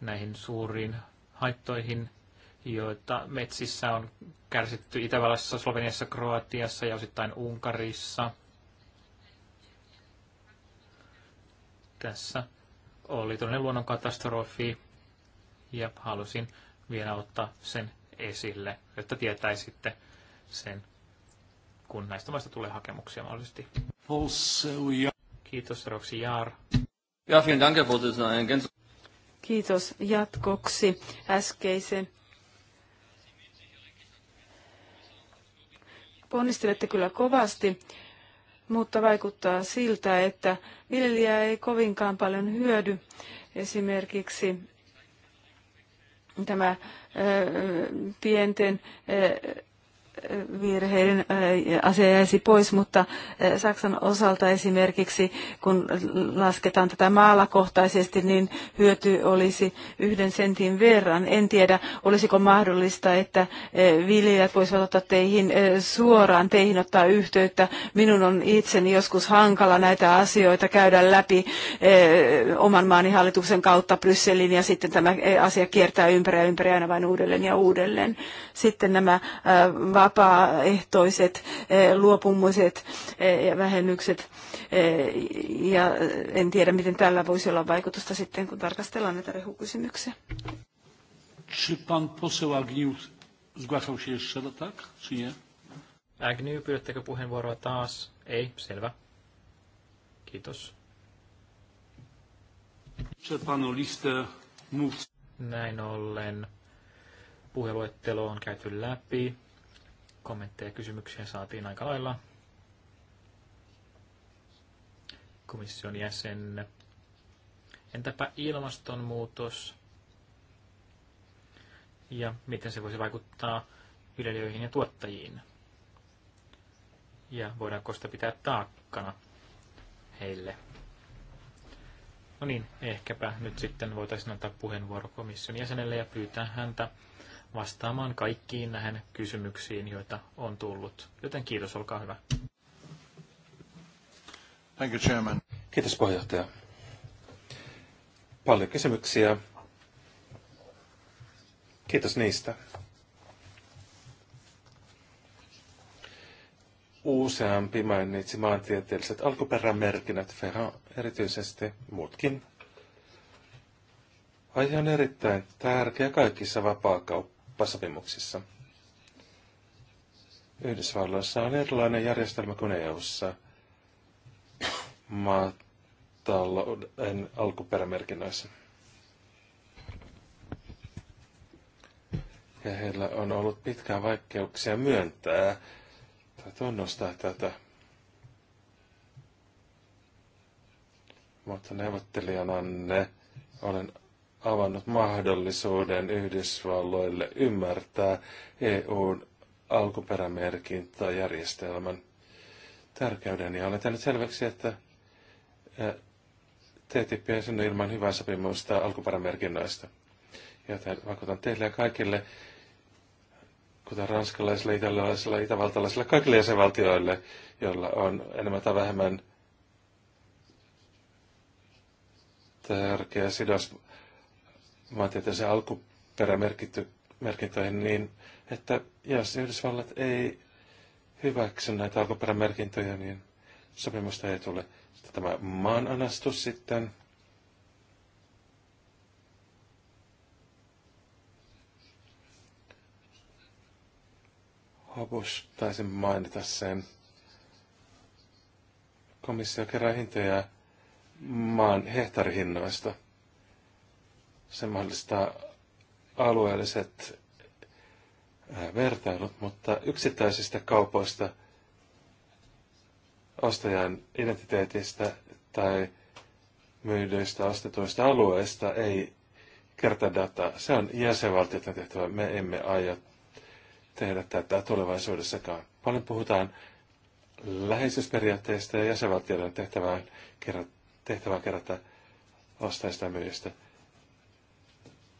näihin suuriin haittoihin, joita metsissä on kärsitty Itävallassa, Sloveniassa, Kroatiassa ja osittain Unkarissa. Tässä oli todellinen luonnonkatastrofi ja halusin vielä ottaa sen esille, jotta tietäisitte sen kun näistä maista tulee hakemuksia mahdollisesti. Kiitos, Roksi Jaar. Ja, vielen dank, Kiitos jatkoksi äskeisen. Ponnistelette kyllä kovasti, mutta vaikuttaa siltä, että viljelijä ei kovinkaan paljon hyödy. Esimerkiksi tämä pienten virheiden asia jäisi pois, mutta Saksan osalta esimerkiksi, kun lasketaan tätä maalakohtaisesti, niin hyöty olisi yhden sentin verran. En tiedä, olisiko mahdollista, että viljelijät voisivat ottaa teihin suoraan, teihin ottaa yhteyttä. Minun on itseni joskus hankala näitä asioita käydä läpi oman maani hallituksen kautta Brysselin ja sitten tämä asia kiertää ympäri ja ympäri aina vain uudelleen ja uudelleen. Sitten nämä vapaaehtoiset eh, luopumiset eh, ja vähennykset. Eh, ja en tiedä, miten tällä voisi olla vaikutusta sitten, kun tarkastellaan näitä rehukysymyksiä. Czy pan poseł Agniu zgłaszał się jeszcze, tak? Czy nie? Agnew, pyydättekö puheenvuoroa taas? Ei, selvä. Kiitos. Näin ollen puheluettelo on käyty läpi kommentteja ja kysymyksiä saatiin aika lailla. Komission jäsen. Entäpä ilmastonmuutos? Ja miten se voisi vaikuttaa viljelijöihin ja tuottajiin? Ja voidaanko sitä pitää taakkana heille? No niin, ehkäpä nyt sitten voitaisiin antaa puheenvuoro komission jäsenelle ja pyytää häntä vastaamaan kaikkiin näihin kysymyksiin, joita on tullut. Joten kiitos, olkaa hyvä. Thank you, Chairman. Kiitos puheenjohtaja. Paljon kysymyksiä. Kiitos niistä. Useampi mainitsi maantieteelliset alkuperämerkinnät, Ferran erityisesti, muutkin Aihe on erittäin tärkeä kaikissa vapaakauppa kauppasopimuksissa. Yhdysvalloissa on erilainen järjestelmä kuin EU-ssa. maatalouden alkuperämerkinnöissä. Ja heillä on ollut pitkään vaikeuksia myöntää tai tunnustaa tätä. Mutta ne olen avannut mahdollisuuden Yhdysvalloille ymmärtää EUn alkuperämerkintäjärjestelmän tärkeyden. Ja olen tehnyt selväksi, että TTIP ei synny ilman hyvää sopimusta alkuperämerkinnöistä. Joten vakuutan teille ja kaikille, kuten ranskalaisille, italialaisille, itävaltalaisille, kaikille jäsenvaltioille, joilla on enemmän tai vähemmän tärkeä sidos maantieteellisen alkuperämerkintöihin niin, että jos Yhdysvallat ei hyväksy näitä alkuperämerkintöjä, niin sopimusta ei tule. Sitten tämä maananastus sitten. Hobus taisin mainita sen. Komissio kerää hintoja maan hehtaarihinnoista. Se mahdollistaa alueelliset vertailut, mutta yksittäisistä kaupoista, ostajan identiteetistä tai myydyistä ostetuista alueista ei dataa. Se on jäsenvaltioiden tehtävä. Me emme aio tehdä tätä tulevaisuudessakaan. Paljon puhutaan läheisyysperiaatteista ja jäsenvaltioiden tehtävään, tehtävään kerätä ostajista ja myyjistä.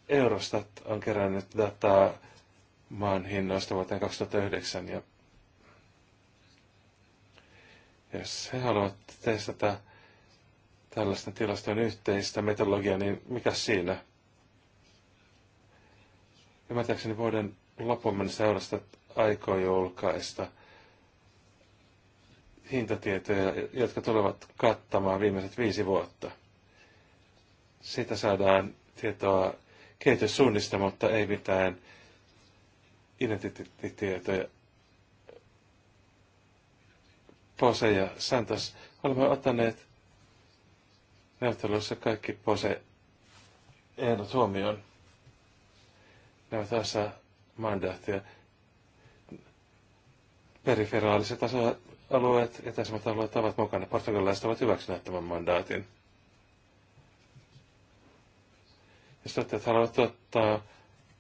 Eurostat on kerännyt dataa maan hinnoista vuoteen 2009 ja jos he haluavat testata tällaisten tilastojen yhteistä metodologiaa, niin mikä siinä? Ymmärtääkseni vuoden loppuun mennessä Eurostat aikoo julkaista hintatietoja, jotka tulevat kattamaan viimeiset viisi vuotta. Siitä saadaan tietoa kehityssuunnista, mutta ei mitään identiteettitietoja. Pose ja Santos, olemme ottaneet neuvotteluissa kaikki Pose ehdot huomioon. Nämä ovat osa mandaattia. Periferaaliset alueet, etäisemmät alueet ovat mukana. Portugalilaiset ovat hyväksyneet tämän mandaatin. Ja Jos tuottajat haluavat tuottaa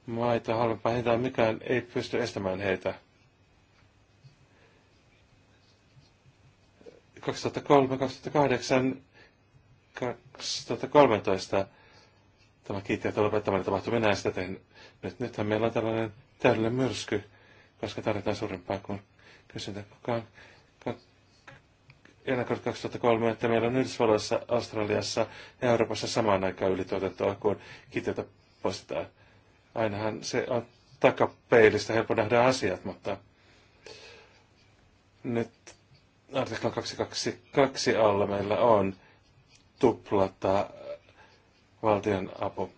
maita halvempaa hintaa, mikään ei pysty estämään heitä. 2003-2008 2013 tämä kiintiötä lopettaminen tapahtui. Minä sitä tehnyt. Nyt, nythän meillä on tällainen täydellinen myrsky, koska tarvitaan suurempaa kuin kysyntä. Kukaan elokuuta 2003, että meillä on Yhdysvalloissa, Australiassa ja Euroopassa samaan aikaan ylituotettua kun kiteitä poistetaan. Ainahan se on takapeilistä helppo nähdä asiat, mutta nyt artikla 222 alla meillä on tuplata valtion apu.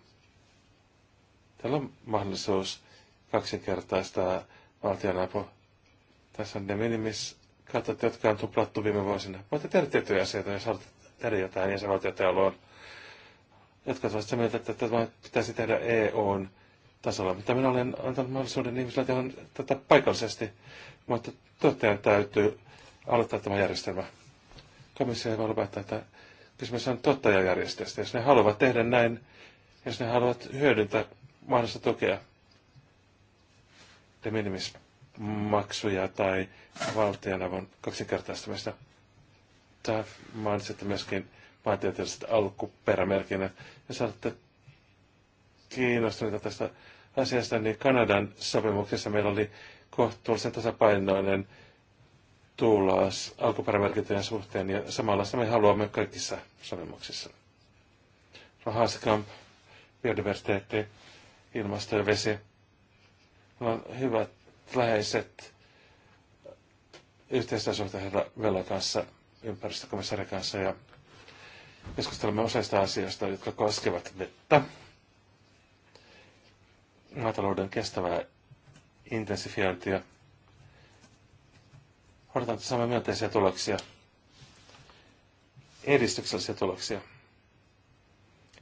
Täällä on mahdollisuus kaksinkertaistaa valtion apu. Tässä on de minimis katot, jotka on tuplattu viime vuosina. Voitte tehdä tiettyjä asioita, jos haluatte tehdä jotain jäsenvaltiota, jolla on jotka ovat sitä mieltä, että tämä pitäisi tehdä EUn tasolla. Mutta minä olen antanut mahdollisuuden ihmisille tehdä tätä paikallisesti, mutta tuottajan täytyy aloittaa tämä järjestelmä. Komissio ei voi lopettaa, että kysymys on tuottajajärjestöstä. Jos ne haluavat tehdä näin, jos ne haluavat hyödyntää mahdollista tukea, de minimis maksuja tai valtionavun kaksinkertaistamista. Tämä mainitsitte myöskin maantieteelliset alkuperämerkinnät. Jos olette kiinnostuneita tästä asiasta, niin Kanadan sopimuksessa meillä oli kohtuullisen tasapainoinen tulos alkuperämerkintöjen suhteen ja samanlaista me haluamme kaikissa sopimuksissa. Rahaskamp, biodiversiteetti, ilmasto ja vesi. Meillä on hyvät läheiset yhteistyösuhteet herra Velon kanssa, ympäristökomissarin kanssa ja keskustelemme useista asioista, jotka koskevat vettä, maatalouden kestävää intensifiointia. Odotan, että saamme myönteisiä tuloksia, edistyksellisiä tuloksia.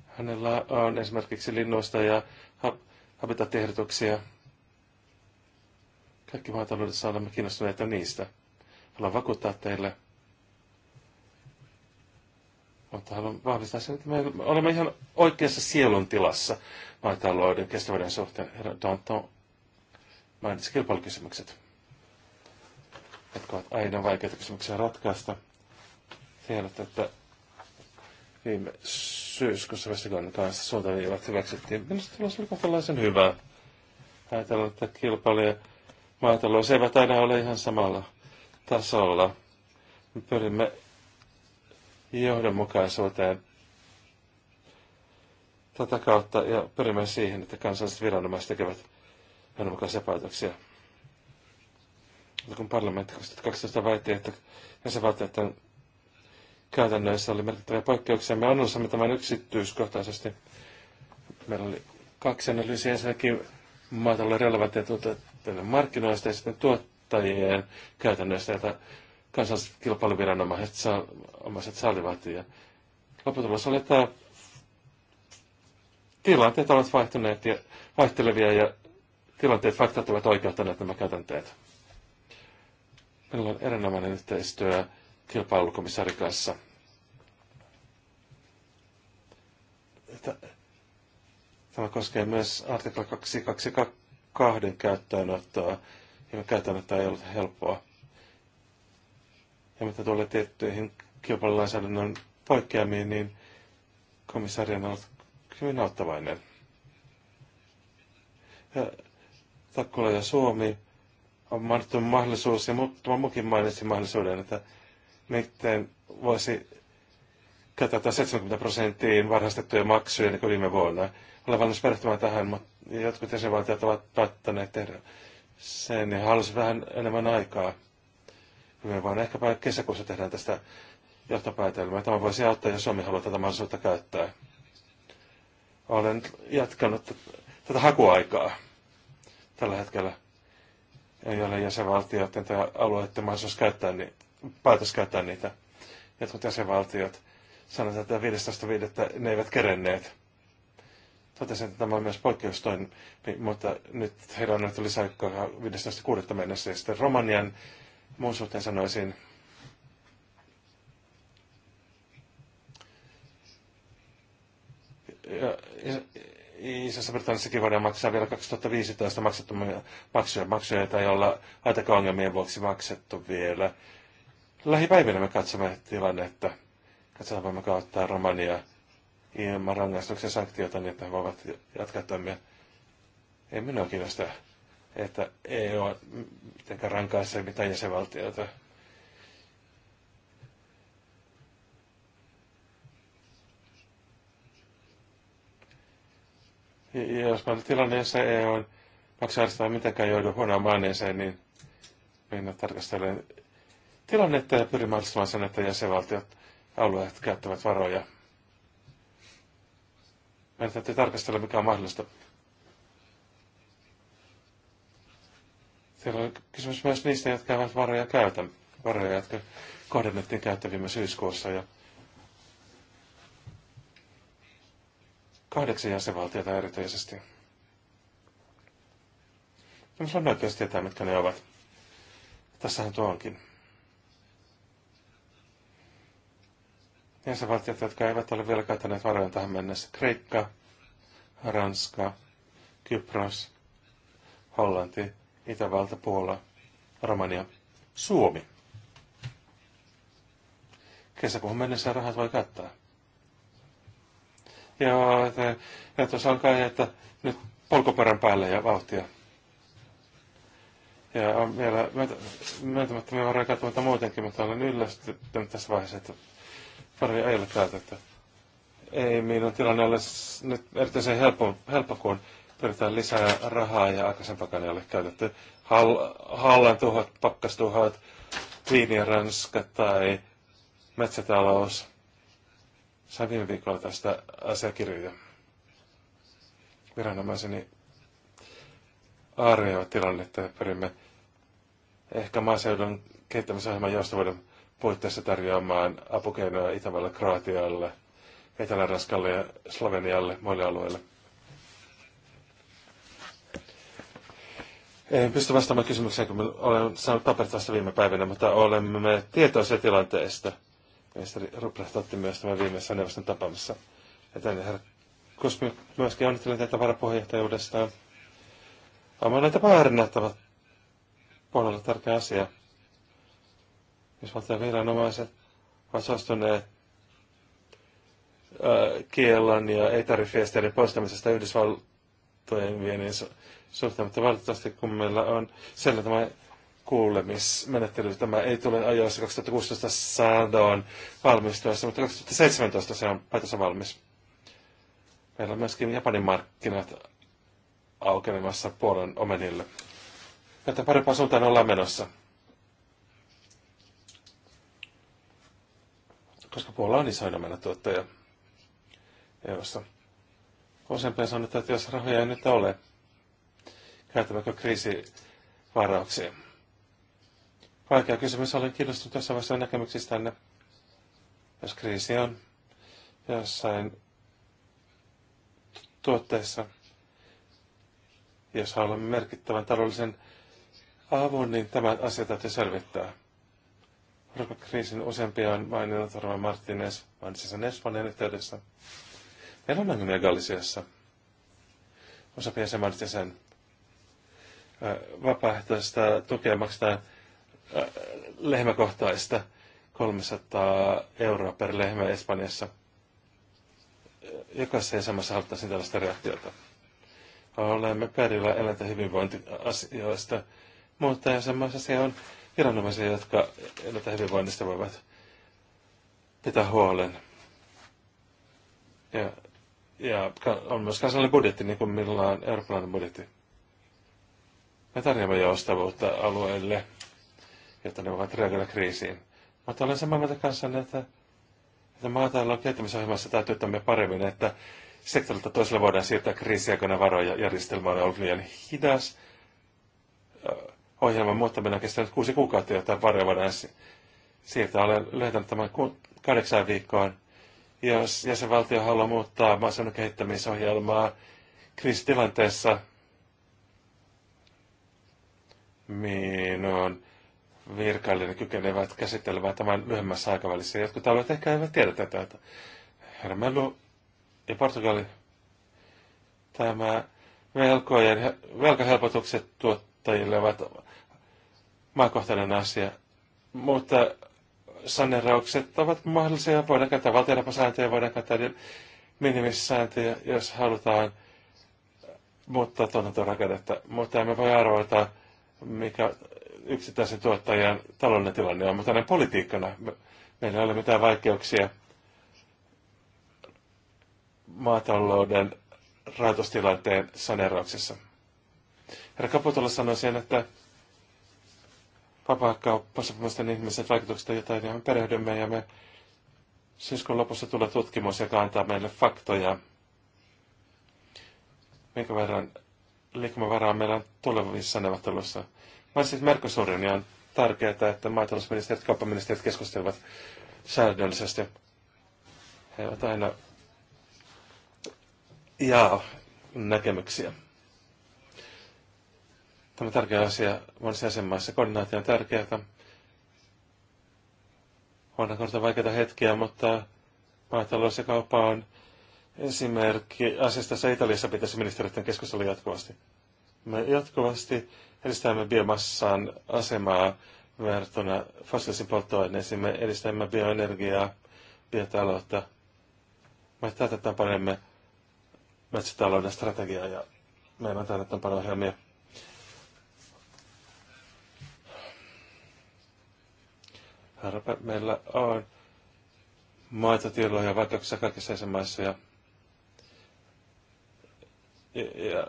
Hänellä on esimerkiksi linnuista ja habitatehdotuksia. Kaikki saa olemme kiinnostuneita niistä. Haluan vakuuttaa teille, mutta haluan vahvistaa sen, että me olemme ihan oikeassa sielun tilassa maatalouden kestävyyden suhteen. Herra Danton mainitsi kilpailukysymykset, jotka ovat aina vaikeita kysymyksiä ratkaista. Tiedät, että viime syyskuussa Vestigonin kanssa suuntaviivat hyväksyttiin. Minusta tulos oli kohtalaisen hyvää. Ajatellaan, että kilpailija maatalous eivät aina ole ihan samalla tasolla. Me pyrimme johdonmukaisuuteen tätä kautta ja pyrimme siihen, että kansalliset viranomaiset tekevät johdonmukaisia päätöksiä. Mutta kun parlamentti 2012 väitti, että jäsenvaltioiden käytännöissä oli merkittäviä poikkeuksia, me analysoimme tämän yksityiskohtaisesti. Meillä oli kaksi analyysiä. Ensinnäkin maatalouden relevantteja tuotteiden markkinoista ja sitten tuottajien käytännöistä, joita kansalliset kilpailuviranomaiset saa, sallivat. Ja lopputulos oli, että tilanteet ovat vaihtuneet ja vaihtelevia ja tilanteet faktat ovat oikeuttaneet nämä käytänteet. Meillä on erinomainen yhteistyö kilpailukomissaari kanssa. Tämä koskee myös artikla 222 käyttöönottoa, ja käyttöönotto ei ollut helppoa. Ja mitä tulee tiettyihin kilpailulainsäädännön poikkeamiin, niin komissaari on ollut hyvin auttavainen. Ja Takkula ja Suomi on mainittu mahdollisuus, ja muutama mukin mainitsi mahdollisuuden, että miten voisi käyttää 70 prosenttiin varhaistettuja maksuja niin kuin viime vuonna olla valmis perehtymään tähän, mutta jotkut jäsenvaltiot ovat päättäneet tehdä sen ja halusi vähän enemmän aikaa. Me vaan ehkäpä kesäkuussa tehdään tästä johtopäätelmää. Tämä voisi auttaa, jos Suomi haluaa tätä mahdollisuutta käyttää. Olen jatkanut tätä hakuaikaa tällä hetkellä. Ei ole jäsenvaltioiden tai alueiden mahdollisuus käyttää niin päätös käyttää niitä. Jotkut jäsenvaltiot sanotaan, että 15.5. ne eivät kerenneet totesin, että tämä on myös poikkeustoin, niin, mutta nyt heillä on annettu lisäaikaa 15.6. mennessä. Ja sitten Romanian muun suhteen sanoisin, Isossa Britanniassakin voidaan maksaa vielä 2015 maksettuja maksuja, maksuja tai olla ongelmien vuoksi maksettu vielä. Lähipäivinä me katsomme tilannetta. Katsotaan, voimmeko ottaa Romania ilman e rangaistuksen sanktiota, niin että he voivat jatkaa toimia. Ei minua kiinnosta, että ei ole mitenkään rankaisee mitään jäsenvaltioita. Ja jos mä olen tilanne, jossa ei ole maksaa mitenkään joudu huonoa maineeseen, niin minä tarkastelen tilannetta ja pyrin mahdollistamaan sen, että jäsenvaltiot alueet käyttävät varoja meidän täytyy tarkastella, mikä on mahdollista. Siellä on kysymys myös niistä, jotka eivät varoja käytä. Varoja, jotka kohdennettiin käyttö syyskuussa. Ja kahdeksan jäsenvaltiota erityisesti. Minulla on oikeus tietää, mitkä ne ovat. Tässähän tuo onkin. jäsenvaltiot, jotka eivät ole vielä käyttäneet varoja tähän mennessä. Kreikka, Ranska, Kypros, Hollanti, Itävalta, Puola, Romania, Suomi. Kesäkuun mennessä rahat voi käyttää. Ja, ja tuossa alkaa että nyt polkuperän päälle ja vauhtia. Ja on vielä myöntämättömiä varoja käyttämättä muutenkin, mutta olen yllästynyt tässä vaiheessa, että Parvi ei ole käytetty, Ei minun tilanne ole nyt erityisen helppo, helppo kun pyritään lisää rahaa ja aikaisempaa ei ole käytetty. Hall, hallan tuhat pakkastuhat, viini Ranska tai metsätalous. Sain viime viikolla tästä asiakirjoja. Viranomaiseni arvioi tilannetta ja pyrimme ehkä maaseudun kehittämisohjelman joustavuuden puitteissa tarjoamaan apukeinoja Itävalle, Kroatialle, Etelä-Ranskalle ja Slovenialle, muille alueille. En pysty vastaamaan kysymykseen, kun olen saanut paperit vasta viime päivinä, mutta olemme tietoisia tilanteesta. Ministeri Ruprecht otti myös tämän viimeisessä neuvoston tapaamassa. Etäinen herra Kusmi myöskin onnittelen teitä varapuheenjohtajuudestaan. Amman näitä paarina puolella tärkeä asia jos valtion viranomaiset ovat suostuneet ja etarifiesteiden poistamisesta Yhdysvaltojen viennin suhteen, mutta valitettavasti kun meillä on sellainen tämä kuulemismenettely, tämä ei tule ajoissa 2016 saadaan valmistuessa, mutta 2017 se on päätös valmis. Meillä on myöskin Japanin markkinat aukenemassa puolen omenille. Joten parempaan suuntaan ollaan menossa. koska Puola on isoin omenatuottaja EU-ssa. Useampia sanotaan, että jos rahoja ei nyt ole, käytämmekö kriisivarauksiin? Vaikea kysymys. Olen kiinnostunut tässä vaiheessa näkemyksistänne. Jos kriisi on jossain tuotteessa, jos haluamme merkittävän taloudellisen avun, niin tämä asia täytyy selvittää. Euroopan useampia on maininnut Arvo Martinez, mainitsi sen Espanjan yhteydessä. Meillä on ongelmia Galisiassa. Osa jäsen mainitsi sen. Vapaaehtoista tukea maksetaan lehmäkohtaista 300 euroa per lehmä Espanjassa. Jokaisessa samassa haluttaisiin tällaista reaktiota. Olemme perillä eläinten hyvinvointiasioista, mutta jos se on viranomaisia, jotka elätä hyvinvoinnista voivat pitää huolen. Ja, ja on myös kansallinen budjetti, niin kuin meillä on eurooppalainen budjetti. Me tarjoamme joustavuutta alueelle, jotta ne voivat reagoida kriisiin. Mutta olen samaa mieltä kanssanne, että, että maatalouden kehittämisohjelmassa täytyy toimia paremmin, että sektorilta toiselle voidaan siirtää ne varoja. Järjestelmä on ollut liian hidas ohjelman muuttaminen on kestänyt kuusi kuukautta, jota pari voidaan siirtää. Olen lyhentänyt tämän kahdeksaan viikkoon. Jos jäsenvaltio haluaa muuttaa maaseudun kehittämisohjelmaa kriisitilanteessa, minun virkailijani kykenevät käsittelemään tämän lyhyemmässä aikavälissä. Jotkut alueet ehkä eivät tiedä tätä, että Hermelu ja Portugali, tämä velkojen, velkahelpotukset tuottajille ovat maakohtainen asia. Mutta sanneraukset ovat mahdollisia. Voidaan käyttää valtionapasääntöjä, voidaan käyttää minimissääntöjä, jos halutaan mutta muuttaa rakennetta. Mutta emme voi arvoita, mikä yksittäisen tuottajan taloudellinen tilanne on. Mutta näin politiikkana meillä ei ole mitään vaikeuksia maatalouden rahoitustilanteen saneerauksessa. Herra Kaputola sanoi sen, että vapaakauppasopimusten ihmisen vaikutuksista jotain, ja me perehdymme, ja me syyskuun lopussa tulee tutkimus, joka antaa meille faktoja, minkä verran liikkumavaraa meillä on tulevissa neuvotteluissa. Mä siis Mercosurin, niin ja on tärkeää, että maatalousministeriöt ja kauppaministeriöt keskustelevat säännöllisesti. He ovat aina jaa näkemyksiä. Tämä on tärkeä asia monissa jäsenmaissa. Koordinaatio on tärkeää. On korjata vaikeita hetkiä, mutta maatalous ja kauppa on esimerkki asiasta, jossa Italiassa pitäisi ministeriöiden keskustella jatkuvasti. Me jatkuvasti edistämme biomassaan asemaa verrattuna fossiilisiin polttoaineisiin. Me edistämme bioenergiaa, biotaloutta. Me tätä panemme metsätalouden strategiaa ja meillä on tänne paljon ohjelmia. Meillä on maitotiloja vaikeuksia kaikissa jäsenmaissa ja, ja, ja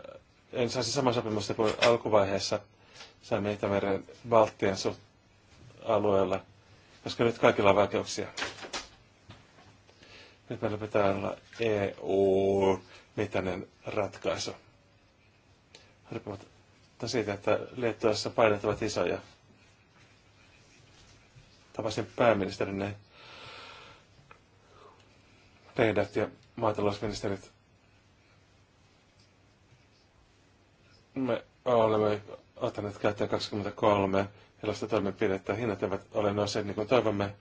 en saisi samaa sopimusta kuin alkuvaiheessa saimme Itämeren Baltian alueella, koska nyt kaikilla on vaikeuksia. Nyt meillä pitää olla EU-mittainen ratkaisu. Riippumatta siitä, että liittyessä paineet ovat isoja tapasin ne teidät ja maatalousministerit. Me olemme ottaneet käyttöön 23 erilaista toimenpidettä. Hinnat eivät ole nousseet niin kuin toivomme,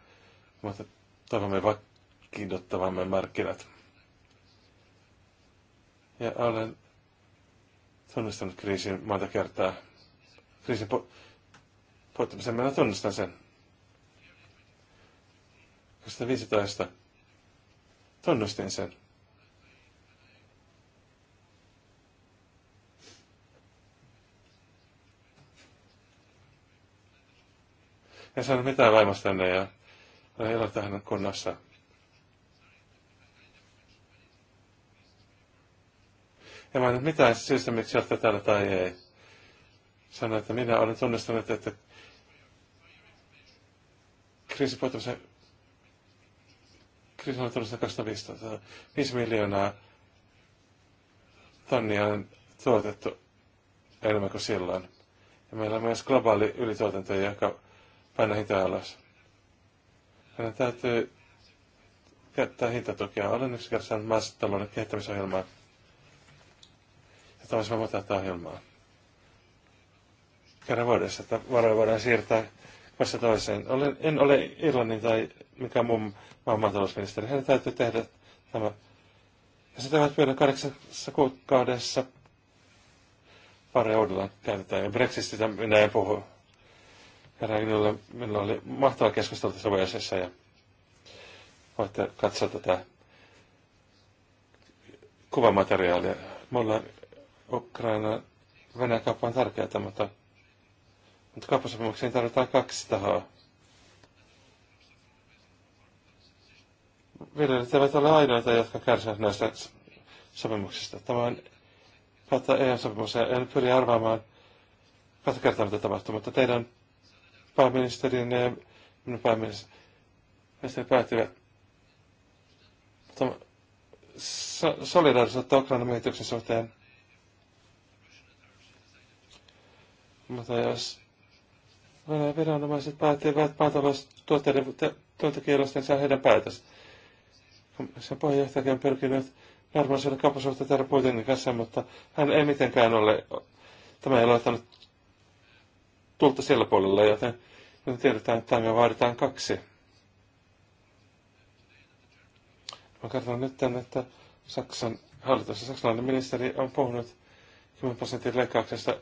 mutta toivomme vakiinnuttavamme markkinat. Ja olen tunnistanut kriisin monta kertaa. Kriisin po- puuttumisen minä tunnistan sen. 2015. Tunnustin sen. En saanut mitään vaimosta tänne ja olen ilo tähän kunnossa. En mä mitään syystä, miksi olette täällä tai ei. Sanoin, että minä olen tunnistanut, että kriisipuoltamisen kysymys tulosta 2015. 5 miljoonaa tonnia on tuotettu enemmän kuin silloin. Ja meillä on myös globaali ylituotanto, joka painaa hinta alas. Meidän täytyy käyttää hintatukea. Olen yksi kerran maastotalouden kehittämisohjelmaa. Ja toisaalta muuta ohjelmaa. Kerran vuodessa, että varoja voidaan siirtää maassa toiseen. Olen, en ole Irlannin tai mikä muun maan maatalousministeri. Hän täytyy tehdä tämä. Ja sitä ovat vielä kahdeksassa kuukaudessa pari uudella käytetään. Ja Brexitistä minä en puhu. Herra minulla, minulla oli mahtava keskustelu tässä vuosessa ja voitte katsoa tätä kuvamateriaalia. Mulla Ukraina Venäjän kauppa on tärkeää, mutta mutta kauppasopimukseen tarvitaan kaksi tahoa. Viljelijät eivät ole ainoita, jotka kärsivät näistä sopimuksista. Tämä on kautta EU-sopimus. En pyri arvaamaan kautta kertaa, mitä tapahtuu, mutta teidän pääministerin ja minun pääministeri päättivät so- solidaarisuutta Ukrainan miehityksen suhteen. Mutta jos viranomaiset päättivät maataloustuotteiden tuontakielostensa heidän päätös. Sen puheenjohtajakin on pyrkinyt normaalisuuden kauppasuhteita tehdä Putinin kanssa, mutta hän ei mitenkään ole, tämä ei ole ottanut tulta sillä puolella, joten me tiedetään, että tämä vaaditaan kaksi. Mä katson nyt tänne, että Saksan hallitus ja saksalainen ministeri on puhunut 10 prosentin leikkauksesta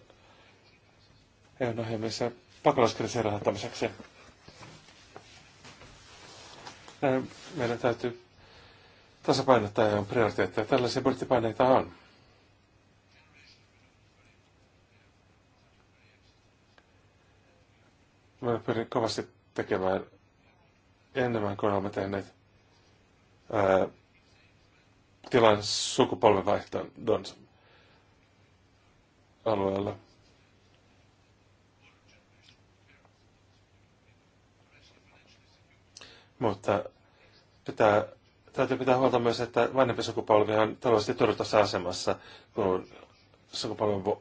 eu ohjelmissa pakolaiskriisin rahoittamiseksi. Näin meidän täytyy tasapainottaa ja on prioriteetteja. Tällaisia budjettipaineita on. Mä pyrin kovasti tekemään enemmän kuin olemme tehneet ää, tilan sukupolvenvaihtodon alueella. Mutta pitää, täytyy pitää huolta myös, että vanhempi sukupolvi on taloudellisesti turvattavassa asemassa, kun sukupolven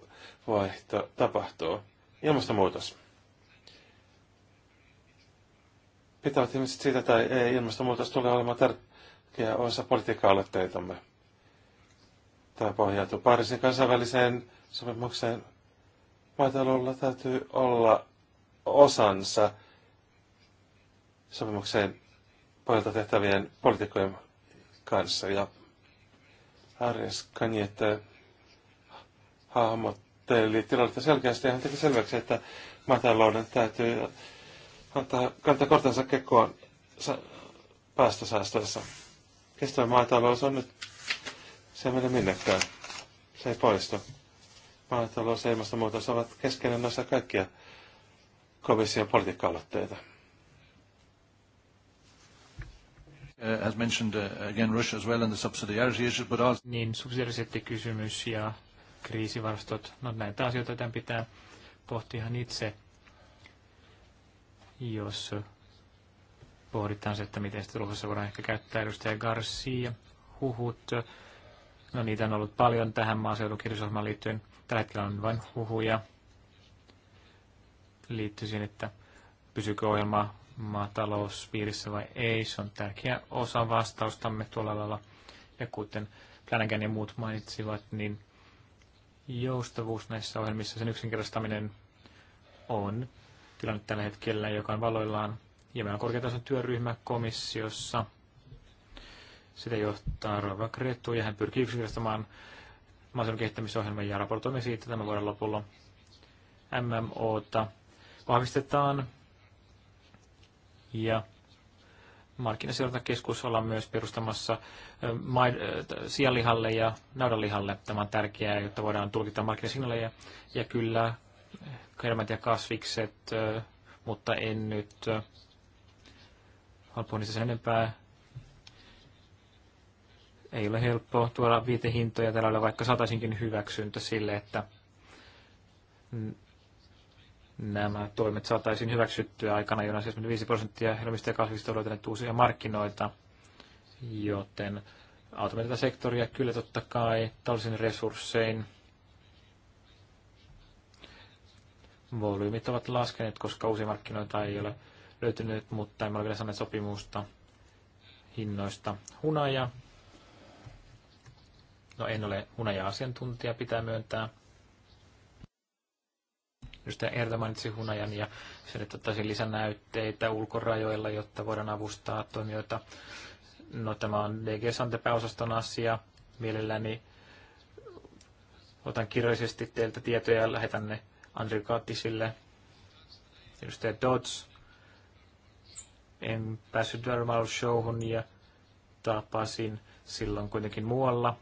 vaihto tapahtuu. Ilmastonmuutos. Pitävät ihmiset siitä tai ei, ilmastonmuutos tulee olemaan tärkeä osa politiikka-aloitteitamme. Tämä pohjautuu Pariisin kansainväliseen sopimukseen. Maatalolla täytyy olla osansa sopimukseen pohjalta tehtävien poliitikkojen kanssa. Ja Arias että hahmotteli tilannetta selkeästi ja hän teki selväksi, että maatalouden täytyy antaa, kantaa kortensa kekoon päästösäästöissä. Kestävä maatalous on nyt, se ei mene minnekään. Se ei poistu. Maatalous ja ilmastonmuutos ovat keskeinen osa kaikkia komission politiikka-aloitteita. Uh, as mentioned uh, again, Russia as well and the subsidiarity issue, but also... Niin, subsidiariteettikysymys ja kriisivarastot. No näitä asioita tämän pitää pohtia ihan itse, jos pohditaan se, että miten sitä ruohassa voidaan ehkä käyttää edustaja Garcia, huhut. No niitä on ollut paljon tähän maaseudukirjoisohjelmaan liittyen. Tällä hetkellä on vain huhuja liittyy että pysyykö ohjelma maatalouspiirissä vai ei. Se on tärkeä osa vastaustamme tuolla lailla. Ja kuten Flanagan ja muut mainitsivat, niin joustavuus näissä ohjelmissa, sen yksinkertaistaminen on tilanne tällä hetkellä, joka on valoillaan. Ja meillä on korkeatason työryhmä komissiossa. Sitä johtaa Rova Kretu ja hän pyrkii yksinkertaistamaan maaseudun kehittämisohjelman ja raportoimme siitä tämän vuoden lopulla MMOta. Vahvistetaan ja markkinaseurantakeskus ollaan myös perustamassa sianlihalle ja naudanlihalle. Tämä on tärkeää, jotta voidaan tulkita markkinasignaaleja. Ja kyllä kermät ja kasvikset, mutta en nyt halpua niistä sen enempää. Ei ole helppo tuoda viitehintoja. Täällä oli vaikka sataisinkin hyväksyntä sille, että nämä toimet saataisiin hyväksyttyä aikana, jona 75 prosenttia helmistä ja kasvista on löytänyt uusia markkinoita, joten autamme tätä sektoria kyllä totta kai taloudellisin resurssein. Volyymit ovat laskeneet, koska uusia markkinoita ei ole löytynyt, mutta emme ole vielä saaneet sopimusta hinnoista. Hunaja. No en ole hunaja-asiantuntija, pitää myöntää. Edustaja Erta mainitsi hunajan ja sen, että ottaisiin lisänäytteitä ulkorajoilla, jotta voidaan avustaa toimijoita. No tämä on DG Sante pääosaston asia. Mielelläni otan kirjallisesti teiltä tietoja ja lähetän ne Andri Kattisille. Edustaja Dodds. En päässyt Dermal Showhun ja tapasin silloin kuitenkin muualla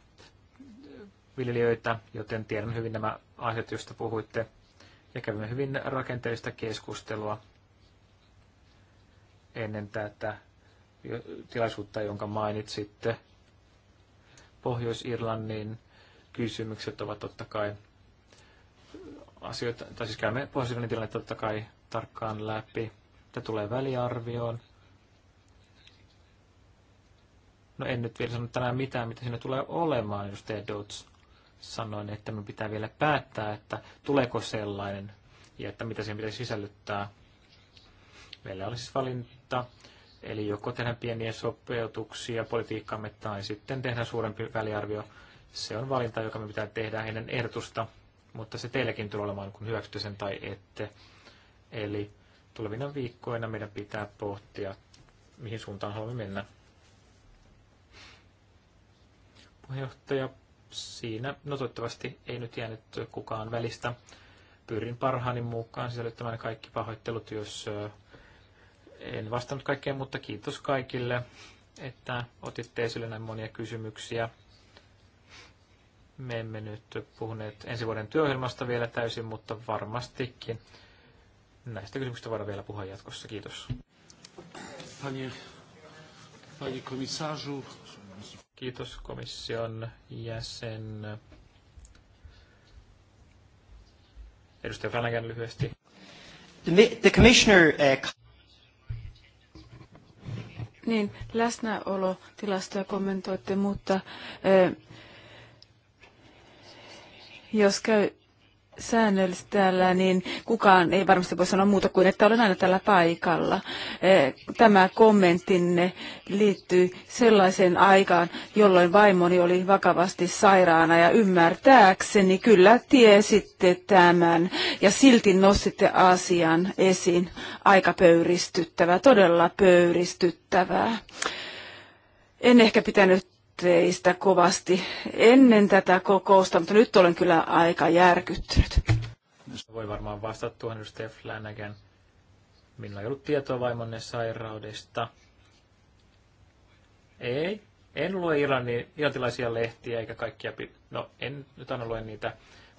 viljelijöitä, joten tiedän hyvin nämä aiheet, joista puhuitte ja kävimme hyvin rakenteellista keskustelua ennen tätä tilaisuutta, jonka mainitsitte. Pohjois-Irlannin kysymykset ovat totta kai asioita, tai siis käymme pohjois tilannetta totta kai tarkkaan läpi. Mitä tulee väliarvioon. No en nyt vielä sano tänään mitään, mitä siinä tulee olemaan, edustaja Dots sanoin, että me pitää vielä päättää, että tuleeko sellainen ja että mitä siihen pitäisi sisällyttää. Meillä olisi siis valinta, eli joko tehdään pieniä sopeutuksia politiikkaamme tai sitten tehdään suurempi väliarvio. Se on valinta, joka me pitää tehdä heidän ehdotusta, mutta se teilläkin tulee olemaan, kun hyväksytte sen tai ette. Eli tulevina viikkoina meidän pitää pohtia, mihin suuntaan haluamme mennä. Puheenjohtaja siinä, no toivottavasti ei nyt jäänyt kukaan välistä. Pyrin parhaani mukaan sisällyttämään kaikki pahoittelut, jos en vastannut kaikkeen, mutta kiitos kaikille, että otitte esille näin monia kysymyksiä. Me emme nyt puhuneet ensi vuoden työohjelmasta vielä täysin, mutta varmastikin näistä kysymyksistä voidaan vielä puhua jatkossa. Kiitos. Panie, panie komisarzu, Kiitos komission jäsen. Edustaja Flanagan lyhyesti. The, the commissioner, uh... Niin, läsnäolotilastoja kommentoitte, mutta eh, jos käy säännöllisesti täällä, niin kukaan ei varmasti voi sanoa muuta kuin, että olen aina tällä paikalla. Eh, tämä kommenttinne liittyy sellaiseen aikaan, jolloin vaimoni oli vakavasti sairaana ja ymmärtääkseni kyllä tiesitte tämän ja silti nostitte asian esiin. Aika pöyristyttävää, todella pöyristyttävää. En ehkä pitänyt teistä kovasti ennen tätä kokousta, mutta nyt olen kyllä aika järkyttynyt. Voi varmaan vastata tuohon edustaja Flanagan. Minulla ei ollut tietoa vaimonne sairaudesta. Ei, en lue Iranin, irantilaisia lehtiä eikä kaikkia. No, en nyt aina lue niitä.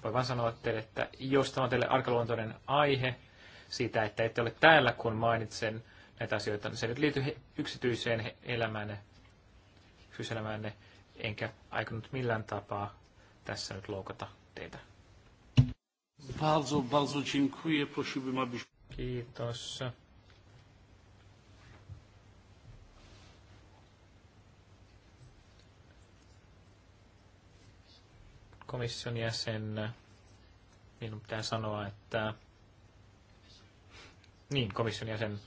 Voi vaan sanoa teille, että jos tämä on teille arkaluontoinen aihe siitä, että ette ole täällä, kun mainitsen näitä asioita, niin se nyt liittyy yksityiseen elämään yksityiselämäänne, enkä aikonut millään tapaa tässä nyt loukata teitä. Bardzo, bardzo dziękuję. Prosiłbym, abyś... Kiitos. Komission jäsen, minun pitää sanoa, että niin, komission jäsen,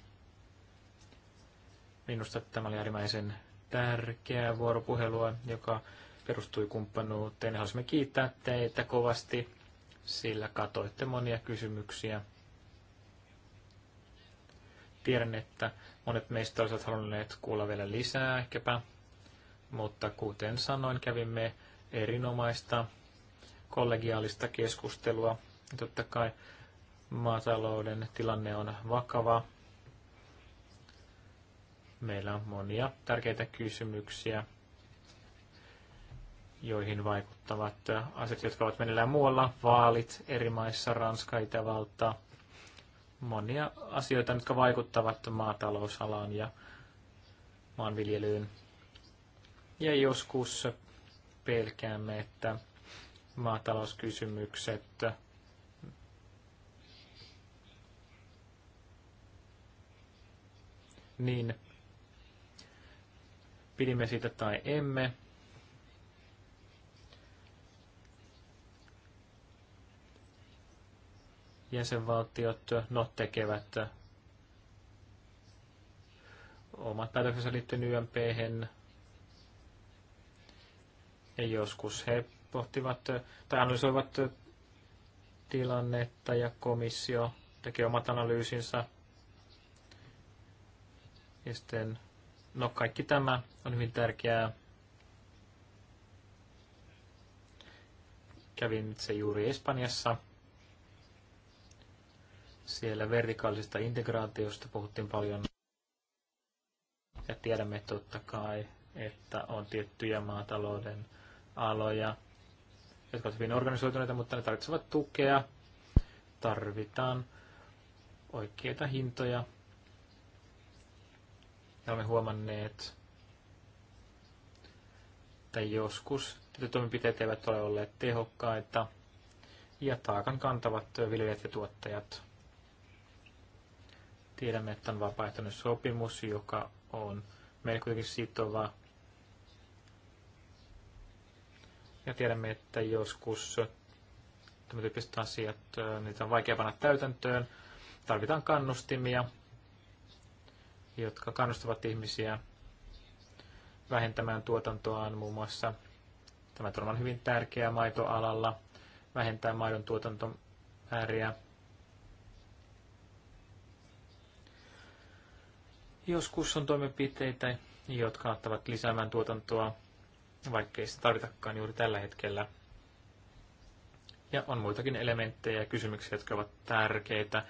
minusta tämä oli äärimmäisen tärkeää vuoropuhelua, joka perustui kumppanuuteen. Haluaisimme kiittää teitä kovasti, sillä katoitte monia kysymyksiä. Tiedän, että monet meistä olisivat halunneet kuulla vielä lisää ehkäpä, mutta kuten sanoin, kävimme erinomaista kollegiaalista keskustelua. Totta kai maatalouden tilanne on vakava Meillä on monia tärkeitä kysymyksiä, joihin vaikuttavat asiat, jotka ovat meneillään muualla, vaalit eri maissa, Ranska, Itävalta, monia asioita, jotka vaikuttavat maatalousalaan ja maanviljelyyn. Ja joskus pelkäämme, että maatalouskysymykset niin pidimme siitä tai emme. Jäsenvaltiot no, tekevät omat päätöksensä liittyen ymp Ja joskus he pohtivat tai analysoivat tilannetta ja komissio tekee omat analyysinsä. Ja sitten No kaikki tämä on hyvin tärkeää. Kävin itse juuri Espanjassa. Siellä vertikaalisesta integraatiosta puhuttiin paljon. Ja tiedämme totta kai, että on tiettyjä maatalouden aloja, jotka ovat hyvin organisoituneita, mutta ne tarvitsevat tukea. Tarvitaan oikeita hintoja ja olemme huomanneet, että joskus toimenpiteet eivät ole olleet tehokkaita ja taakan kantavat viljelijät ja tuottajat. Tiedämme, että on vapaaehtoinen sopimus, joka on meille kuitenkin sitova. Ja tiedämme, että joskus tämän tyyppiset asiat, niitä on vaikea panna täytäntöön. Tarvitaan kannustimia jotka kannustavat ihmisiä vähentämään tuotantoaan muun muassa. Tämä on hyvin tärkeää maitoalalla, vähentää maidon tuotantomääriä. Joskus on toimenpiteitä, jotka kannattavat lisäämään tuotantoa, vaikkei sitä tarvitakaan juuri tällä hetkellä. Ja on muitakin elementtejä ja kysymyksiä, jotka ovat tärkeitä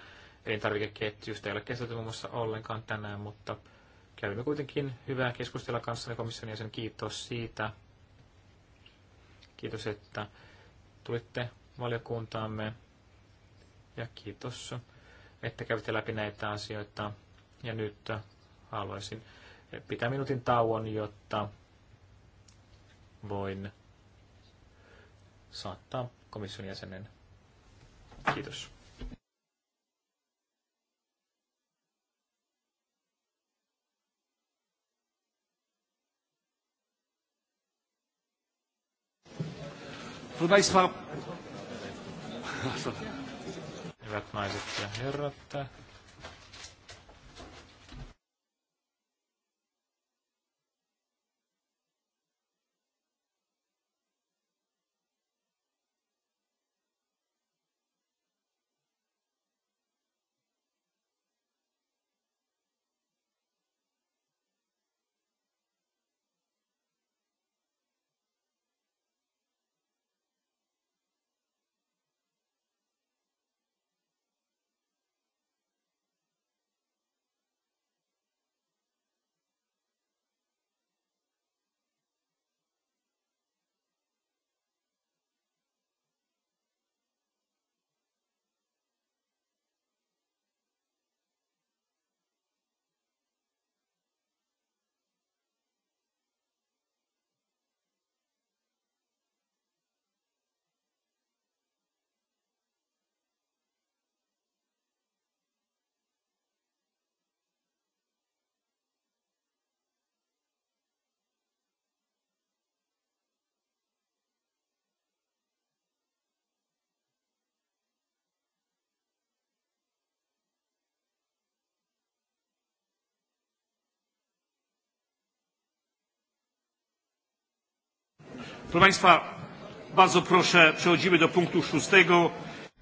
elintarvikeketjusta ei ole käsitelty muun muassa ollenkaan tänään, mutta kävimme kuitenkin hyvää keskustelua kanssani komission jäsen. Kiitos siitä. Kiitos, että tulitte valiokuntaamme ja kiitos, että kävitte läpi näitä asioita. Ja nyt haluaisin pitää minuutin tauon, jotta voin saattaa komission jäsenen. Kiitos. Proszę Państwa... Hyvät naiset ja herrat, Proszę Państwa, bardzo proszę, przechodzimy do punktu szóstego.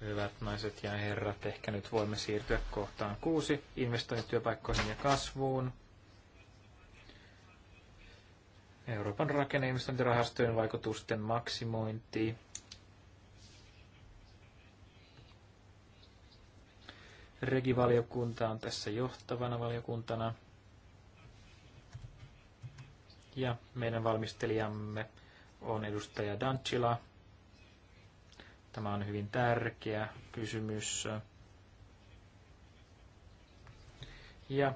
Hyvät naiset ja herrat, ehkä nyt voimme siirtyä kohtaan kuusi, investoinnit työpaikkoihin ja kasvuun. Euroopan rakenneinvestointirahastojen vaikutusten maksimointi. Regivaliokunta on tässä johtavana valiokuntana. Ja meidän valmistelijamme on edustaja Dancila. Tämä on hyvin tärkeä kysymys. Ja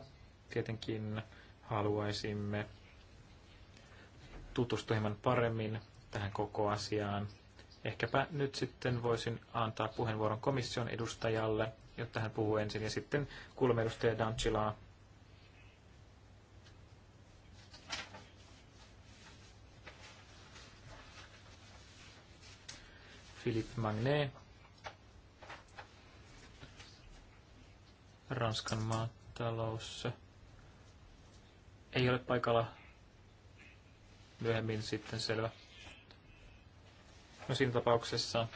tietenkin haluaisimme tutustua hieman paremmin tähän koko asiaan. Ehkäpä nyt sitten voisin antaa puheenvuoron komission edustajalle, jotta hän puhuu ensin, ja sitten kuulemme edustaja Dancilaa Philippe Magnet, Ranskan maatalous, ei ole paikalla myöhemmin sitten selvä. No siinä tapauksessa,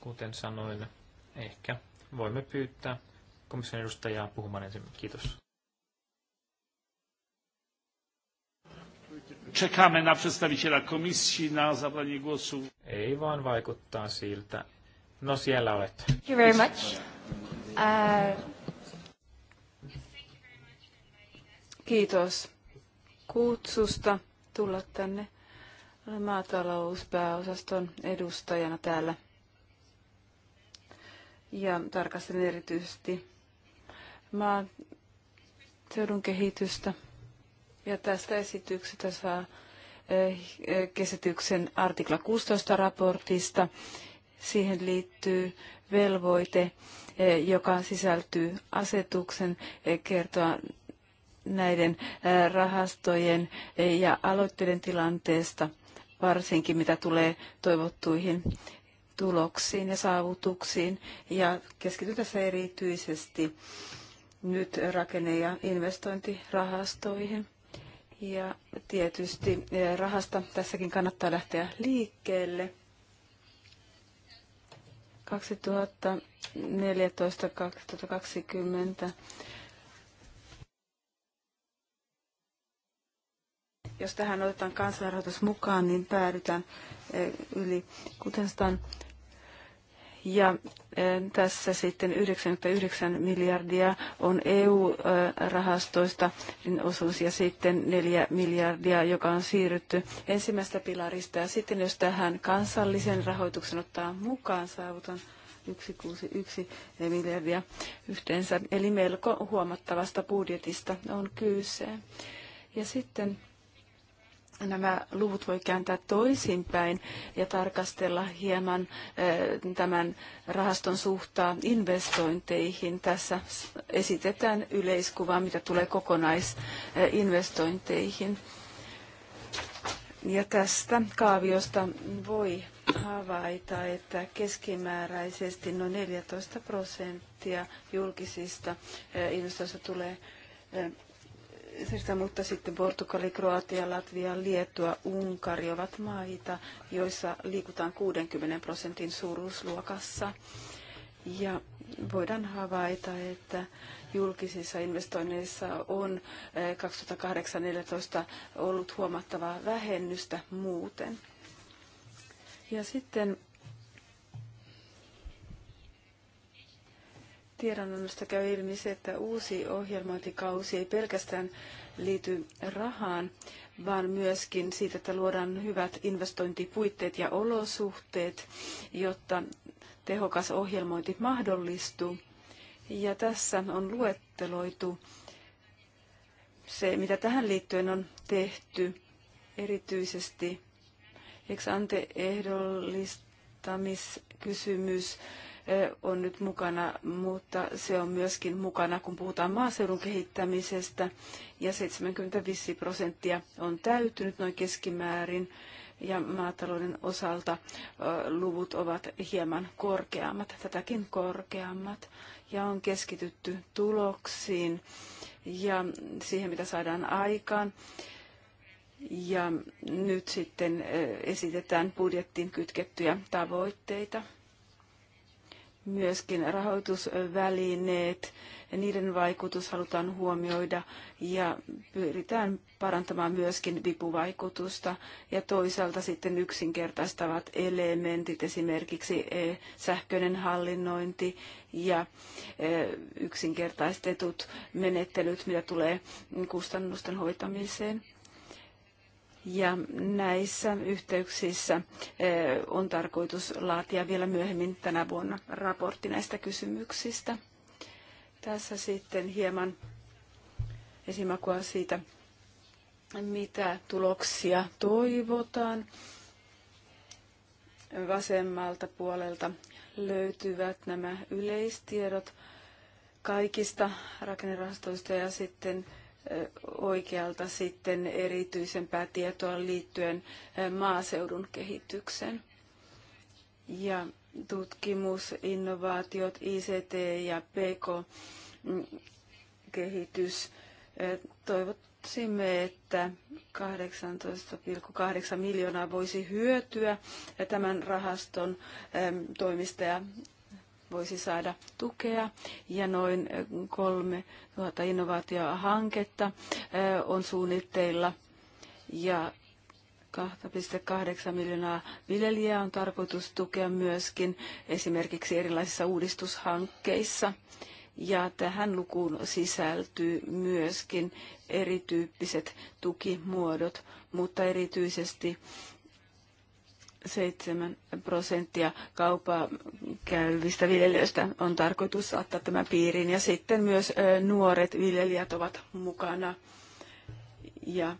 kuten sanoin, ehkä voimme pyytää komission edustajaa puhumaan ensin. Kiitos. Czekamy na przedstawiciela komisji na zabranie głosu. Ei vaan vaikuttaa siltä. No siellä olet. Thank you very much. Uh... Kiitos kutsusta tulla tänne olen maatalouspääosaston edustajana täällä. Ja tarkastan erityisesti maaseudun kehitystä ja tästä esityksestä saa eh, eh, kesityksen artikla 16 raportista. Siihen liittyy velvoite, eh, joka sisältyy asetuksen kertoa näiden rahastojen ja aloitteiden tilanteesta, varsinkin mitä tulee toivottuihin tuloksiin ja saavutuksiin. Ja keskityn tässä erityisesti nyt rakenne- ja investointirahastoihin. Ja tietysti eh, rahasta tässäkin kannattaa lähteä liikkeelle. 2014-2020 jos tähän otetaan kansanrahoitus mukaan, niin päädytään eh, yli 600 ja eh, tässä sitten 99 miljardia on EU-rahastoista eh, niin osuus ja sitten 4 miljardia, joka on siirrytty ensimmäistä pilarista. Ja sitten jos tähän kansallisen rahoituksen ottaa mukaan, saavutan 161 miljardia yhteensä. Eli melko huomattavasta budjetista on kyse. Ja sitten nämä luvut voi kääntää toisinpäin ja tarkastella hieman eh, tämän rahaston suhtaa investointeihin. Tässä esitetään yleiskuvaa, mitä tulee kokonaisinvestointeihin. Ja tästä kaaviosta voi havaita, että keskimääräisesti noin 14 prosenttia julkisista eh, investoista tulee eh, Sirsta, mutta sitten Portugali, Kroatia, Latvia, Liettua, Unkari ovat maita, joissa liikutaan 60 prosentin suuruusluokassa. Ja voidaan havaita, että julkisissa investoinneissa on 2008-2014 eh, ollut huomattavaa vähennystä muuten. Ja sitten tiedonannosta käy ilmi se, että uusi ohjelmointikausi ei pelkästään liity rahaan, vaan myöskin siitä, että luodaan hyvät investointipuitteet ja olosuhteet, jotta tehokas ohjelmointi mahdollistuu. Ja tässä on luetteloitu se, mitä tähän liittyen on tehty, erityisesti ex ante ehdollistamiskysymys, on nyt mukana, mutta se on myöskin mukana, kun puhutaan maaseudun kehittämisestä. Ja 75 prosenttia on täytynyt noin keskimäärin ja maatalouden osalta luvut ovat hieman korkeammat, tätäkin korkeammat. Ja on keskitytty tuloksiin ja siihen, mitä saadaan aikaan. Ja nyt sitten esitetään budjettiin kytkettyjä tavoitteita myöskin rahoitusvälineet, niiden vaikutus halutaan huomioida ja pyritään parantamaan myöskin vipuvaikutusta ja toisaalta sitten yksinkertaistavat elementit, esimerkiksi e, sähköinen hallinnointi ja e, yksinkertaistetut menettelyt, mitä tulee kustannusten hoitamiseen. Ja näissä yhteyksissä eh, on tarkoitus laatia vielä myöhemmin tänä vuonna raportti näistä kysymyksistä. Tässä sitten hieman esimakua siitä, mitä tuloksia toivotaan. Vasemmalta puolelta löytyvät nämä yleistiedot kaikista rakennerahastoista ja sitten oikealta sitten erityisempää tietoa liittyen eh, maaseudun kehitykseen. Ja tutkimus, innovaatiot, ICT ja PK-kehitys. Mm, eh, Toivotsimme, että 18,8 miljoonaa voisi hyötyä eh, tämän rahaston toimista ja voisi saada tukea ja noin kolme tuhatta innovaatiohanketta on suunnitteilla ja 2,8 miljoonaa viljelijää on tarkoitus tukea myöskin esimerkiksi erilaisissa uudistushankkeissa. Ja tähän lukuun sisältyy myöskin erityyppiset tukimuodot, mutta erityisesti 7 prosenttia kaupaa käyvistä viljelijöistä on tarkoitus saattaa tämän piiriin. Ja sitten myös nuoret viljelijät ovat mukana ja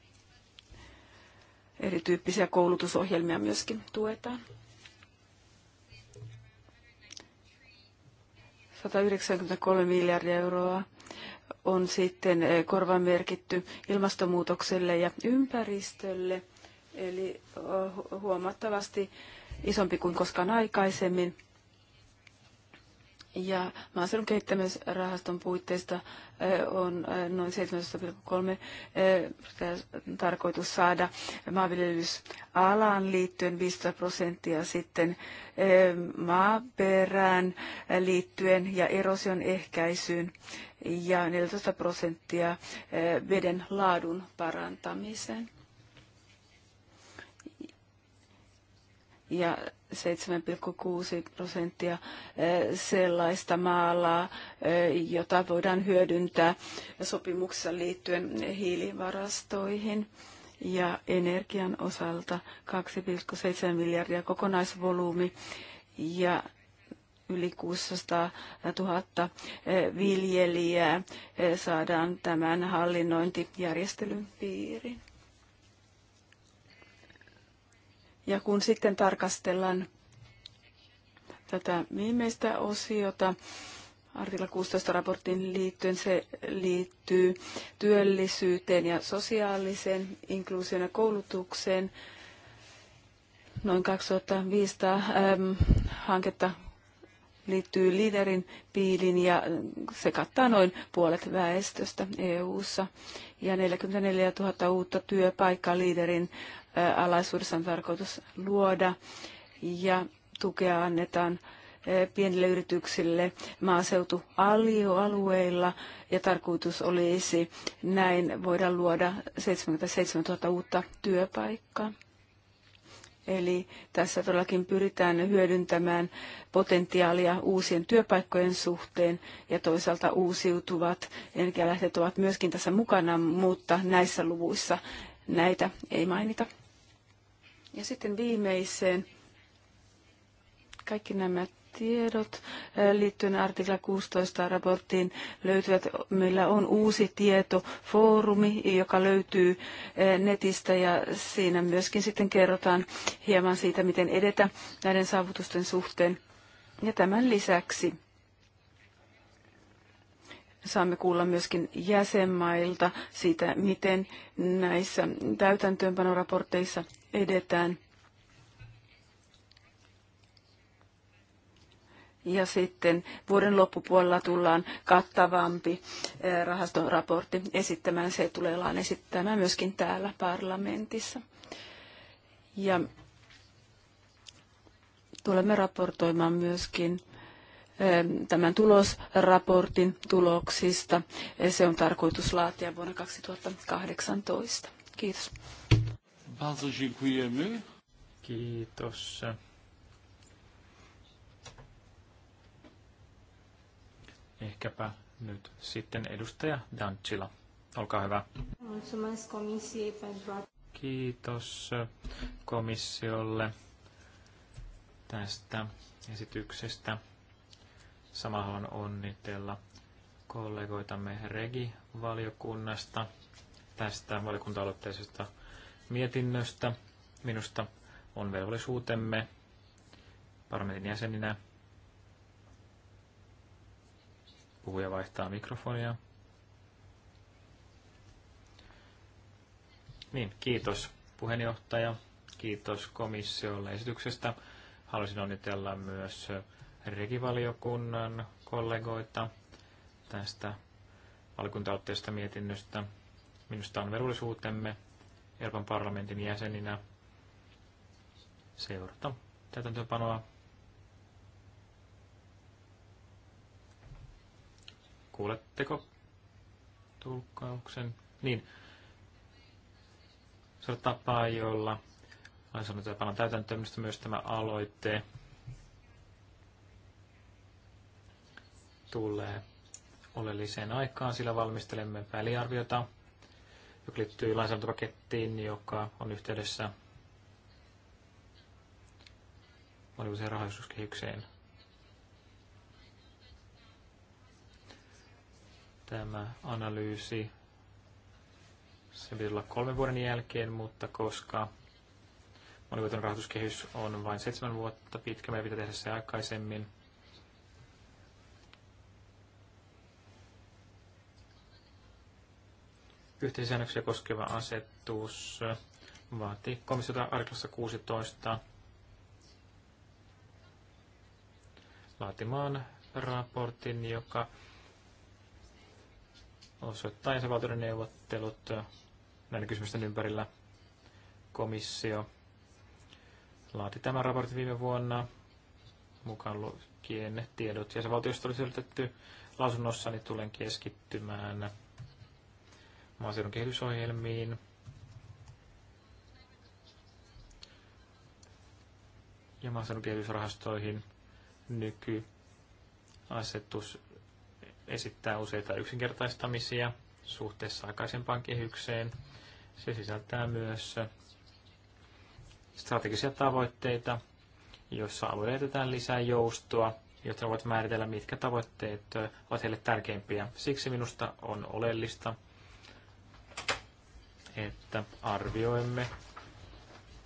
erityyppisiä koulutusohjelmia myöskin tuetaan. 193 miljardia euroa on sitten korvamerkitty ilmastonmuutokselle ja ympäristölle – eli huomattavasti isompi kuin koskaan aikaisemmin. Ja maaseudun kehittämisrahaston puitteista on noin 17,3 tarkoitus saada maanviljelysalaan liittyen 15 prosenttia sitten maaperään liittyen ja erosion ehkäisyyn ja 14 prosenttia veden laadun parantamiseen. ja 7,6 prosenttia eh, sellaista maalaa, eh, jota voidaan hyödyntää sopimuksessa liittyen hiilivarastoihin ja energian osalta 2,7 miljardia kokonaisvolyymi ja yli 600 000 eh, viljelijää saadaan tämän hallinnointijärjestelyn piiriin. Ja kun sitten tarkastellaan tätä viimeistä osiota, artikla 16 raportin liittyen, se liittyy työllisyyteen ja sosiaaliseen inkluusioon ja koulutukseen. Noin 2500 ähm, hanketta liittyy liiderin piilin ja se kattaa noin puolet väestöstä EU-ssa. Ja 44 000 uutta työpaikkaa liiderin alaisuudessa on tarkoitus luoda ja tukea annetaan pienille yrityksille maaseutualueilla ja tarkoitus olisi näin voida luoda 77 000 uutta työpaikkaa. Eli tässä todellakin pyritään hyödyntämään potentiaalia uusien työpaikkojen suhteen ja toisaalta uusiutuvat energialähteet ovat myöskin tässä mukana, mutta näissä luvuissa näitä ei mainita. Ja sitten viimeiseen kaikki nämä tiedot liittyen artikla 16 raporttiin löytyvät. Meillä on uusi tietofoorumi, joka löytyy netistä ja siinä myöskin sitten kerrotaan hieman siitä, miten edetä näiden saavutusten suhteen. Ja tämän lisäksi saamme kuulla myöskin jäsenmailta siitä, miten näissä täytäntöönpanoraporteissa edetään. Ja sitten vuoden loppupuolella tullaan kattavampi eh, rahastoraportti esittämään. Se tullaan esittämään myöskin täällä parlamentissa. Ja tulemme raportoimaan myöskin eh, tämän tulosraportin tuloksista. Eh, se on tarkoitus laatia vuonna 2018. Kiitos. Bardzo dziękujemy. Kiitos. Ehkäpä nyt sitten edustaja Dantsila. Olkaa hyvä. Kiitos komissiolle tästä esityksestä. Samalla haluan onnitella kollegoitamme Regi-valiokunnasta tästä valiokunta-aloitteisesta mietinnöstä. Minusta on velvollisuutemme parlamentin jäseninä. Puhuja vaihtaa mikrofonia. Niin, kiitos puheenjohtaja. Kiitos komissiolle esityksestä. Haluaisin onnitella myös regivaliokunnan kollegoita tästä valkuntaotteesta mietinnöstä. Minusta on velvollisuutemme Euroopan parlamentin jäseninä seurata täytäntöpanoa. Kuuletteko tulkkauksen? Niin. Se on tapa, jolla lainsäädäntöönpanon täytäntöön myös tämä aloite tulee oleelliseen aikaan, sillä valmistelemme väliarviota joka liittyy lainsäädäntöpakettiin, joka on yhteydessä monivuotiseen rahoituskehykseen. Tämä analyysi se piti olla kolmen vuoden jälkeen, mutta koska monivuotinen rahoituskehys on vain seitsemän vuotta pitkä, meidän pitää tehdä se aikaisemmin – yhteisäännöksiä koskeva asetus vaatii komissiota artiklassa 16 laatimaan raportin, joka osoittaa jäsenvaltioiden neuvottelut näiden kysymysten ympärillä. Komissio laati tämän raportin viime vuonna mukaan lukien tiedot jäsenvaltioista oli selvitetty lausunnossa, niin tulen keskittymään maaseudun kehitysohjelmiin. ja maaseudun kehitysrahastoihin nykyasetus esittää useita yksinkertaistamisia suhteessa aikaisempaan kehykseen. Se sisältää myös strategisia tavoitteita, joissa alueelle jätetään lisää joustoa, jotta voit määritellä, mitkä tavoitteet ovat heille tärkeimpiä. Siksi minusta on oleellista, että arvioimme,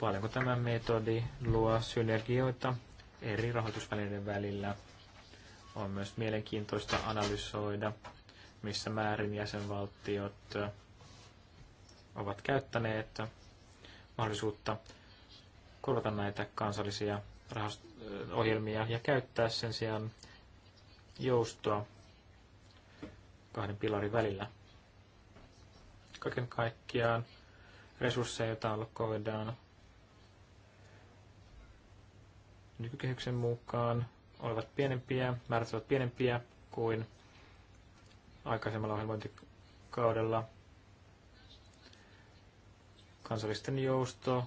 paljonko tämä metodi luo synergioita eri rahoitusvälineiden välillä. On myös mielenkiintoista analysoida, missä määrin jäsenvaltiot ovat käyttäneet mahdollisuutta korvata näitä kansallisia ohjelmia ja käyttää sen sijaan joustoa kahden pilarin välillä kaiken kaikkiaan resursseja, talkoidaan. nykykehyksen mukaan, olivat pienempiä, määrät ovat pienempiä kuin aikaisemmalla ohjelmointikaudella. Kansallisten jousto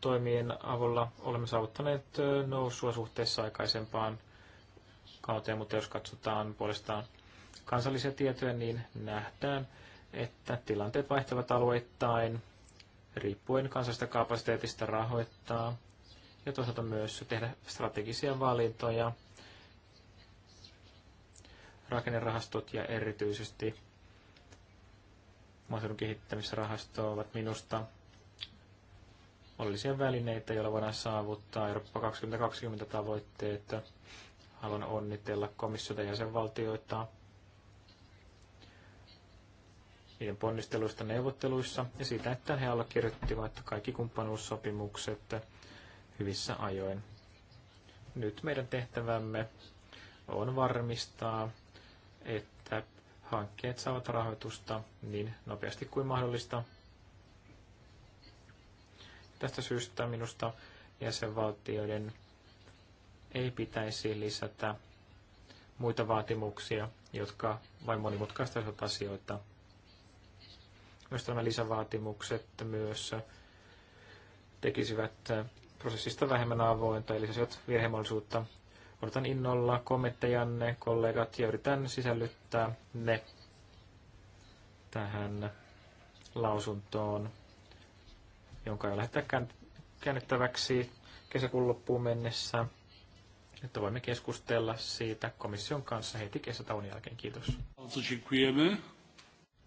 toimien avulla olemme saavuttaneet nousua suhteessa aikaisempaan kauteen, mutta jos katsotaan puolestaan kansallisia tietoja, niin nähdään, että tilanteet vaihtelevat alueittain riippuen kansallisesta kapasiteetista rahoittaa ja toisaalta myös tehdä strategisia valintoja, rakennerahastot ja erityisesti maaseudun kehittämisrahasto ovat minusta oleellisia välineitä, joilla voidaan saavuttaa Eurooppa 2020 tavoitteet. Haluan onnitella komissiota ja jäsenvaltioita niiden ponnisteluista neuvotteluissa ja siitä, että he allekirjoittivat kaikki kumppanuussopimukset hyvissä ajoin. Nyt meidän tehtävämme on varmistaa, että hankkeet saavat rahoitusta niin nopeasti kuin mahdollista. Tästä syystä minusta jäsenvaltioiden ei pitäisi lisätä muita vaatimuksia, jotka vain monimutkaistaisivat asioita. Myös nämä lisävaatimukset myös tekisivät prosessista vähemmän avointa, eli lisäsivät virhemallisuutta. Odotan innolla kommenttejanne, kollegat, ja yritän sisällyttää ne tähän lausuntoon, jonka ei lähdetä käännettäväksi kesäkuun loppuun mennessä, että voimme keskustella siitä komission kanssa heti kesätauon jälkeen. Kiitos.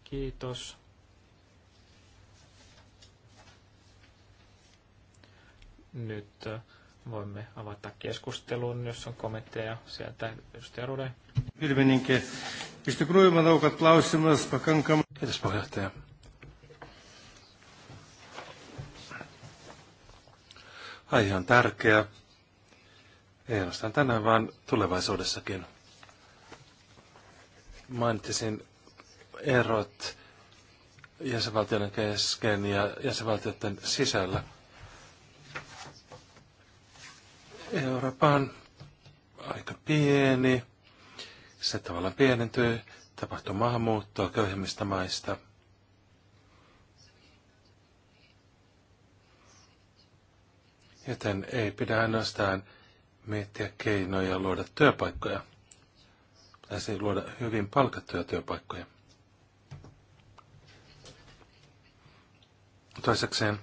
Kiitos. Nyt äh, voimme avata keskustelun, jos on kommentteja sieltä. Edustaja Rude. Pirmininkin. Pistä kruiman aukat lausimas pakankam. Kiitos puheenjohtaja. Aihe on tärkeä. Ei ainoastaan tänään, vaan tulevaisuudessakin. Mainitsin erot jäsenvaltioiden kesken ja jäsenvaltioiden sisällä – Euroopan aika pieni. Se tavallaan pienentyy. Tapahtuu maahanmuuttoa köyhemmistä maista. Joten ei pidä ainoastaan miettiä keinoja luoda työpaikkoja. Pitäisi luoda hyvin palkattuja työpaikkoja. Toisekseen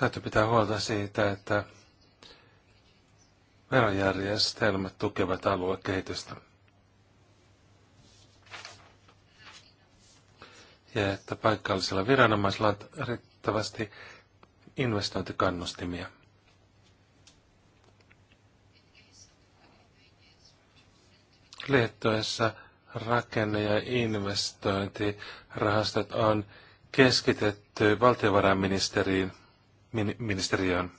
Täytyy pitää huolta siitä, että verojärjestelmät tukevat aluekehitystä. Ja että paikallisilla viranomaisilla on riittävästi investointikannustimia. Liettuessa rakenne- ja investointirahastot on keskitetty valtiovarainministeriin – ministeriöön.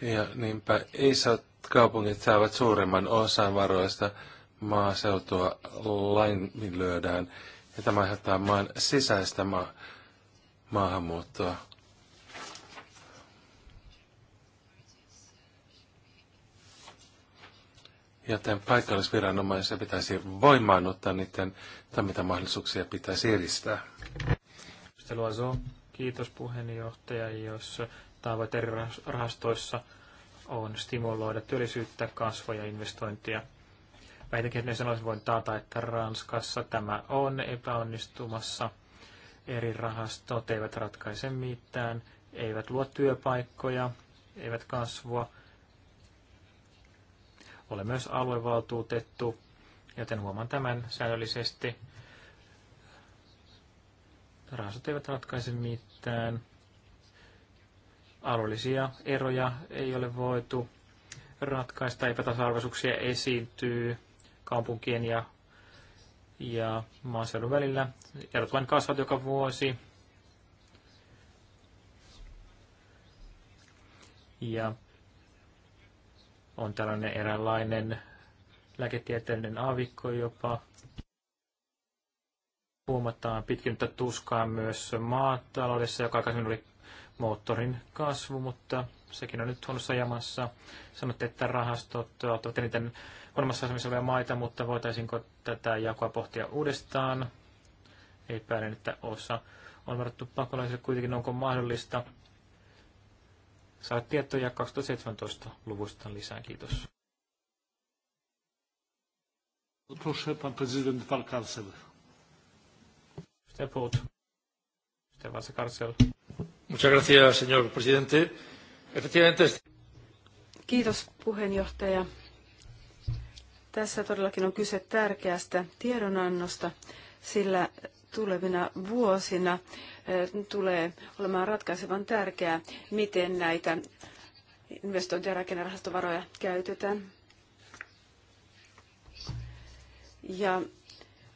Ja niinpä isot kaupungit saavat suuremman osan varoista, maaseutua laiminlyödään ja tämä aiheuttaa maan sisäistä ma- maahanmuuttoa. joten paikallisviranomaisen pitäisi ottaa niiden toimintamahdollisuuksia pitäisi edistää. Kiitos puheenjohtaja, jos tavoite eri rahastoissa on stimuloida työllisyyttä, kasvoja ja investointia. Väitänkin, että sanoisin, voin taata, että Ranskassa tämä on epäonnistumassa. Eri rahastot eivät ratkaise mitään, eivät luo työpaikkoja, eivät kasvua, olen myös aluevaltuutettu, joten huomaan tämän säännöllisesti. Rahastot eivät ratkaise mitään. Alueellisia eroja ei ole voitu ratkaista, epätasa-arvoisuuksia esiintyy kaupunkien ja, ja maaseudun välillä. Erot vain kasvat joka vuosi. Ja on tällainen eräänlainen lääketieteellinen aavikko jopa. Huomataan pitkintä tuskaa myös maataloudessa, joka aikaisemmin oli moottorin kasvu, mutta sekin on nyt huonossa jamassa. Sanotte, että rahastot ovat eniten huonommassa asemassa olevia maita, mutta voitaisiinko tätä jakoa pohtia uudestaan? Ei päälle, että osa on varattu pakolaisille kuitenkin, onko mahdollista saada tietoja 2017 luvusta lisää. Kiitos. Proszę pan prezydent Valkarsel. Stepot. Valkarsel. Muchas gracias, señor presidente. Efectivamente. Kiitos puheenjohtaja. Tässä todellakin on kyse tärkeästä tiedonannosta, sillä tulevina vuosina tulee olemaan ratkaisevan tärkeää, miten näitä investointi- ja rakennerahastovaroja käytetään. Ja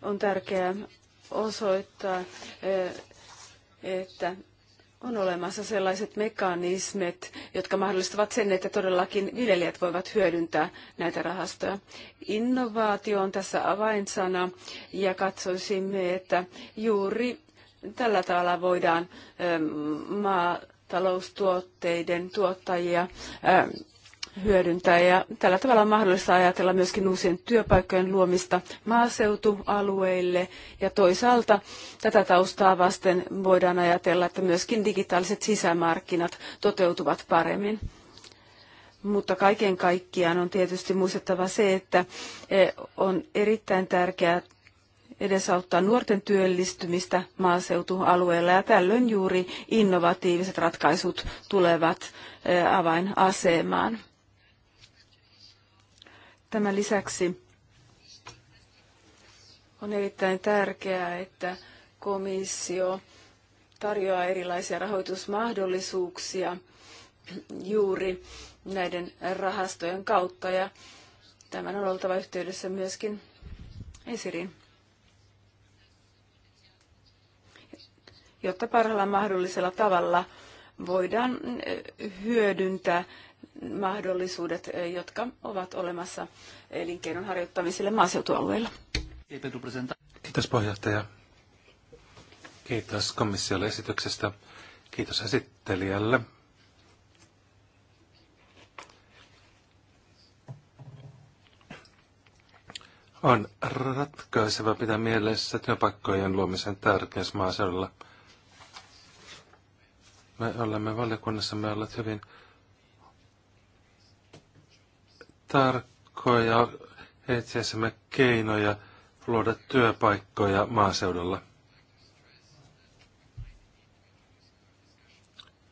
on tärkeää osoittaa, että on olemassa sellaiset mekanismit, jotka mahdollistavat sen, että todellakin viljelijät voivat hyödyntää näitä rahastoja. Innovaatio on tässä avainsana ja katsoisimme, että juuri Tällä tavalla voidaan ähm, maataloustuotteiden tuottajia ähm, hyödyntää ja tällä tavalla on mahdollista ajatella myöskin uusien työpaikkojen luomista maaseutualueille ja toisaalta tätä taustaa vasten voidaan ajatella, että myöskin digitaaliset sisämarkkinat toteutuvat paremmin. Mutta kaiken kaikkiaan on tietysti muistettava se, että eh, on erittäin tärkeää edesauttaa nuorten työllistymistä maaseutualueella ja tällöin juuri innovatiiviset ratkaisut tulevat eh, avainasemaan. Tämän lisäksi on erittäin tärkeää, että komissio tarjoaa erilaisia rahoitusmahdollisuuksia juuri näiden rahastojen kautta ja tämän on oltava yhteydessä myöskin esiriin. jotta parhaalla mahdollisella tavalla voidaan eh, hyödyntää mahdollisuudet, eh, jotka ovat olemassa elinkeinon harjoittamiselle maaseutualueilla. Kiitos puheenjohtaja. Kiitos komissiolle esityksestä. Kiitos esittelijälle. On ratkaiseva pitää mielessä työpaikkojen luomisen tärkeys maaseudulla – me olemme valiokunnassamme olleet hyvin tarkkoja etsiessämme keinoja luoda työpaikkoja maaseudulla.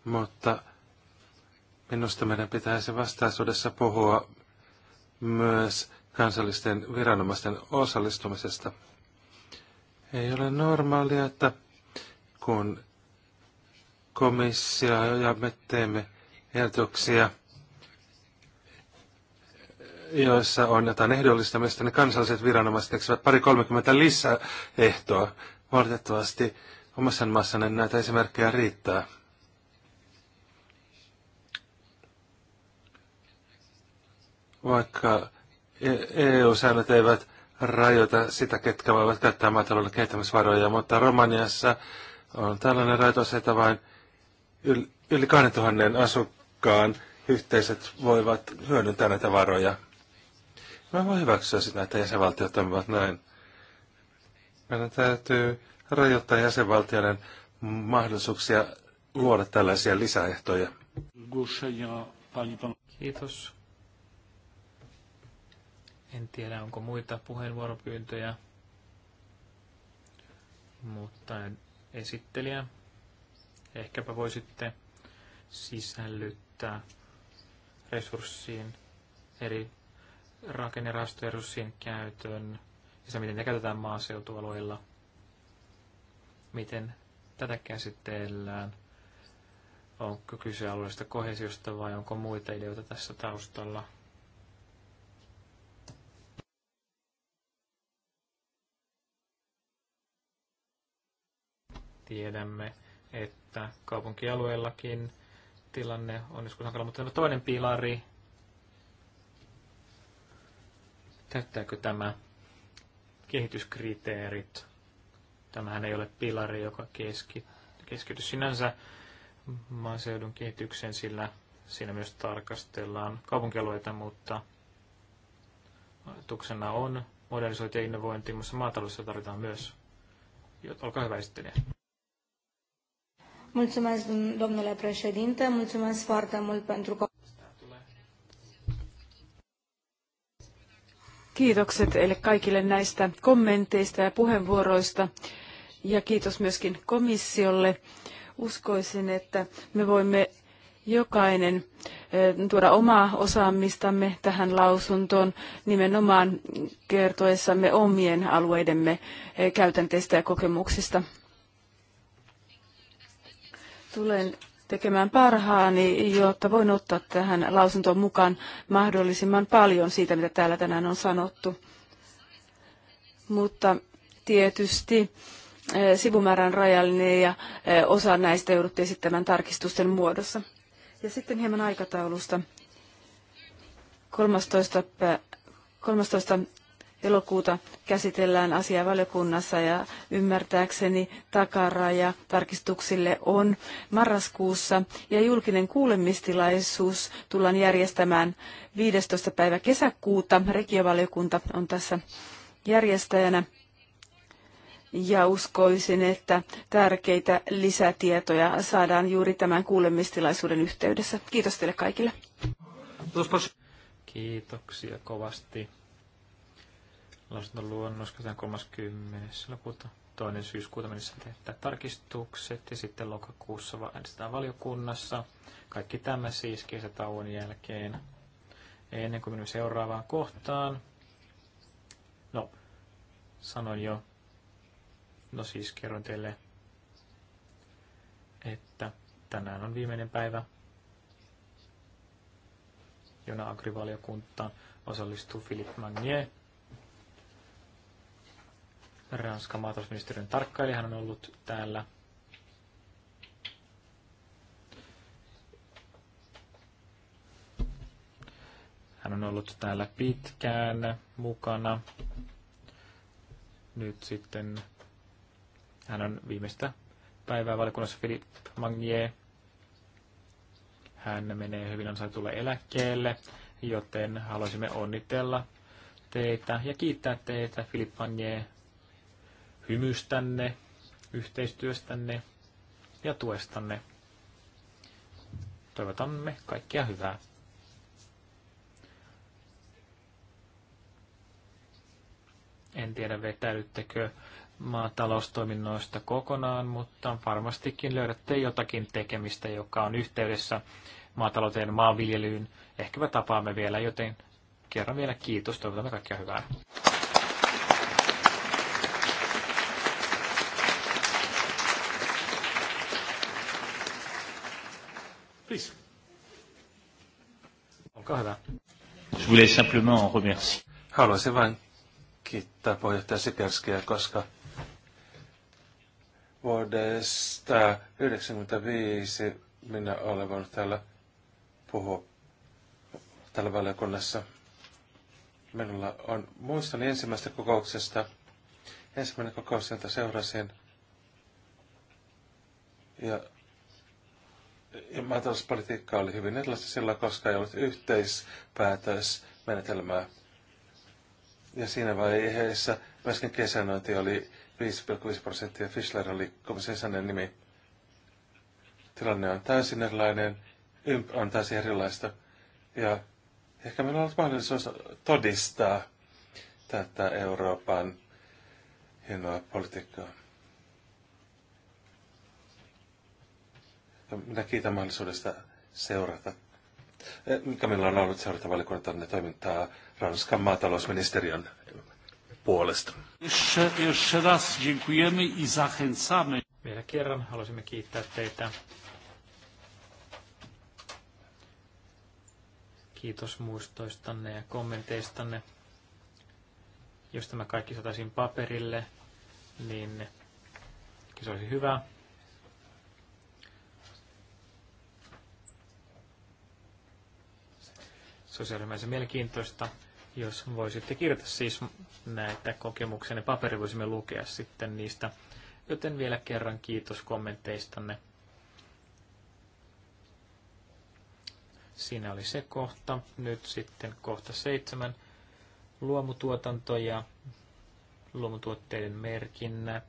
Mutta minusta meidän pitäisi vastaisuudessa puhua myös kansallisten viranomaisten osallistumisesta. Ei ole normaalia, että kun komissio ja me teemme ehdotuksia, joissa on jotain mistä ne kansalliset viranomaiset tekevät pari 30 lisää ehtoa. Valitettavasti omassa maassanne näitä esimerkkejä riittää. Vaikka EU-säännöt e eivät rajoita sitä, ketkä voivat käyttää maatalouden kehittämisvaroja, mutta Romaniassa on tällainen rajoitus, että vain – yli 2000 asukkaan yhteisöt voivat hyödyntää näitä varoja. Mä voin hyväksyä sitä, että jäsenvaltiot toimivat näin. Meidän täytyy rajoittaa jäsenvaltioiden mahdollisuuksia luoda tällaisia lisäehtoja. Kiitos. En tiedä, onko muita puheenvuoropyyntöjä, mutta esittelijä Ehkäpä voisitte sisällyttää resurssiin eri rakennerahastojen resurssien käytön ja se, miten ne käytetään maaseutualueilla, miten tätä käsitellään, onko kyse alueellisesta kohesiosta vai onko muita ideoita tässä taustalla. Tiedämme, että kaupunkialueellakin tilanne on joskus hankala, mutta toinen pilari, täyttääkö tämä kehityskriteerit? Tämähän ei ole pilari, joka keski, keskity sinänsä maaseudun kehitykseen, sillä siinä myös tarkastellaan kaupunkialueita, mutta ajatuksena on modernisointi ja innovointi, mutta maataloudessa tarvitaan myös. Olkaa hyvä esittelijä. Mulțumesc, domnule președinte, mulțumesc foarte mult pentru Kiitokset teille kaikille näistä kommenteista ja puheenvuoroista ja kiitos myöskin komissiolle. Uskoisin, että me voimme jokainen eh, tuoda omaa osaamistamme tähän lausuntoon nimenomaan kertoessamme omien alueidemme eh, käytänteistä ja kokemuksista. Tulen tekemään parhaani, jotta voin ottaa tähän lausuntoon mukaan mahdollisimman paljon siitä, mitä täällä tänään on sanottu. Mutta tietysti eh, sivumäärän rajallinen ja eh, osa näistä jouduttiin esittämään tarkistusten muodossa. Ja sitten hieman aikataulusta. 13. 13 elokuuta käsitellään asiaa valiokunnassa ja ymmärtääkseni takaraja tarkistuksille on marraskuussa ja julkinen kuulemistilaisuus tullaan järjestämään 15. päivä kesäkuuta. Regiovaliokunta on tässä järjestäjänä ja uskoisin, että tärkeitä lisätietoja saadaan juuri tämän kuulemistilaisuuden yhteydessä. Kiitos teille kaikille. Kiitoksia kovasti lausuntoluonnos 30. lokuuta toinen syyskuuta mennessä tehdään tarkistukset ja sitten lokakuussa äänestetään valiokunnassa. Kaikki tämä siis kesätauon jälkeen. Ennen kuin menemme seuraavaan kohtaan. No, sanoin jo. No siis kerron teille, että tänään on viimeinen päivä, jona agrivaliokunta osallistuu Philippe Magnier Ranskan maatalousministeriön tarkkailija hän on ollut täällä. Hän on ollut täällä pitkään mukana. Nyt sitten hän on viimeistä päivää valikunnassa Philippe Magnier. Hän menee hyvin ansaitulle eläkkeelle, joten haluaisimme onnitella teitä ja kiittää teitä Philippe Magnier hymystänne, yhteistyöstänne ja tuestanne. Toivotamme kaikkia hyvää. En tiedä, vetäydyttekö maataloustoiminnoista kokonaan, mutta varmastikin löydätte jotakin tekemistä, joka on yhteydessä maatalouteen, maanviljelyyn. Ehkä tapaamme vielä, joten kerran vielä kiitos. Toivotamme kaikkia hyvää. Please. Olkaa hyvä. Je voulais simplement remercier. Haluaisin vain kiittää puheenjohtaja Sikerskiä, koska vuodesta 1995 minä olen voinut täällä puhua tällä valiokunnassa. Minulla on muistan ensimmäisestä kokouksesta, ensimmäinen kokous, jota seurasin. Ja maatalouspolitiikka oli hyvin erilaista silloin, koska ei ollut yhteispäätösmenetelmää. Ja siinä vaiheessa myöskin kesänointi oli 5,5 prosenttia. Fischler oli komission nimi. Tilanne on täysin erilainen, ymp on täysin erilaista. Ja ehkä meillä on ollut mahdollisuus todistaa tätä Euroopan hienoa politiikkaa. Minä kiitän mahdollisuudesta seurata, eh, mikä meillä on ollut seurata valiokunnan toimintaa Ranskan maatalousministeriön puolesta. Vielä kerran haluaisimme kiittää teitä. Kiitos muistoistanne ja kommenteistanne. Jos tämä kaikki saataisiin paperille, niin se olisi hyvä. Se olisi äärimmäisen mielenkiintoista, jos voisitte kirjoittaa siis näitä kokemuksia, ne niin paperi voisimme lukea sitten niistä. Joten vielä kerran kiitos kommenteistanne. Siinä oli se kohta. Nyt sitten kohta seitsemän. Luomutuotanto ja luomutuotteiden merkinnät.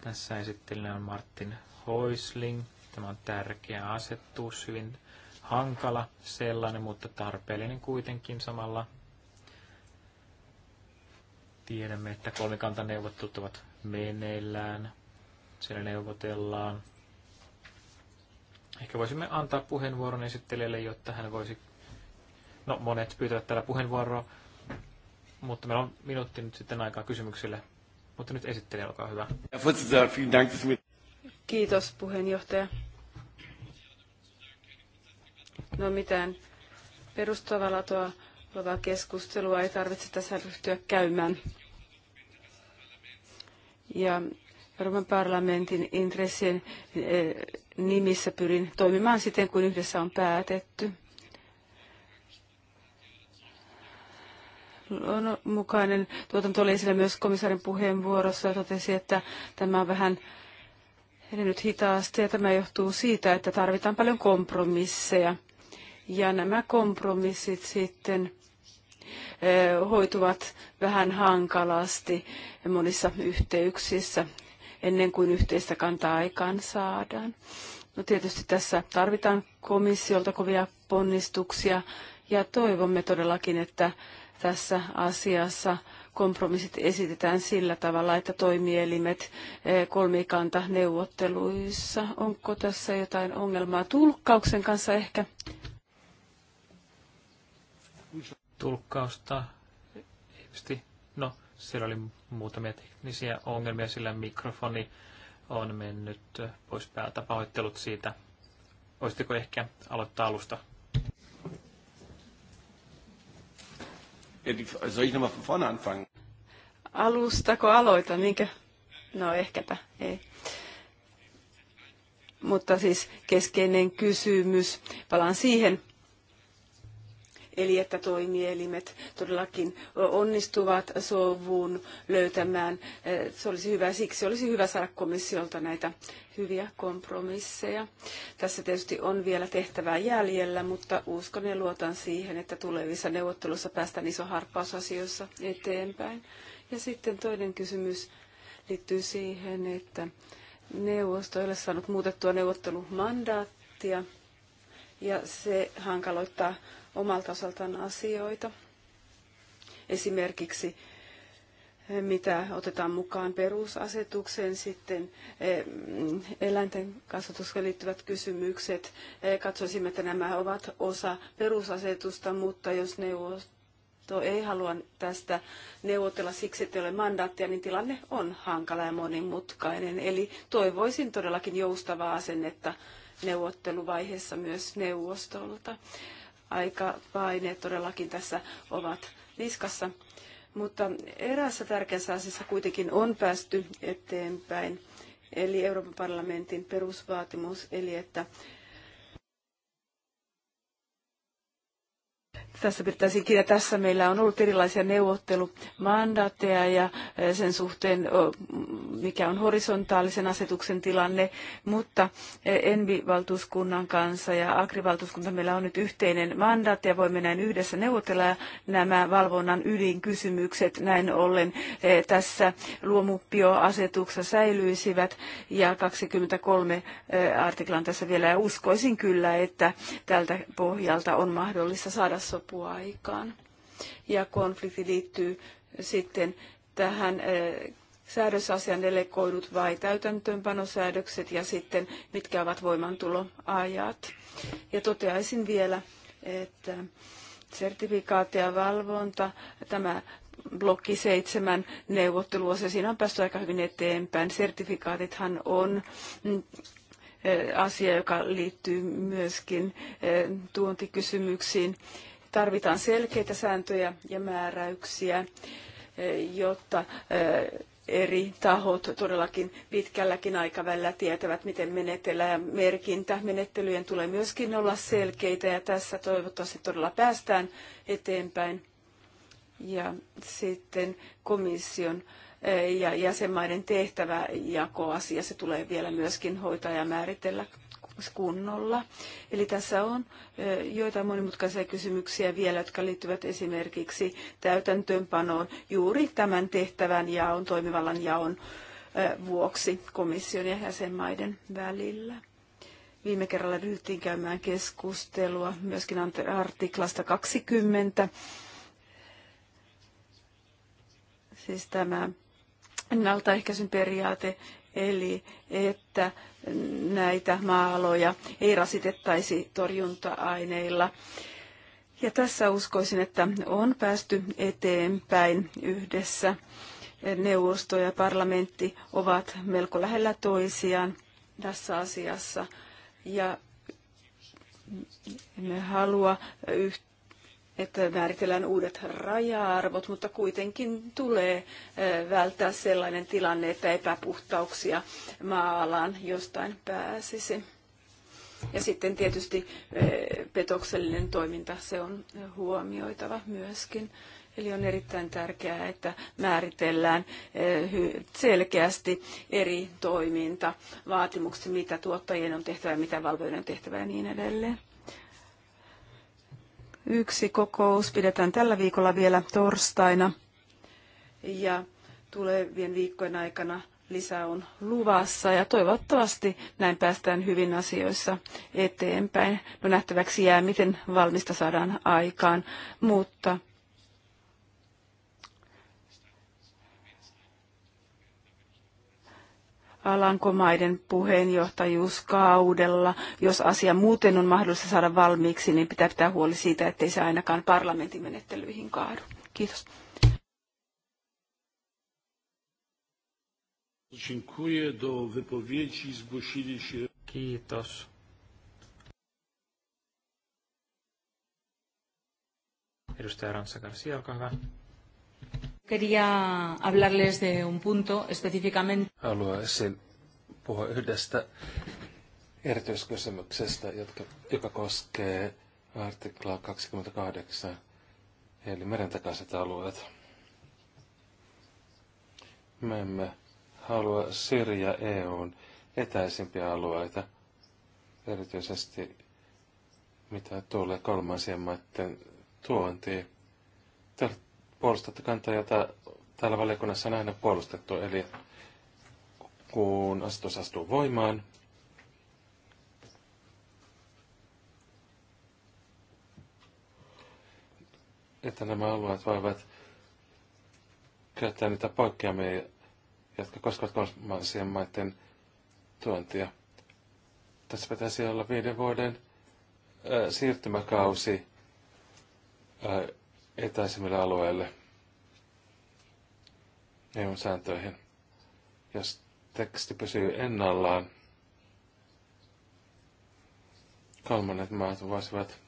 Tässä esittelinä on Martin Hoisling. Tämä on tärkeä asetus, hyvin hankala sellainen, mutta tarpeellinen kuitenkin samalla. Tiedämme, että kolmikantaneuvottelut ovat meneillään. Siellä neuvotellaan. Ehkä voisimme antaa puheenvuoron esittelijälle, jotta hän voisi... No, monet pyytävät täällä puheenvuoroa, mutta meillä on minuutti nyt sitten aikaa kysymyksille. Mutta nyt esittelijä, olkaa hyvä. Kiitos puheenjohtaja. No mitään perustavalla olevaa keskustelua ei tarvitse tässä ryhtyä käymään. Ja Euroopan parlamentin intressien eh, nimissä pyrin toimimaan siten, kuin yhdessä on päätetty. Luonnonmukainen tuotanto oli esillä myös komissaarin puheenvuorossa ja totesi, että tämä on vähän edennyt hitaasti ja tämä johtuu siitä, että tarvitaan paljon kompromisseja ja nämä kompromissit sitten eh, hoituvat vähän hankalasti monissa yhteyksissä ennen kuin yhteistä kantaa aikaan saadaan. No tietysti tässä tarvitaan komissiolta kovia ponnistuksia ja toivomme todellakin, että tässä asiassa kompromissit esitetään sillä tavalla, että toimielimet eh, kolmikanta neuvotteluissa. Onko tässä jotain ongelmaa tulkkauksen kanssa ehkä? tulkkausta. no, siellä oli muutamia teknisiä ongelmia, sillä mikrofoni on mennyt pois päältä. Pahoittelut siitä. Voisitteko ehkä aloittaa alusta? Soll ich nochmal von vorne anfangen? Alustako aloita, niinkö? No ehkäpä, ei. Mutta siis keskeinen kysymys, palaan siihen, eli että toimielimet todellakin onnistuvat sovun löytämään. Se olisi hyvä, siksi olisi hyvä saada komissiolta näitä hyviä kompromisseja. Tässä tietysti on vielä tehtävää jäljellä, mutta uskon ja luotan siihen, että tulevissa neuvotteluissa päästään iso harppaus asioissa eteenpäin. Ja sitten toinen kysymys liittyy siihen, että neuvosto ei ole saanut muutettua neuvottelumandaattia ja se hankaloittaa omalta osaltaan asioita. Esimerkiksi eh, mitä otetaan mukaan perusasetukseen, sitten eh, eläinten kasvatukseen liittyvät kysymykset. Eh, katsoisimme, että nämä ovat osa perusasetusta, mutta jos neuvosto ei halua tästä neuvotella siksi, että ei ole mandaattia, niin tilanne on hankala ja monimutkainen. Eli toivoisin todellakin joustavaa asennetta neuvotteluvaiheessa myös neuvostolta aikapaineet todellakin tässä ovat niskassa. Mutta eräässä tärkeässä asiassa kuitenkin on päästy eteenpäin, eli Euroopan parlamentin perusvaatimus, eli että Tässä pitäisin kirja. Tässä meillä on ollut erilaisia neuvottelumandaatteja ja eh, sen suhteen, mikä on horisontaalisen asetuksen tilanne, mutta eh, Envi-valtuuskunnan kanssa ja Agri-valtuuskunta meillä on nyt yhteinen mandaatti ja voimme näin yhdessä neuvotella nämä valvonnan ydinkysymykset näin ollen eh, tässä luomupioasetuksessa säilyisivät ja 23 artiklan tässä vielä ja uskoisin kyllä, että tältä pohjalta on mahdollista saada sopu aikaan. Ja konflikti liittyy sitten tähän eh, säädösasian delegoidut vai täytäntöönpanosäädökset ja sitten mitkä ovat voimantuloajat. Ja toteaisin vielä, että sertifikaatti ja valvonta, tämä blokki seitsemän neuvotteluosa, siinä on päästy aika hyvin eteenpäin. Sertifikaatithan on mm, eh, asia, joka liittyy myöskin eh, tuontikysymyksiin Tarvitaan selkeitä sääntöjä ja määräyksiä, e, jotta e, eri tahot todellakin pitkälläkin aikavälillä tietävät, miten menetellä ja merkintä. Menettelyjen tulee myöskin olla selkeitä ja tässä toivottavasti todella päästään eteenpäin. Ja sitten komission e, ja jäsenmaiden tehtäväjakoasia, se tulee vielä myöskin hoitaa ja määritellä kunnolla. Eli tässä on joitain monimutkaisia kysymyksiä vielä, jotka liittyvät esimerkiksi täytäntöönpanoon juuri tämän tehtävän ja on toimivallan jaon vuoksi komission ja jäsenmaiden välillä. Viime kerralla ryhdyttiin käymään keskustelua myöskin artiklasta 20. Siis tämä ennaltaehkäisyn periaate eli että näitä maaloja ei rasitettaisi torjunta-aineilla. Ja tässä uskoisin, että on päästy eteenpäin yhdessä. Neuvosto ja parlamentti ovat melko lähellä toisiaan tässä asiassa. Ja emme halua yhtä että määritellään uudet raja-arvot, mutta kuitenkin tulee välttää sellainen tilanne, että epäpuhtauksia maalaan jostain pääsisi. Ja sitten tietysti petoksellinen toiminta, se on huomioitava myöskin. Eli on erittäin tärkeää, että määritellään selkeästi eri toiminta, vaatimukset, mitä tuottajien on tehtävä, mitä valvojien on tehtävä ja niin edelleen. Yksi kokous pidetään tällä viikolla vielä torstaina ja tulevien viikkojen aikana lisää on luvassa ja toivottavasti näin päästään hyvin asioissa eteenpäin. No nähtäväksi jää, miten valmista saadaan aikaan, mutta Alankomaiden puheenjohtajuuskaudella, jos asia muuten on mahdollista saada valmiiksi, niin pitää pitää huoli siitä, ettei se ainakaan parlamentin menettelyihin kaadu. Kiitos. Kiitos. Edustaja Ranssa Garcia, olkaa hyvä. Quería hablarles de un punto específicamente. Haluaisin puhua yhdestä erityiskysymyksestä, jotka, joka koskee artiklaa 28, eli merentakaiset alueet. Me emme halua syrjiä EUn etäisimpiä alueita, erityisesti mitä tulee kolmansien maiden tuontiin. Te puolustatte kantaa, jota täällä valiokunnassa on aina puolustettu, eli kun asetus astuu voimaan, että nämä alueet voivat käyttää niitä poikkeamia, jotka koskevat kolmansien maiden tuontia. Tässä pitäisi olla viiden vuoden siirtymäkausi etäisimmille alueille EU-sääntöihin. Jos teksti pysyy ennallaan, kolmannet maat voisivat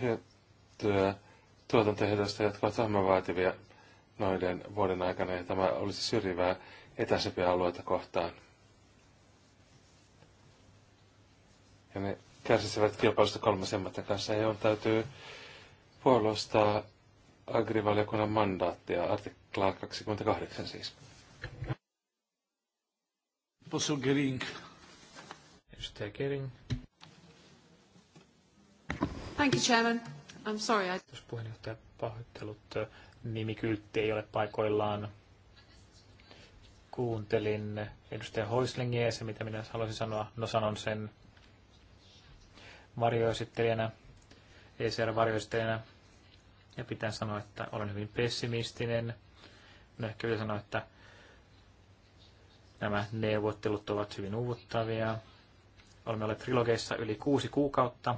hyötyä tuotantoehdoista, jotka ovat vähemmän vaativia noiden vuoden aikana, ja tämä olisi syrjivää etäisempiä alueita kohtaan. Ja ne kärsisivät kilpailusta kolmasen kanssa. on täytyy puolustaa agrivaliokunnan mandaattia, artiklaa 28 siis. Posso Gering. Edustaja Gering. Thank you, Chairman. I'm sorry. I... Jos puheenjohtaja pahoittelut, nimikyltti ei ole paikoillaan. Kuuntelin edustaja Hoislingiä, ja se, mitä minä haluaisin sanoa, no sanon sen varjoesittelijänä, ECR-varjoesittelijänä, ja pitää sanoa, että olen hyvin pessimistinen. No ehkä pitää sanoa, että nämä neuvottelut ovat hyvin uuvuttavia. Olemme olleet trilogeissa yli kuusi kuukautta.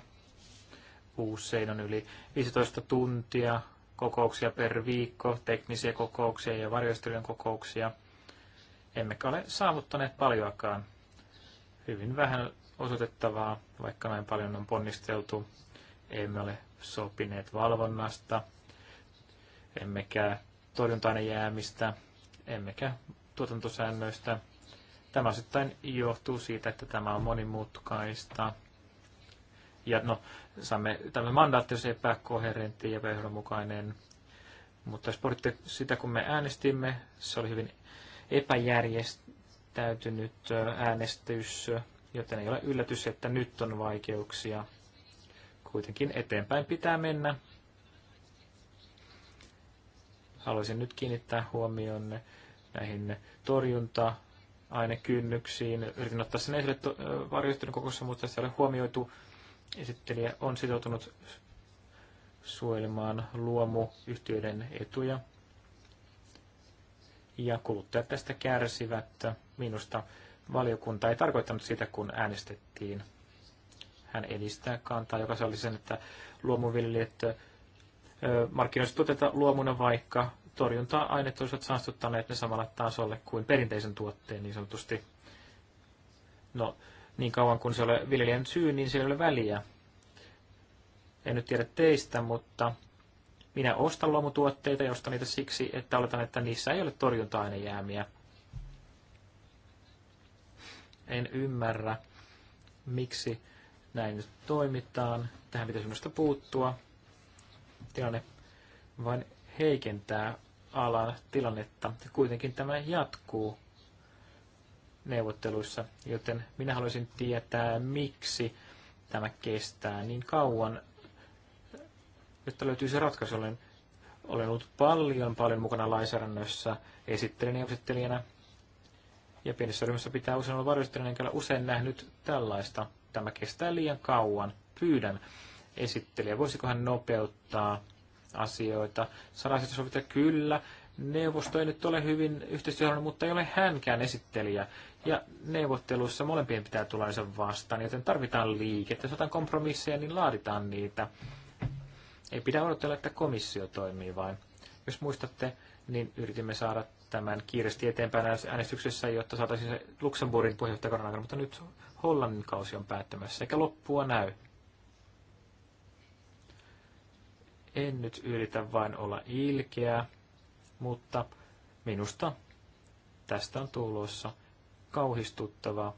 Usein on yli 15 tuntia kokouksia per viikko, teknisiä kokouksia ja varjoistelijan kokouksia. Emmekä ole saavuttaneet paljoakaan. Hyvin vähän osoitettavaa, vaikka näin paljon on ponnisteltu. Emme ole sopineet valvonnasta, emmekä torjuntainen jäämistä, emmekä tuotantosäännöistä. Tämä osittain johtuu siitä, että tämä on monimutkaista. Ja no, saamme tämä mandaatti, on epäkoherentti ja johdonmukainen. Mutta jos pohditte sitä, kun me äänestimme, se oli hyvin epäjärjestäytynyt äh, äänestys joten ei ole yllätys, että nyt on vaikeuksia. Kuitenkin eteenpäin pitää mennä. Haluaisin nyt kiinnittää huomioon näihin torjunta ainekynnyksiin. Yritin ottaa sen esille varjoistelun kokossa, mutta se ei ole huomioitu. Esittelijä on sitoutunut suojelemaan luomuyhtiöiden etuja. Ja kuluttajat tästä kärsivät. Minusta valiokunta ei tarkoittanut sitä, kun äänestettiin. Hän edistää kantaa, joka oli sen, että luomuviljelijät markkinoista tuoteta luomuna, vaikka torjunta-aineet olisivat saastuttaneet ne samalla tasolle kuin perinteisen tuotteen niin sanotusti. No, niin kauan kuin se ei ole viljelijän syy, niin sillä ei ole väliä. En nyt tiedä teistä, mutta minä ostan luomutuotteita ja ostan niitä siksi, että oletan, että niissä ei ole torjunta-ainejäämiä. En ymmärrä, miksi näin nyt toimitaan. Tähän pitäisi minusta puuttua. Tilanne vain heikentää alan tilannetta. Kuitenkin tämä jatkuu neuvotteluissa, joten minä haluaisin tietää, miksi tämä kestää niin kauan, jotta löytyy se ratkaisu. Olen, olen ollut paljon, paljon mukana lainsäädännössä esittelijänä ja ja pienessä ryhmässä pitää usein olla varjoistettuna, enkä ole usein nähnyt tällaista. Tämä kestää liian kauan. Pyydän esittelijä, voisiko hän nopeuttaa asioita. Saraiset sovittaa kyllä. Neuvosto ei nyt ole hyvin yhteistyöhön, mutta ei ole hänkään esittelijä. Ja neuvotteluissa molempien pitää tulla vastaan, joten tarvitaan liikettä. Jos otetaan kompromisseja, niin laaditaan niitä. Ei pidä odotella, että komissio toimii vain. Jos muistatte, niin yritimme saada tämän kiireesti eteenpäin äänestyksessä, jotta saataisiin se Luxemburgin puheenjohtajakauden aikana, mutta nyt Hollannin kausi on päättämässä, eikä loppua näy. En nyt yritä vain olla ilkeä, mutta minusta tästä on tulossa kauhistuttava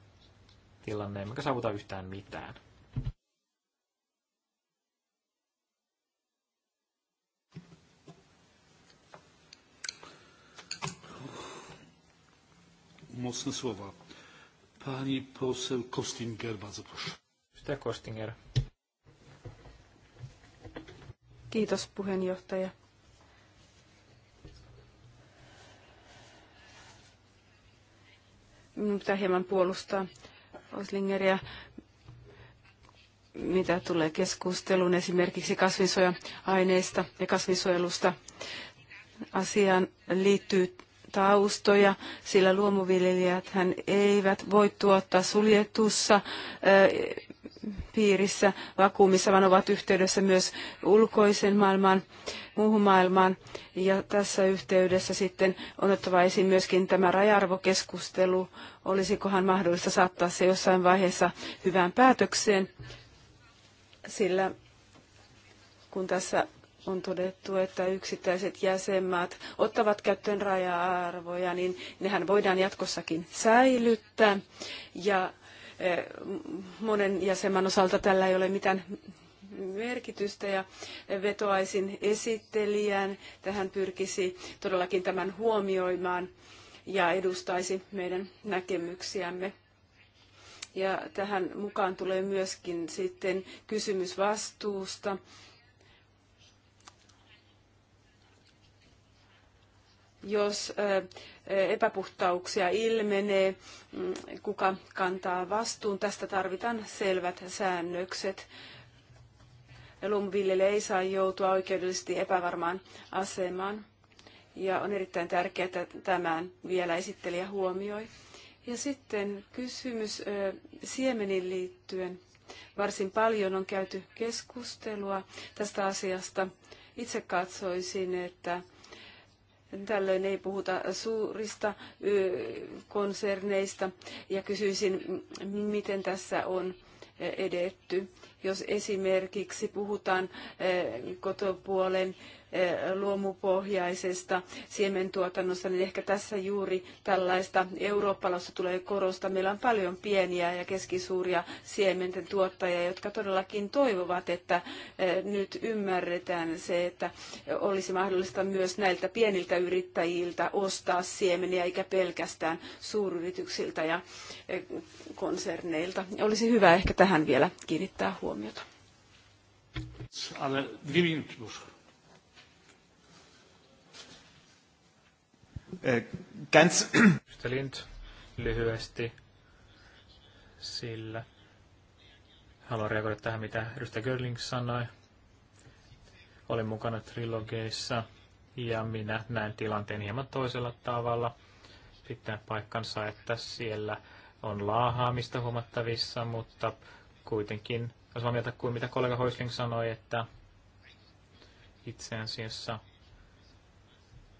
tilanne, emmekä saavuta yhtään mitään. mocne słowa. Pani poseł Kostinger, bardzo proszę. Edustaja Kostinger. Kiitos puheenjohtaja. Minun pitää hieman puolustaa Oslingeria, mitä tulee keskusteluun esimerkiksi kasvinsuoja-aineista ja kasvinsuojelusta. Asiaan liittyy taustoja, sillä luomuviljelijät hän eivät voi tuottaa suljetussa piirissä, vakuumissa, vaan ovat yhteydessä myös ulkoisen maailmaan, muuhun maailmaan. Ja tässä yhteydessä sitten on otettava esiin myöskin tämä raja-arvokeskustelu. Olisikohan mahdollista saattaa se jossain vaiheessa hyvään päätökseen, sillä kun tässä on todettu, että yksittäiset jäsenmaat ottavat käyttöön raja-arvoja, niin nehän voidaan jatkossakin säilyttää. Ja e, monen jäsenmaan osalta tällä ei ole mitään merkitystä ja vetoaisin esittelijän. Tähän pyrkisi todellakin tämän huomioimaan ja edustaisi meidän näkemyksiämme. Ja tähän mukaan tulee myöskin sitten kysymys vastuusta jos epäpuhtauksia ilmenee, mm, kuka kantaa vastuun. Tästä tarvitaan selvät säännökset. Lumviljelijä ei saa joutua oikeudellisesti epävarmaan asemaan. Ja on erittäin tärkeää, että tämän vielä esittelijä huomioi. Ja sitten kysymys siemenin liittyen. Varsin paljon on käyty keskustelua tästä asiasta. Itse katsoisin, että Tällöin ei puhuta suurista konserneista ja kysyisin, miten tässä on edetty. Jos esimerkiksi puhutaan kotopuolen luomupohjaisesta siementuotannosta, niin ehkä tässä juuri tällaista eurooppalaista tulee korostaa. Meillä on paljon pieniä ja keskisuuria siementen tuottajia, jotka todellakin toivovat, että nyt ymmärretään se, että olisi mahdollista myös näiltä pieniltä yrittäjiltä ostaa siemeniä, eikä pelkästään suuryrityksiltä ja konserneilta. Olisi hyvä ehkä tähän vielä kiinnittää huomiota. Ale Äh, ganz... lyhyesti, sillä haluan reagoida tähän, mitä Rystä Görling sanoi. Olin mukana trilogeissa ja minä näen tilanteen hieman toisella tavalla. Pitää paikkansa, että siellä on laahaamista huomattavissa, mutta kuitenkin jos mieltä kuin mitä kollega Hoisling sanoi, että itse asiassa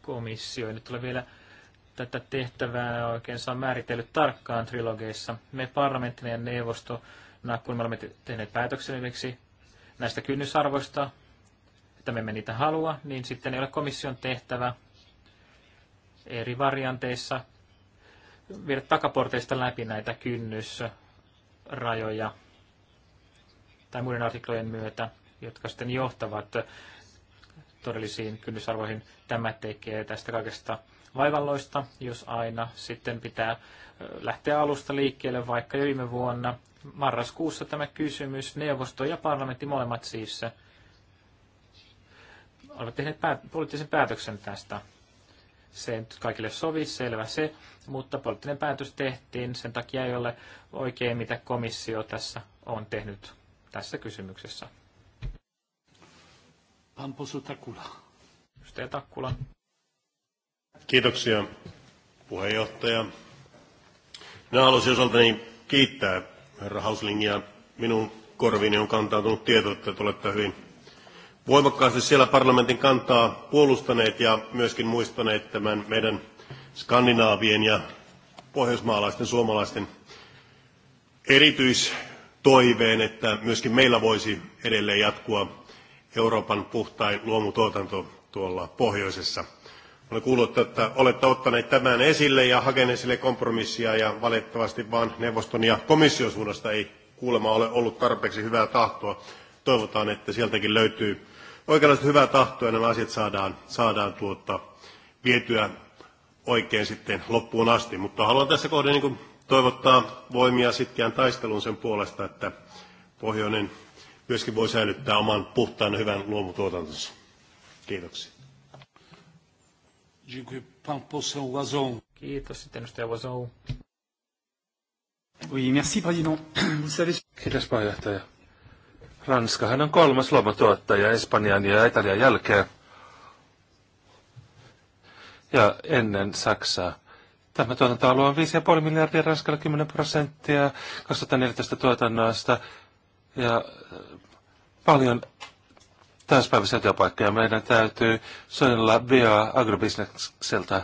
komissio nyt tulee vielä tätä tehtävää oikein saa määritellyt tarkkaan trilogeissa. Me parlamenttinen ja neuvosto, kun me olemme tehneet päätöksen esimerkiksi näistä kynnysarvoista, että me emme niitä halua, niin sitten ei ole komission tehtävä eri varianteissa viedä takaporteista läpi näitä kynnysrajoja tai muiden artiklojen myötä, jotka sitten johtavat todellisiin kynnysarvoihin. Tämä tekee tästä kaikesta vaivalloista, jos aina sitten pitää lähteä alusta liikkeelle, vaikka jo viime vuonna marraskuussa tämä kysymys, neuvosto ja parlamentti molemmat siis olivat tehneet päät- poliittisen päätöksen tästä. Se ei nyt kaikille sovi, selvä se, mutta poliittinen päätös tehtiin, sen takia ei ole oikein, mitä komissio tässä on tehnyt tässä kysymyksessä. Pan posu Takula. Edustaja Takkula. Kiitoksia puheenjohtaja. Minä haluaisin osaltani kiittää herra Hauslingia. Minun korviini on kantautunut tieto, että te olette hyvin voimakkaasti siellä parlamentin kantaa puolustaneet ja myöskin muistaneet tämän meidän skandinaavien ja pohjoismaalaisten suomalaisten erityistoiveen, että myöskin meillä voisi edelleen jatkua Euroopan puhtain luomutuotanto tuolla pohjoisessa. Olen kuullut, että olette ottaneet tämän esille ja hakeneet sille kompromissia ja valitettavasti vaan neuvoston ja komission suunnasta ei kuulemma ole ollut tarpeeksi hyvää tahtoa. Toivotaan, että sieltäkin löytyy oikeanlaista hyvää tahtoa ja nämä asiat saadaan, saadaan tuota, vietyä oikein sitten loppuun asti. Mutta haluan tässä kohden niin toivottaa voimia sitkeän taistelun sen puolesta, että pohjoinen myöskin voi säilyttää oman puhtaan ja hyvän luomutuotantonsa. Kiitoksia. Kiitos. Sitten edustaja Wazou. Oui, merci, président. Kiitos, puheenjohtaja. Ranskahan on kolmas luomutuottaja Espanjan ja Italian jälkeen. Ja ennen Saksaa. Tämä tuotantoalue on 5,5 miljardia, Ranskalla 10 prosenttia, 2014 tuotannosta ja äh, paljon täyspäiväisiä työpaikkoja. Meidän täytyy suojella bioagrobisnekseltä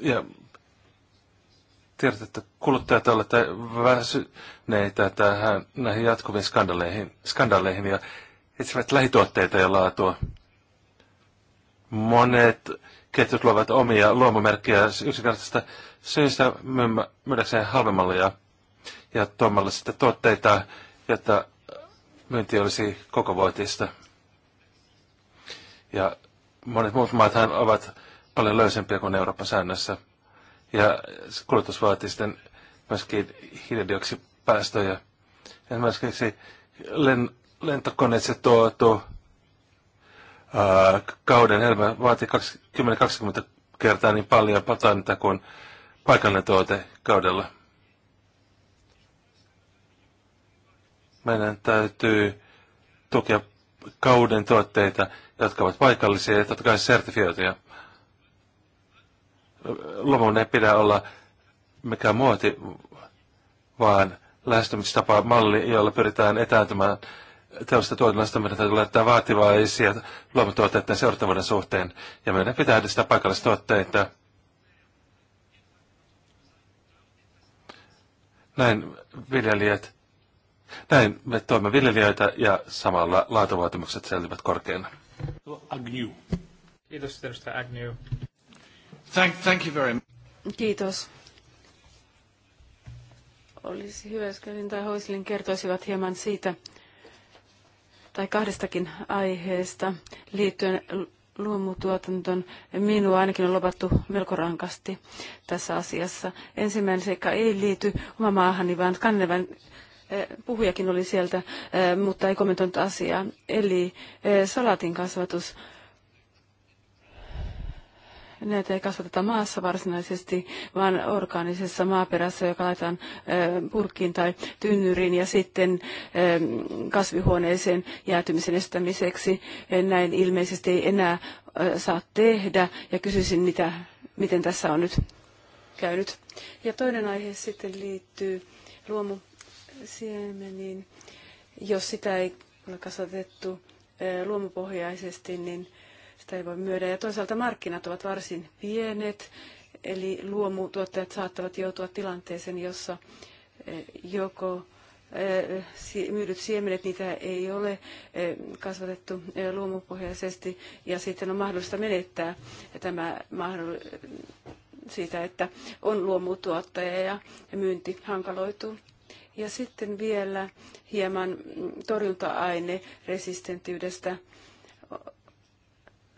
ja tiedät, että kuluttajat olette väsyneitä tähän, näihin jatkuviin skandaleihin skandaleihin ja etsivät lähituotteita ja laatua. Monet ketjut luovat omia luomumerkkejä yksinkertaisesta syystä myydäkseen halvemmalla ja, ja tuomalla sitten tuotteita, jotta myynti olisi koko vuotista. Ja monet muut maathan ovat paljon löysempiä kuin Euroopan säännössä. Ja kulutus vaatii sitten myöskin hiilidioksipäästöjä. Esimerkiksi len, lentokoneet se tuotu kauden elämä vaatii 10-20 kertaa niin paljon patanta kuin paikallinen tuote kaudella. Meidän täytyy tukea kauden tuotteita, jotka ovat paikallisia ja totta kai sertifioituja. Lomun ei pidä olla mikään muoti, vaan lähestymistapa malli, jolla pyritään etääntymään teollista tuotannosta meidän täytyy laittaa vaativaa esiä luomutuotteiden seurattavuuden suhteen. Ja meidän pitää edistää paikallistuotteita. Näin viljelijät, näin me toimme viljelijöitä ja samalla laatuvaatimukset selvät korkeana. Agnew. Kiitos, edustaja Agnew. Thank, thank you very much. Kiitos. Olisi hyvä, jos Kevin tai Hoislin kertoisivat hieman siitä, tai kahdestakin aiheesta liittyen luomutuotantoon. Minua ainakin on lopattu melko rankasti tässä asiassa. Ensimmäinen seikka ei liity oma maahani, vaan Kannevan eh, puhujakin oli sieltä, eh, mutta ei kommentoinut asiaa. Eli eh, salatin kasvatus näitä ei kasvateta maassa varsinaisesti, vaan orgaanisessa maaperässä, joka laitetaan purkkiin tai tynnyriin ja sitten kasvihuoneeseen jäätymisen estämiseksi. E, näin ilmeisesti ei enää saa tehdä ja kysyisin, mitä, miten tässä on nyt käynyt. Ja toinen aihe sitten liittyy luomusiemeniin. Jos sitä ei ole kasvatettu luomupohjaisesti, niin sitä ei voi myydä. Ja toisaalta markkinat ovat varsin pienet, eli luomutuottajat saattavat joutua tilanteeseen, jossa eh, joko eh, myydyt siemenet, niitä ei ole eh, kasvatettu luomupohjaisesti, ja sitten on mahdollista menettää tämä mahdollisuus siitä, että on luomutuottaja ja myynti hankaloituu. Ja sitten vielä hieman torjunta aineresistentiydestä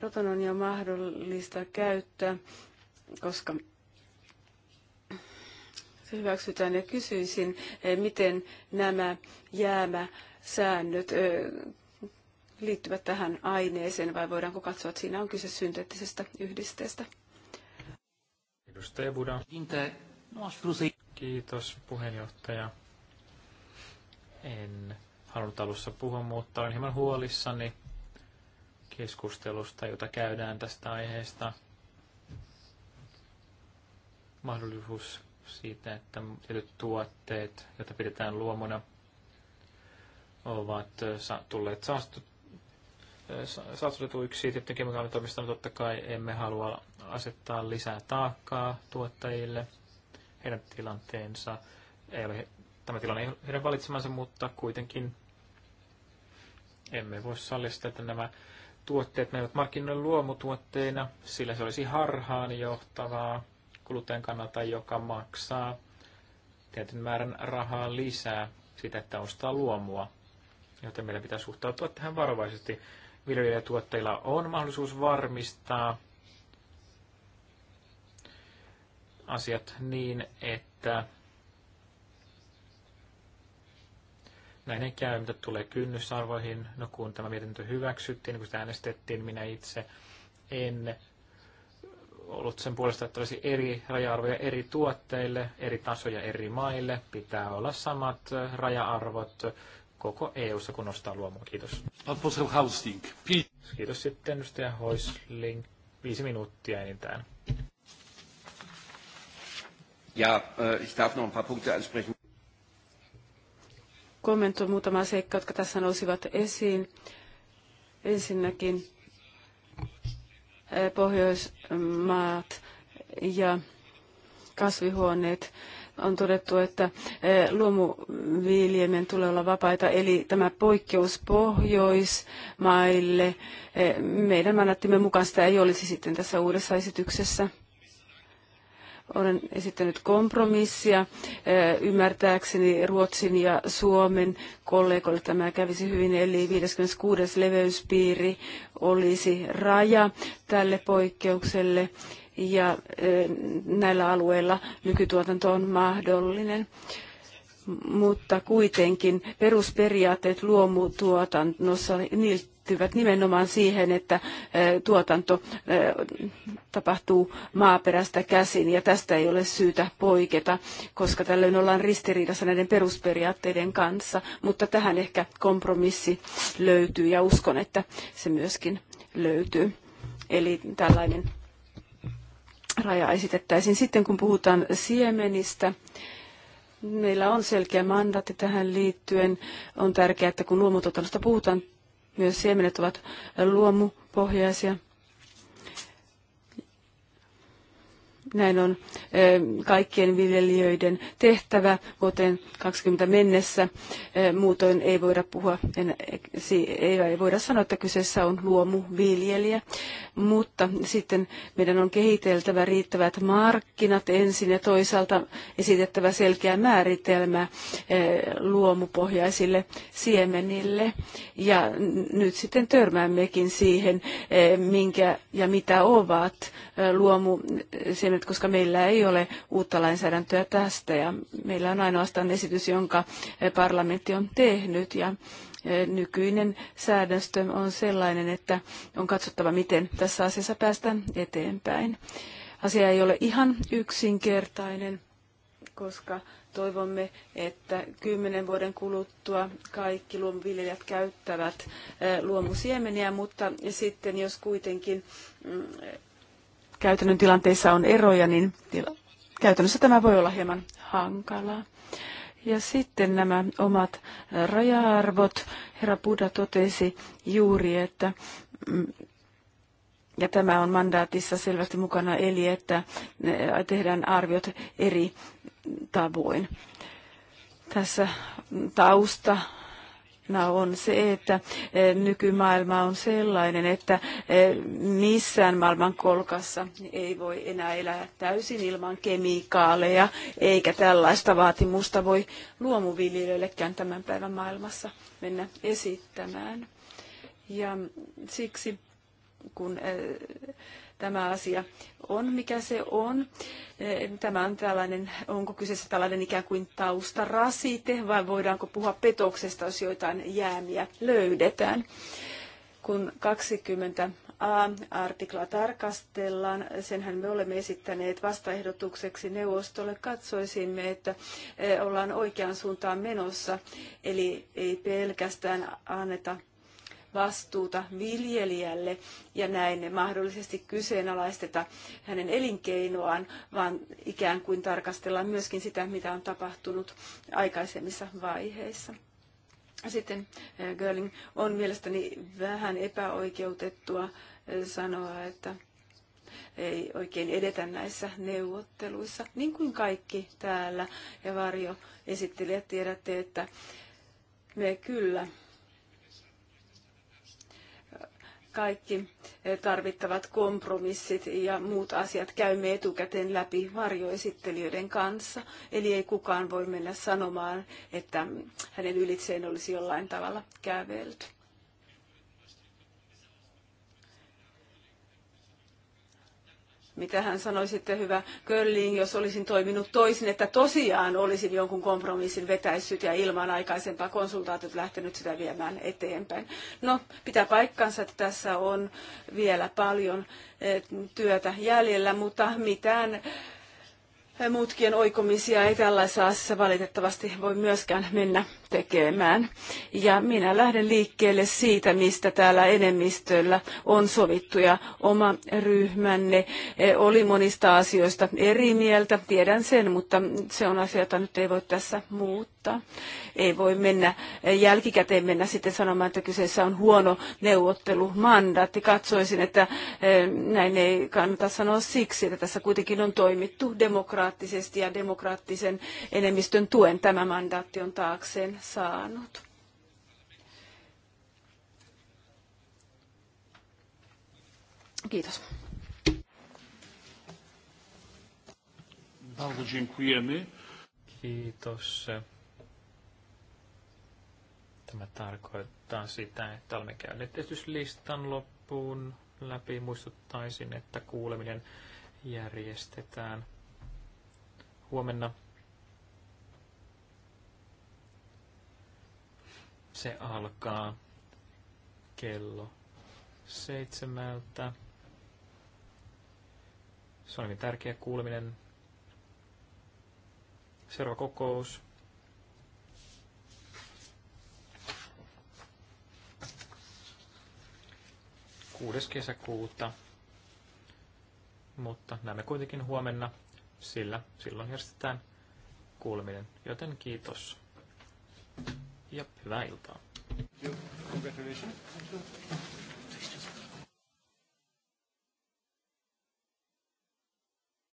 protononia mahdollista käyttää, koska se hyväksytään ja kysyisin, eh, miten nämä jäämäsäännöt eh, liittyvät tähän aineeseen vai voidaanko katsoa, että siinä on kyse synteettisestä yhdisteestä? Edustaja Buda. No, Kiitos puheenjohtaja. En halunnut alussa puhua, mutta olen hieman huolissani keskustelusta, jota käydään tästä aiheesta. Mahdollisuus siitä, että tietyt tuotteet, joita pidetään luomuna, ovat tulleet saastutetuiksi. Tiettyjen kemikaalitoimista totta kai emme halua asettaa lisää taakkaa tuottajille. Heidän tilanteensa ei ole, tämä tilanne ei ole heidän valitsemansa, mutta kuitenkin emme voi sallistaa, että nämä tuotteet menevät markkinoille luomutuotteina, sillä se olisi harhaan johtavaa kuluttajan kannalta, joka maksaa tietyn määrän rahaa lisää sitä, että ostaa luomua. Joten meidän pitää suhtautua tähän varovaisesti. tuotteilla on mahdollisuus varmistaa asiat niin, että Näin ei käy, mitä tulee kynnysarvoihin. No kun tämä mietintö hyväksyttiin, niin kun sitä äänestettiin, minä itse en ollut sen puolesta, että olisi eri raja-arvoja eri tuotteille, eri tasoja eri maille. Pitää olla samat raja-arvot koko EU-ssa, kun nostaa luomua. Kiitos. Kiitos sitten edustaja Hoisling. Viisi minuuttia enintään. Ja, äh, ich darf noch ein paar Punkte ansprechen kommentoi muutamaa seikkaa, jotka tässä nousivat esiin. Ensinnäkin eh, Pohjoismaat ja kasvihuoneet on todettu, että eh, luomuviljelmien tulee olla vapaita, eli tämä poikkeus Pohjoismaille, eh, meidän mandattimme mukaan sitä ei olisi sitten tässä uudessa esityksessä. Olen esittänyt kompromissia. Eh, ymmärtääkseni Ruotsin ja Suomen kollegoille tämä kävisi hyvin, eli 56. leveyspiiri olisi raja tälle poikkeukselle ja eh, näillä alueilla nykytuotanto on mahdollinen mutta kuitenkin perusperiaatteet luomutuotannossa, liittyvät nimenomaan siihen, että tuotanto tapahtuu maaperästä käsin ja tästä ei ole syytä poiketa, koska tällöin ollaan ristiriidassa näiden perusperiaatteiden kanssa, mutta tähän ehkä kompromissi löytyy ja uskon, että se myöskin löytyy. Eli tällainen raja esitettäisiin. Sitten kun puhutaan siemenistä, meillä on selkeä mandaatti tähän liittyen. On tärkeää, että kun luomutuotannosta puhutaan, myös siemenet ovat luomupohjaisia. Näin on kaikkien viljelijöiden tehtävä vuoteen 20 mennessä. Muutoin ei voida puhua, ei voida sanoa, että kyseessä on luomuviljelijä. Mutta sitten meidän on kehiteltävä riittävät markkinat ensin ja toisaalta esitettävä selkeä määritelmä luomupohjaisille siemenille. Ja nyt sitten törmäämmekin siihen, minkä ja mitä ovat luomusiemenet koska meillä ei ole uutta lainsäädäntöä tästä ja meillä on ainoastaan esitys, jonka eh, parlamentti on tehnyt ja eh, nykyinen säädöstö on sellainen, että on katsottava, miten tässä asiassa päästään eteenpäin. Asia ei ole ihan yksinkertainen, koska toivomme, että kymmenen vuoden kuluttua kaikki luomuviljelijät käyttävät eh, luomusiemeniä, mutta sitten jos kuitenkin mm, käytännön tilanteissa on eroja, niin käytännössä tämä voi olla hieman hankalaa. Ja sitten nämä omat raja-arvot. Herra Buddha totesi juuri, että mm, ja tämä on mandaatissa selvästi mukana, eli että tehdään arviot eri tavoin. Tässä tausta on se, että eh, nykymaailma on sellainen, että eh, missään maailman kolkassa ei voi enää elää täysin ilman kemikaaleja, eikä tällaista vaatimusta voi luomuviljelijöillekään tämän päivän maailmassa mennä esittämään. Ja siksi kun eh, tämä asia on, mikä se on. Eh, tämä on tällainen, onko kyseessä tällainen ikään kuin taustarasite vai voidaanko puhua petoksesta, jos joitain jäämiä löydetään. Kun 20 A-artikla tarkastellaan, senhän me olemme esittäneet vastaehdotukseksi neuvostolle, katsoisimme, että eh, ollaan oikean suuntaan menossa, eli ei pelkästään anneta vastuuta viljelijälle ja näin mahdollisesti kyseenalaisteta hänen elinkeinoaan, vaan ikään kuin tarkastellaan myöskin sitä, mitä on tapahtunut aikaisemmissa vaiheissa. Sitten eh, Görling on mielestäni vähän epäoikeutettua eh, sanoa, että ei oikein edetä näissä neuvotteluissa. Niin kuin kaikki täällä ja Varjo esittelijät tiedätte, että me kyllä kaikki eh, tarvittavat kompromissit ja muut asiat käymme etukäteen läpi varjoesittelijöiden kanssa. Eli ei kukaan voi mennä sanomaan, että hänen ylitseen olisi jollain tavalla kävelty. Mitä hän sanoi sitten hyvä Kölling, jos olisin toiminut toisin, että tosiaan olisin jonkun kompromissin vetäissyt ja ilman aikaisempaa konsultaatiota lähtenyt sitä viemään eteenpäin. No, pitää paikkansa, että tässä on vielä paljon eh, työtä jäljellä, mutta mitään eh, mutkien oikomisia ei tällaisessa asiassa valitettavasti voi myöskään mennä tekemään. Ja minä lähden liikkeelle siitä, mistä täällä enemmistöllä on sovittu. Ja oma ryhmänne e, oli monista asioista eri mieltä, tiedän sen, mutta se on asia, jota nyt ei voi tässä muuttaa. Ei voi mennä e, jälkikäteen mennä sitten sanomaan, että kyseessä on huono neuvottelumandaatti. Katsoisin, että e, näin ei kannata sanoa siksi, että tässä kuitenkin on toimittu demokraattisesti ja demokraattisen enemmistön tuen tämä mandaatti on taakseen saanut. Kiitos. Kiitos. Tämä tarkoittaa sitä, että olemme käyneet esityslistan loppuun läpi. Muistuttaisin, että kuuleminen järjestetään huomenna Se alkaa kello seitsemältä. Se on hyvin tärkeä kuuleminen. Seuraava kokous. Kuudes kesäkuuta. Mutta näemme kuitenkin huomenna, sillä silloin järjestetään kuuleminen. Joten kiitos ja hyvää iltaa. Congratulations.